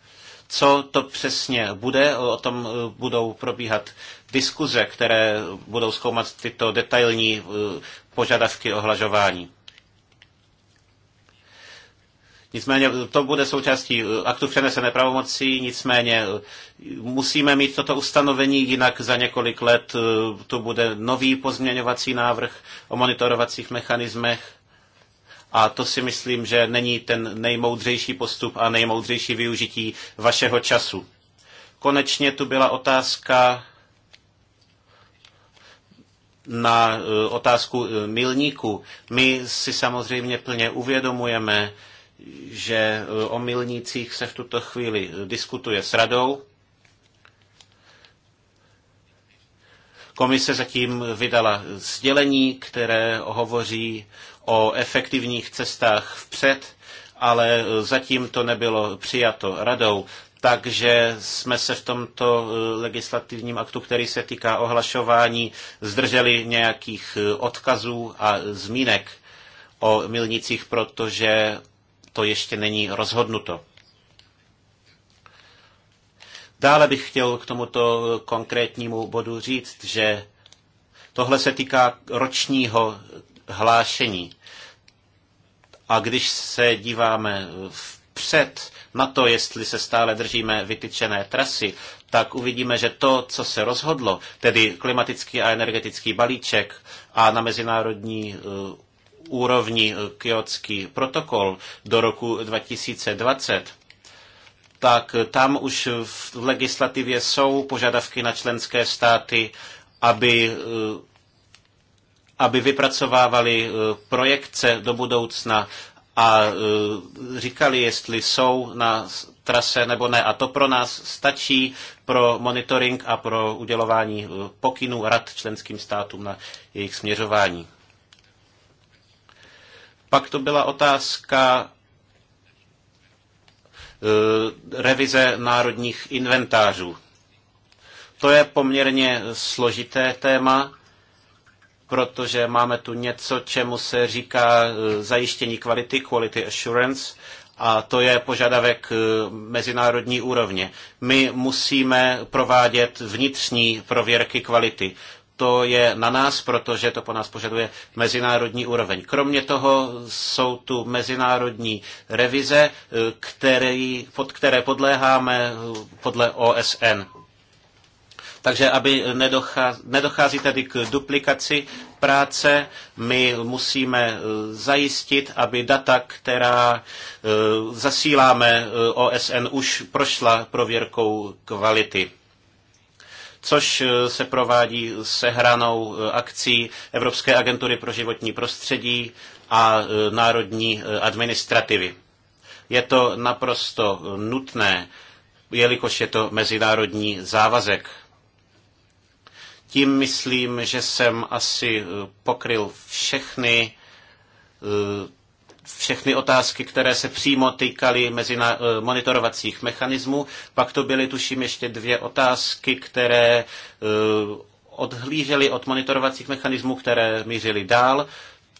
Co to přesně bude, o tom eh, budou probíhat diskuze, které budou zkoumat tyto detailní eh, požadavky ohlažování. Nicméně eh, to bude součástí aktu přenesené pravomocí, nicméně musíme mít toto ustanovení, jinak za několik let tu bude nový pozměňovací návrh o monitorovacích mechanismech a to si myslím, že není ten nejmoudřejší postup a nejmoudřejší využití vašeho času. Konečně tu byla otázka na eh, otázku eh, milníku. My si samozřejmě plně uvědomujeme, že eh, o milnících se v tuto chvíli diskutuje s radou. Komise zatím vydala sdělení, které hovoří o efektivních cestách vpřed, ale zatím to nebylo přijato radou. Takže jsme se v tomto eh, legislativním aktu, který se týká ohlašování, zdrželi nějakých eh, odkazů a zmínek o milnicích, protože to ještě není rozhodnuto. Dále bych chtěl k tomuto eh, konkrétnímu bodu říct, že tohle se týká ročního hlášení. A když se díváme vpřed na to, jestli se stále držíme vytyčené trasy, tak uvidíme, že to, co se rozhodlo, tedy klimatický a energetický balíček a na mezinárodní uh, úrovni uh, kyotský protokol do roku 2020, tak tam už v legislativě jsou požadavky na členské státy, aby uh, aby vypracovávali eh, projekce do budoucna a eh, říkali, jestli jsou na trase nebo ne. A to pro nás stačí pro monitoring a pro udělování eh, pokynů rad členským státům na jejich směřování. Pak to byla otázka revize národních inventářů. To je poměrně složité téma protože máme tu něco, čemu se říká eh, zajištění kvality, quality assurance, a to je požadavek eh, mezinárodní úrovně. My musíme provádět vnitřní prověrky kvality. To je na nás, protože to po nás požaduje mezinárodní úroveň. Kromě toho jsou tu mezinárodní revize, eh, který, pod které podléháme podle OSN. Takže aby nedochází, nedochází tedy k duplikaci práce, my musíme e, zajistit, aby data, která e, zasíláme e, OSN, už prošla prověrkou kvality což se provádí sehranou akcí Evropské agentury pro životní prostředí a národní administrativy. Je to naprosto nutné, jelikož je to mezinárodní závazek. Tím myslím, že jsem asi eh, pokryl všechny eh, všechny otázky, které se přímo týkaly mezi eh, monitorovacích mechanismů. Pak to byly, tuším, ještě dvě otázky, které odhlížely od monitorovacích mechanismů, které mířily dál.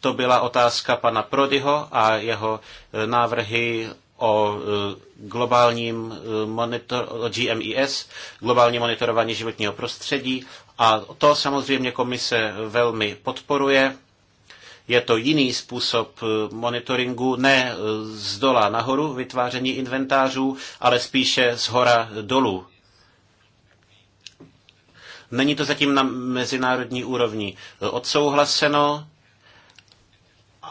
To byla otázka pana Prodyho a jeho návrhy o globálním monitor, o GMES, globální monitorování životního prostředí, a to samozřejmě komise velmi podporuje. Je to jiný způsob eh, monitoringu, ne eh, z dola nahoru vytváření inventářů, ale spíše z hora dolů Není to zatím na mezinárodní úrovni eh, odsouhlaseno,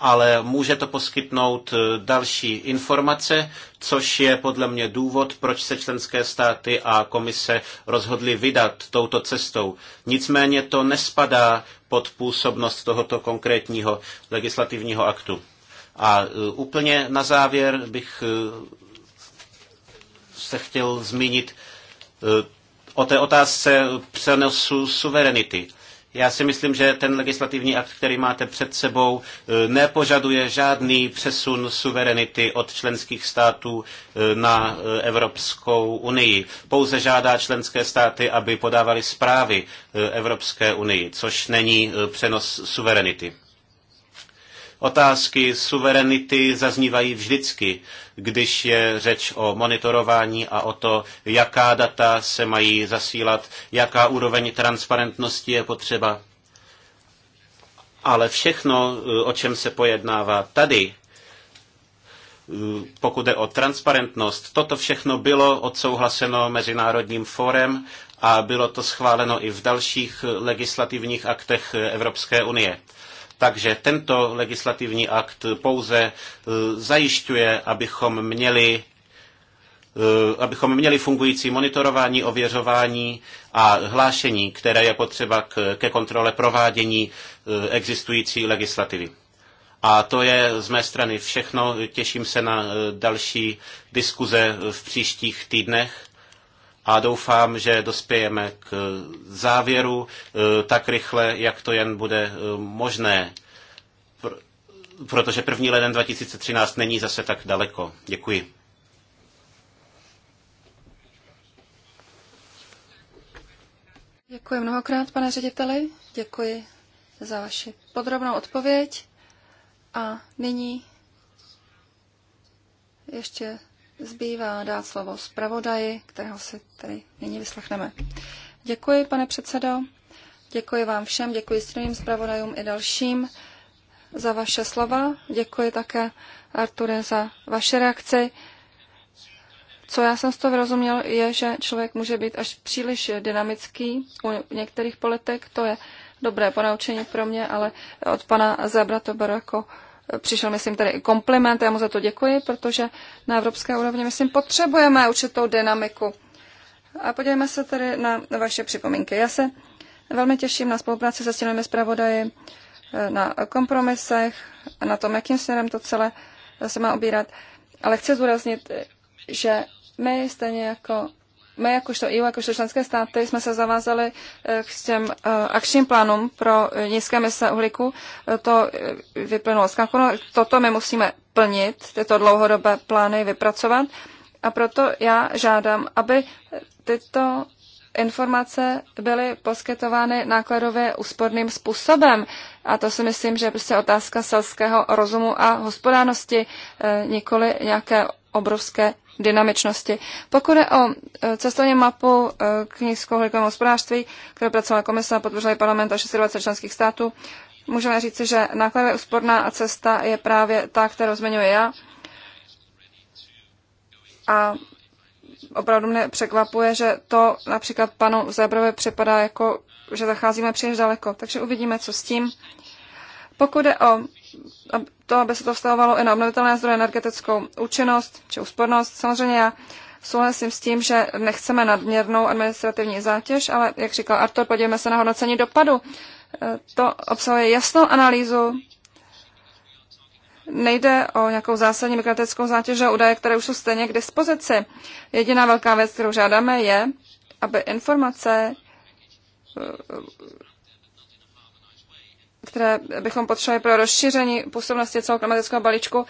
ale může to poskytnout eh, další informace, což je podle mě důvod, proč se členské státy a komise rozhodly vydat touto cestou. Nicméně to nespadá pod působnost tohoto konkrétního legislativního aktu. A eh, úplně na závěr bych eh, se chtěl zmínit o té otázce přenosu suverenity. Já si myslím, že ten legislativní akt, který máte před sebou, e, nepožaduje žádný přesun suverenity od členských států e, na e, Evropskou unii. Pouze žádá členské státy, aby podávali zprávy Evropské unii, což není přenos suverenity. Otázky suverenity zaznívají vždycky, když je řeč o monitorování a o to, jaká data se mají zasílat, jaká úroveň transparentnosti je potřeba. Ale všechno, eh, o čem se pojednává tady, eh, pokud je o transparentnost, toto všechno bylo odsouhlaseno Mezinárodním fórem a bylo to schváleno i v dalších legislativních aktech eh, Evropské unie. Takže tento legislativní akt pouze e, zajišťuje, abychom měli e, abychom měli fungující monitorování, ověřování a hlášení, které je potřeba ke kontrole provádění e, existující legislativy. A to je z mé strany všechno. Těším se na další diskuze v příštích týdnech a doufám, že dospějeme k závěru eh, tak rychle, jak to jen bude eh, možné, protože první leden 2013 není zase tak daleko. Děkuji. Děkuji mnohokrát, pane řediteli. Děkuji za vaši podrobnou odpověď. A nyní ještě zbývá dát slovo zpravodaji, kterého si tady nyní vyslechneme. Děkuji, pane předsedo. Děkuji vám všem, děkuji stejným zpravodajům i dalším za vaše slova. Děkuji také, Arture, za vaše reakci. Co já jsem z toho vyrozuměl, je, že člověk může být až příliš dynamický u některých politik. To je dobré ponaučení pro mě, ale od pana Zebra to beru jako přišel, myslím, tady kompliment, já mu za to děkuji, protože na evropské úrovni, myslím, potřebujeme určitou dynamiku. A podívejme se tedy na vaše připomínky. Já se velmi těším na spolupráci se stěnými zpravodaji, na kompromisech, na tom, jakým směrem to celé se má obírat. Ale chci zúraznit, že my, stejně jako my, jakožto EU, jakožto členské státy, jsme se zavázali eh, k těm eh, akčním plánům pro eh, nízké mise uhlíku. To vyplynulo z Cancunu. Toto my musíme plnit, tyto dlouhodobé plány vypracovat. A proto já žádám, aby tyto informace byly poskytovány nákladově úsporným způsobem. A to si myslím, že je prostě otázka selského rozumu a hospodárnosti, nikoli nějaké obrovské dynamičnosti. Pokud je o e, cestovní mapu e, k nízkouhlíkovému hospodářství, kterou pracovala komise a potvrdila parlament a 26 členských států, můžeme říci, že nákladově úsporná cesta je právě ta, kterou zmiňuji já. A opravdu mne překvapuje, že to například panu Zebrovi připadá jako, že zacházíme příliš daleko. Takže uvidíme, co s tím. Pokud je o to, aby se to vztahovalo i na obnovitelné zdroje, energetickou účinnost či úspornost. Samozřejmě já souhlasím s tím, že nechceme nadměrnou administrativní zátěž, ale jak říkal Artur, podívejme se na hodnocení dopadu. E, to obsahuje jasnou analýzu. Nejde o nějakou zásadní byrokratickou zátěž a údaje, které už jsou stejně k dispozici. Jediná velká věc, kterou žádáme, je, aby informace e, které bychom potřebovali pro rozšíření působnosti celého klimatického balíčku.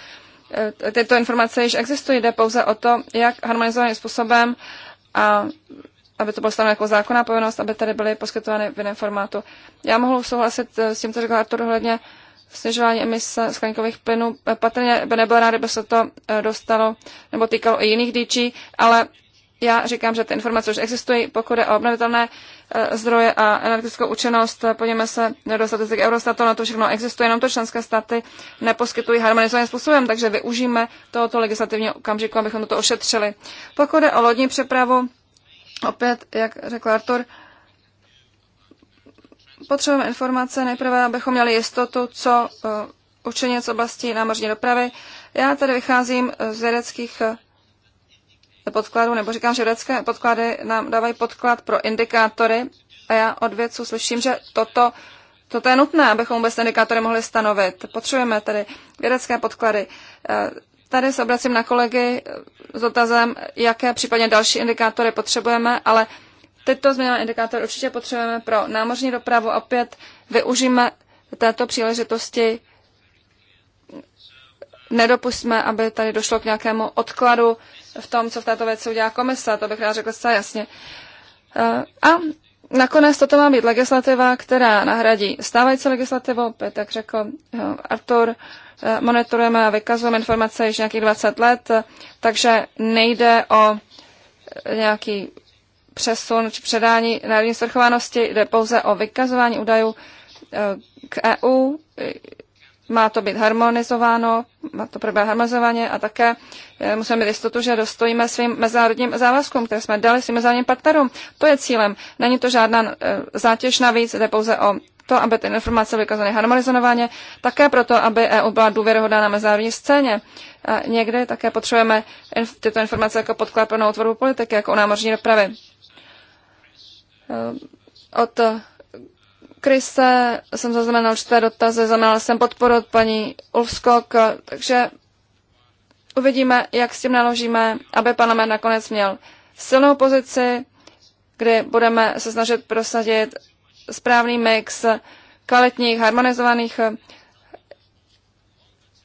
Eh, tyto informace již existují, jde pouze o to, jak harmonizovaným způsobem a aby to bylo stanoveno jako zákonná povinnost, aby tady byly poskytovány v jiném formátu. Já mohu souhlasit eh, s tím, co řekl Artur ohledně snižování emise skleníkových plynů. Eh, Patrně by nebyl rád, kdyby se to dostalo nebo týkalo i jiných DG, ale já říkám, že ty informace už existují, pokud je o obnovitelné e, zdroje a energetickou účinnost. Podívejme se do statistik Eurostatu, na to všechno existuje, jenom to členské státy neposkytují harmonizovaným způsobem, takže využijeme tohoto legislativního okamžiku, abychom toto ošetřili. Pokud je o lodní přepravu, opět, jak řekl Artur, potřebujeme informace nejprve, abychom měli jistotu, co e, učinit z oblasti námořní dopravy. Já tady vycházím z vědeckých podkladů, nebo říkám, že vědecké podklady nám dávají podklad pro indikátory a já od vědců slyším, že toto, toto je nutné, abychom vůbec indikátory mohli stanovit. Potřebujeme tedy vědecké podklady. Eh, tady se obracím na kolegy eh, s otazem, jaké případně další indikátory potřebujeme, ale tyto změnové indikátory určitě potřebujeme pro námořní dopravu. Opět využijeme této příležitosti nedopustíme, aby tady došlo k nějakému odkladu v tom, co v této věci udělá komise, to bych rád řekl zcela jasně. Eh, a nakonec toto má být legislativa, která nahradí stávající legislativu, tak řekl eh, Artur, eh, monitorujeme a vykazujeme informace již nějakých 20 let, takže nejde o nějaký přesun či předání národní svrchovanosti, jde pouze o vykazování údajů k EU, má to být harmonizováno, má to probíhat harmonizovaně a také eh, musíme mít jistotu, že dostojíme svým mezinárodním závazkům, které jsme dali svým mezinárodním partnerům. To je cílem. Není to žádná eh, zátěž navíc, jde pouze o to, aby ty informace byly ukázány harmonizovaně, také proto, aby EU byla důvěryhodná na mezinárodní scéně. A někdy také potřebujeme inf- tyto informace jako podklad pro novou tvorbu politiky, jako o námořní dopravy. Eh, od Krise, jsem zaznamenal čtvrté dotazy, zaznamenal jsem podporu od paní Ulfskok, takže uvidíme, jak s tím naložíme, aby parlament nakonec měl silnou pozici, kdy budeme se snažit prosadit správný mix kvalitních, harmonizovaných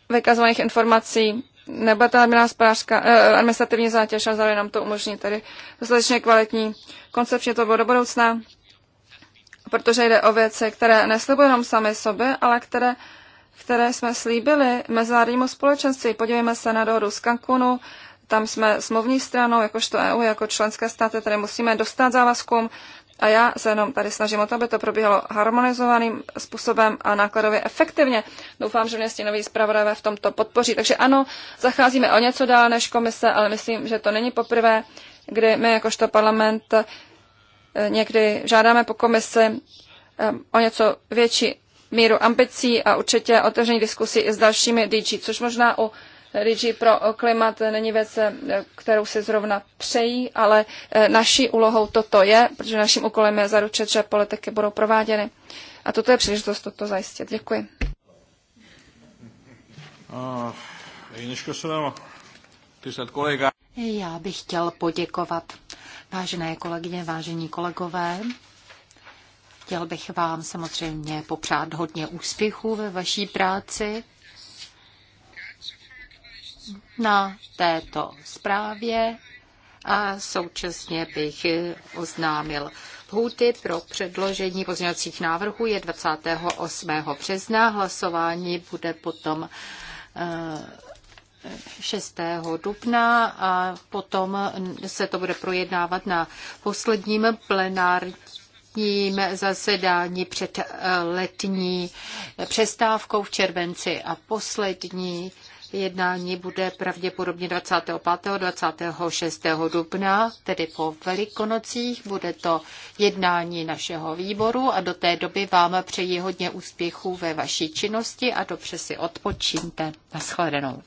vykazovaných informací. Nebude ta eh, administrativní zátěž a zároveň nám to umožní tedy dostatečně kvalitní koncepčně to bylo do budoucna protože jde o věci, které neslibují jenom sami sobě, ale které, které jsme slíbili mezinárodnímu společenství. Podívejme se na dohodu z Cancunu, tam jsme smluvní stranou, jakožto EU, jako členské státy, tady musíme dostat závazkům a já se jenom tady snažím o to, aby to probíhalo harmonizovaným způsobem a nákladově efektivně. Doufám, že mě stínoví zpravodajové v tomto podpoří. Takže ano, zacházíme o něco dál než komise, ale myslím, že to není poprvé, kdy my jakožto parlament Eh, někdy žádáme po komisi eh, o něco větší míru ambicí a určitě otevření diskusí i s dalšími DG, což možná u eh, DG pro klimat není věc, kterou si zrovna přejí, ale naší úlohou toto je, protože naším úkolem je zaručit, že politiky budou prováděny. A toto je příležitost toto zajistit. Děkuji. A, Jineška se já bych chtěl poděkovat. Vážené kolegyně, vážení kolegové, chtěl bych vám samozřejmě popřát hodně úspěchů ve vaší práci na této zprávě a současně bych oznámil Lhůty pro předložení pozměňovacích návrhů je 28. března. Hlasování bude potom eh, 6. dubna a potom se to bude projednávat na posledním plenárním zasedání před eh, letní přestávkou v červenci a poslední jednání bude pravděpodobně 25. 26. dubna, tedy po velikonocích. Bude to jednání našeho výboru a do té doby vám přeji hodně úspěchů ve vaší činnosti a dobře si odpočíňte. Naschledanou.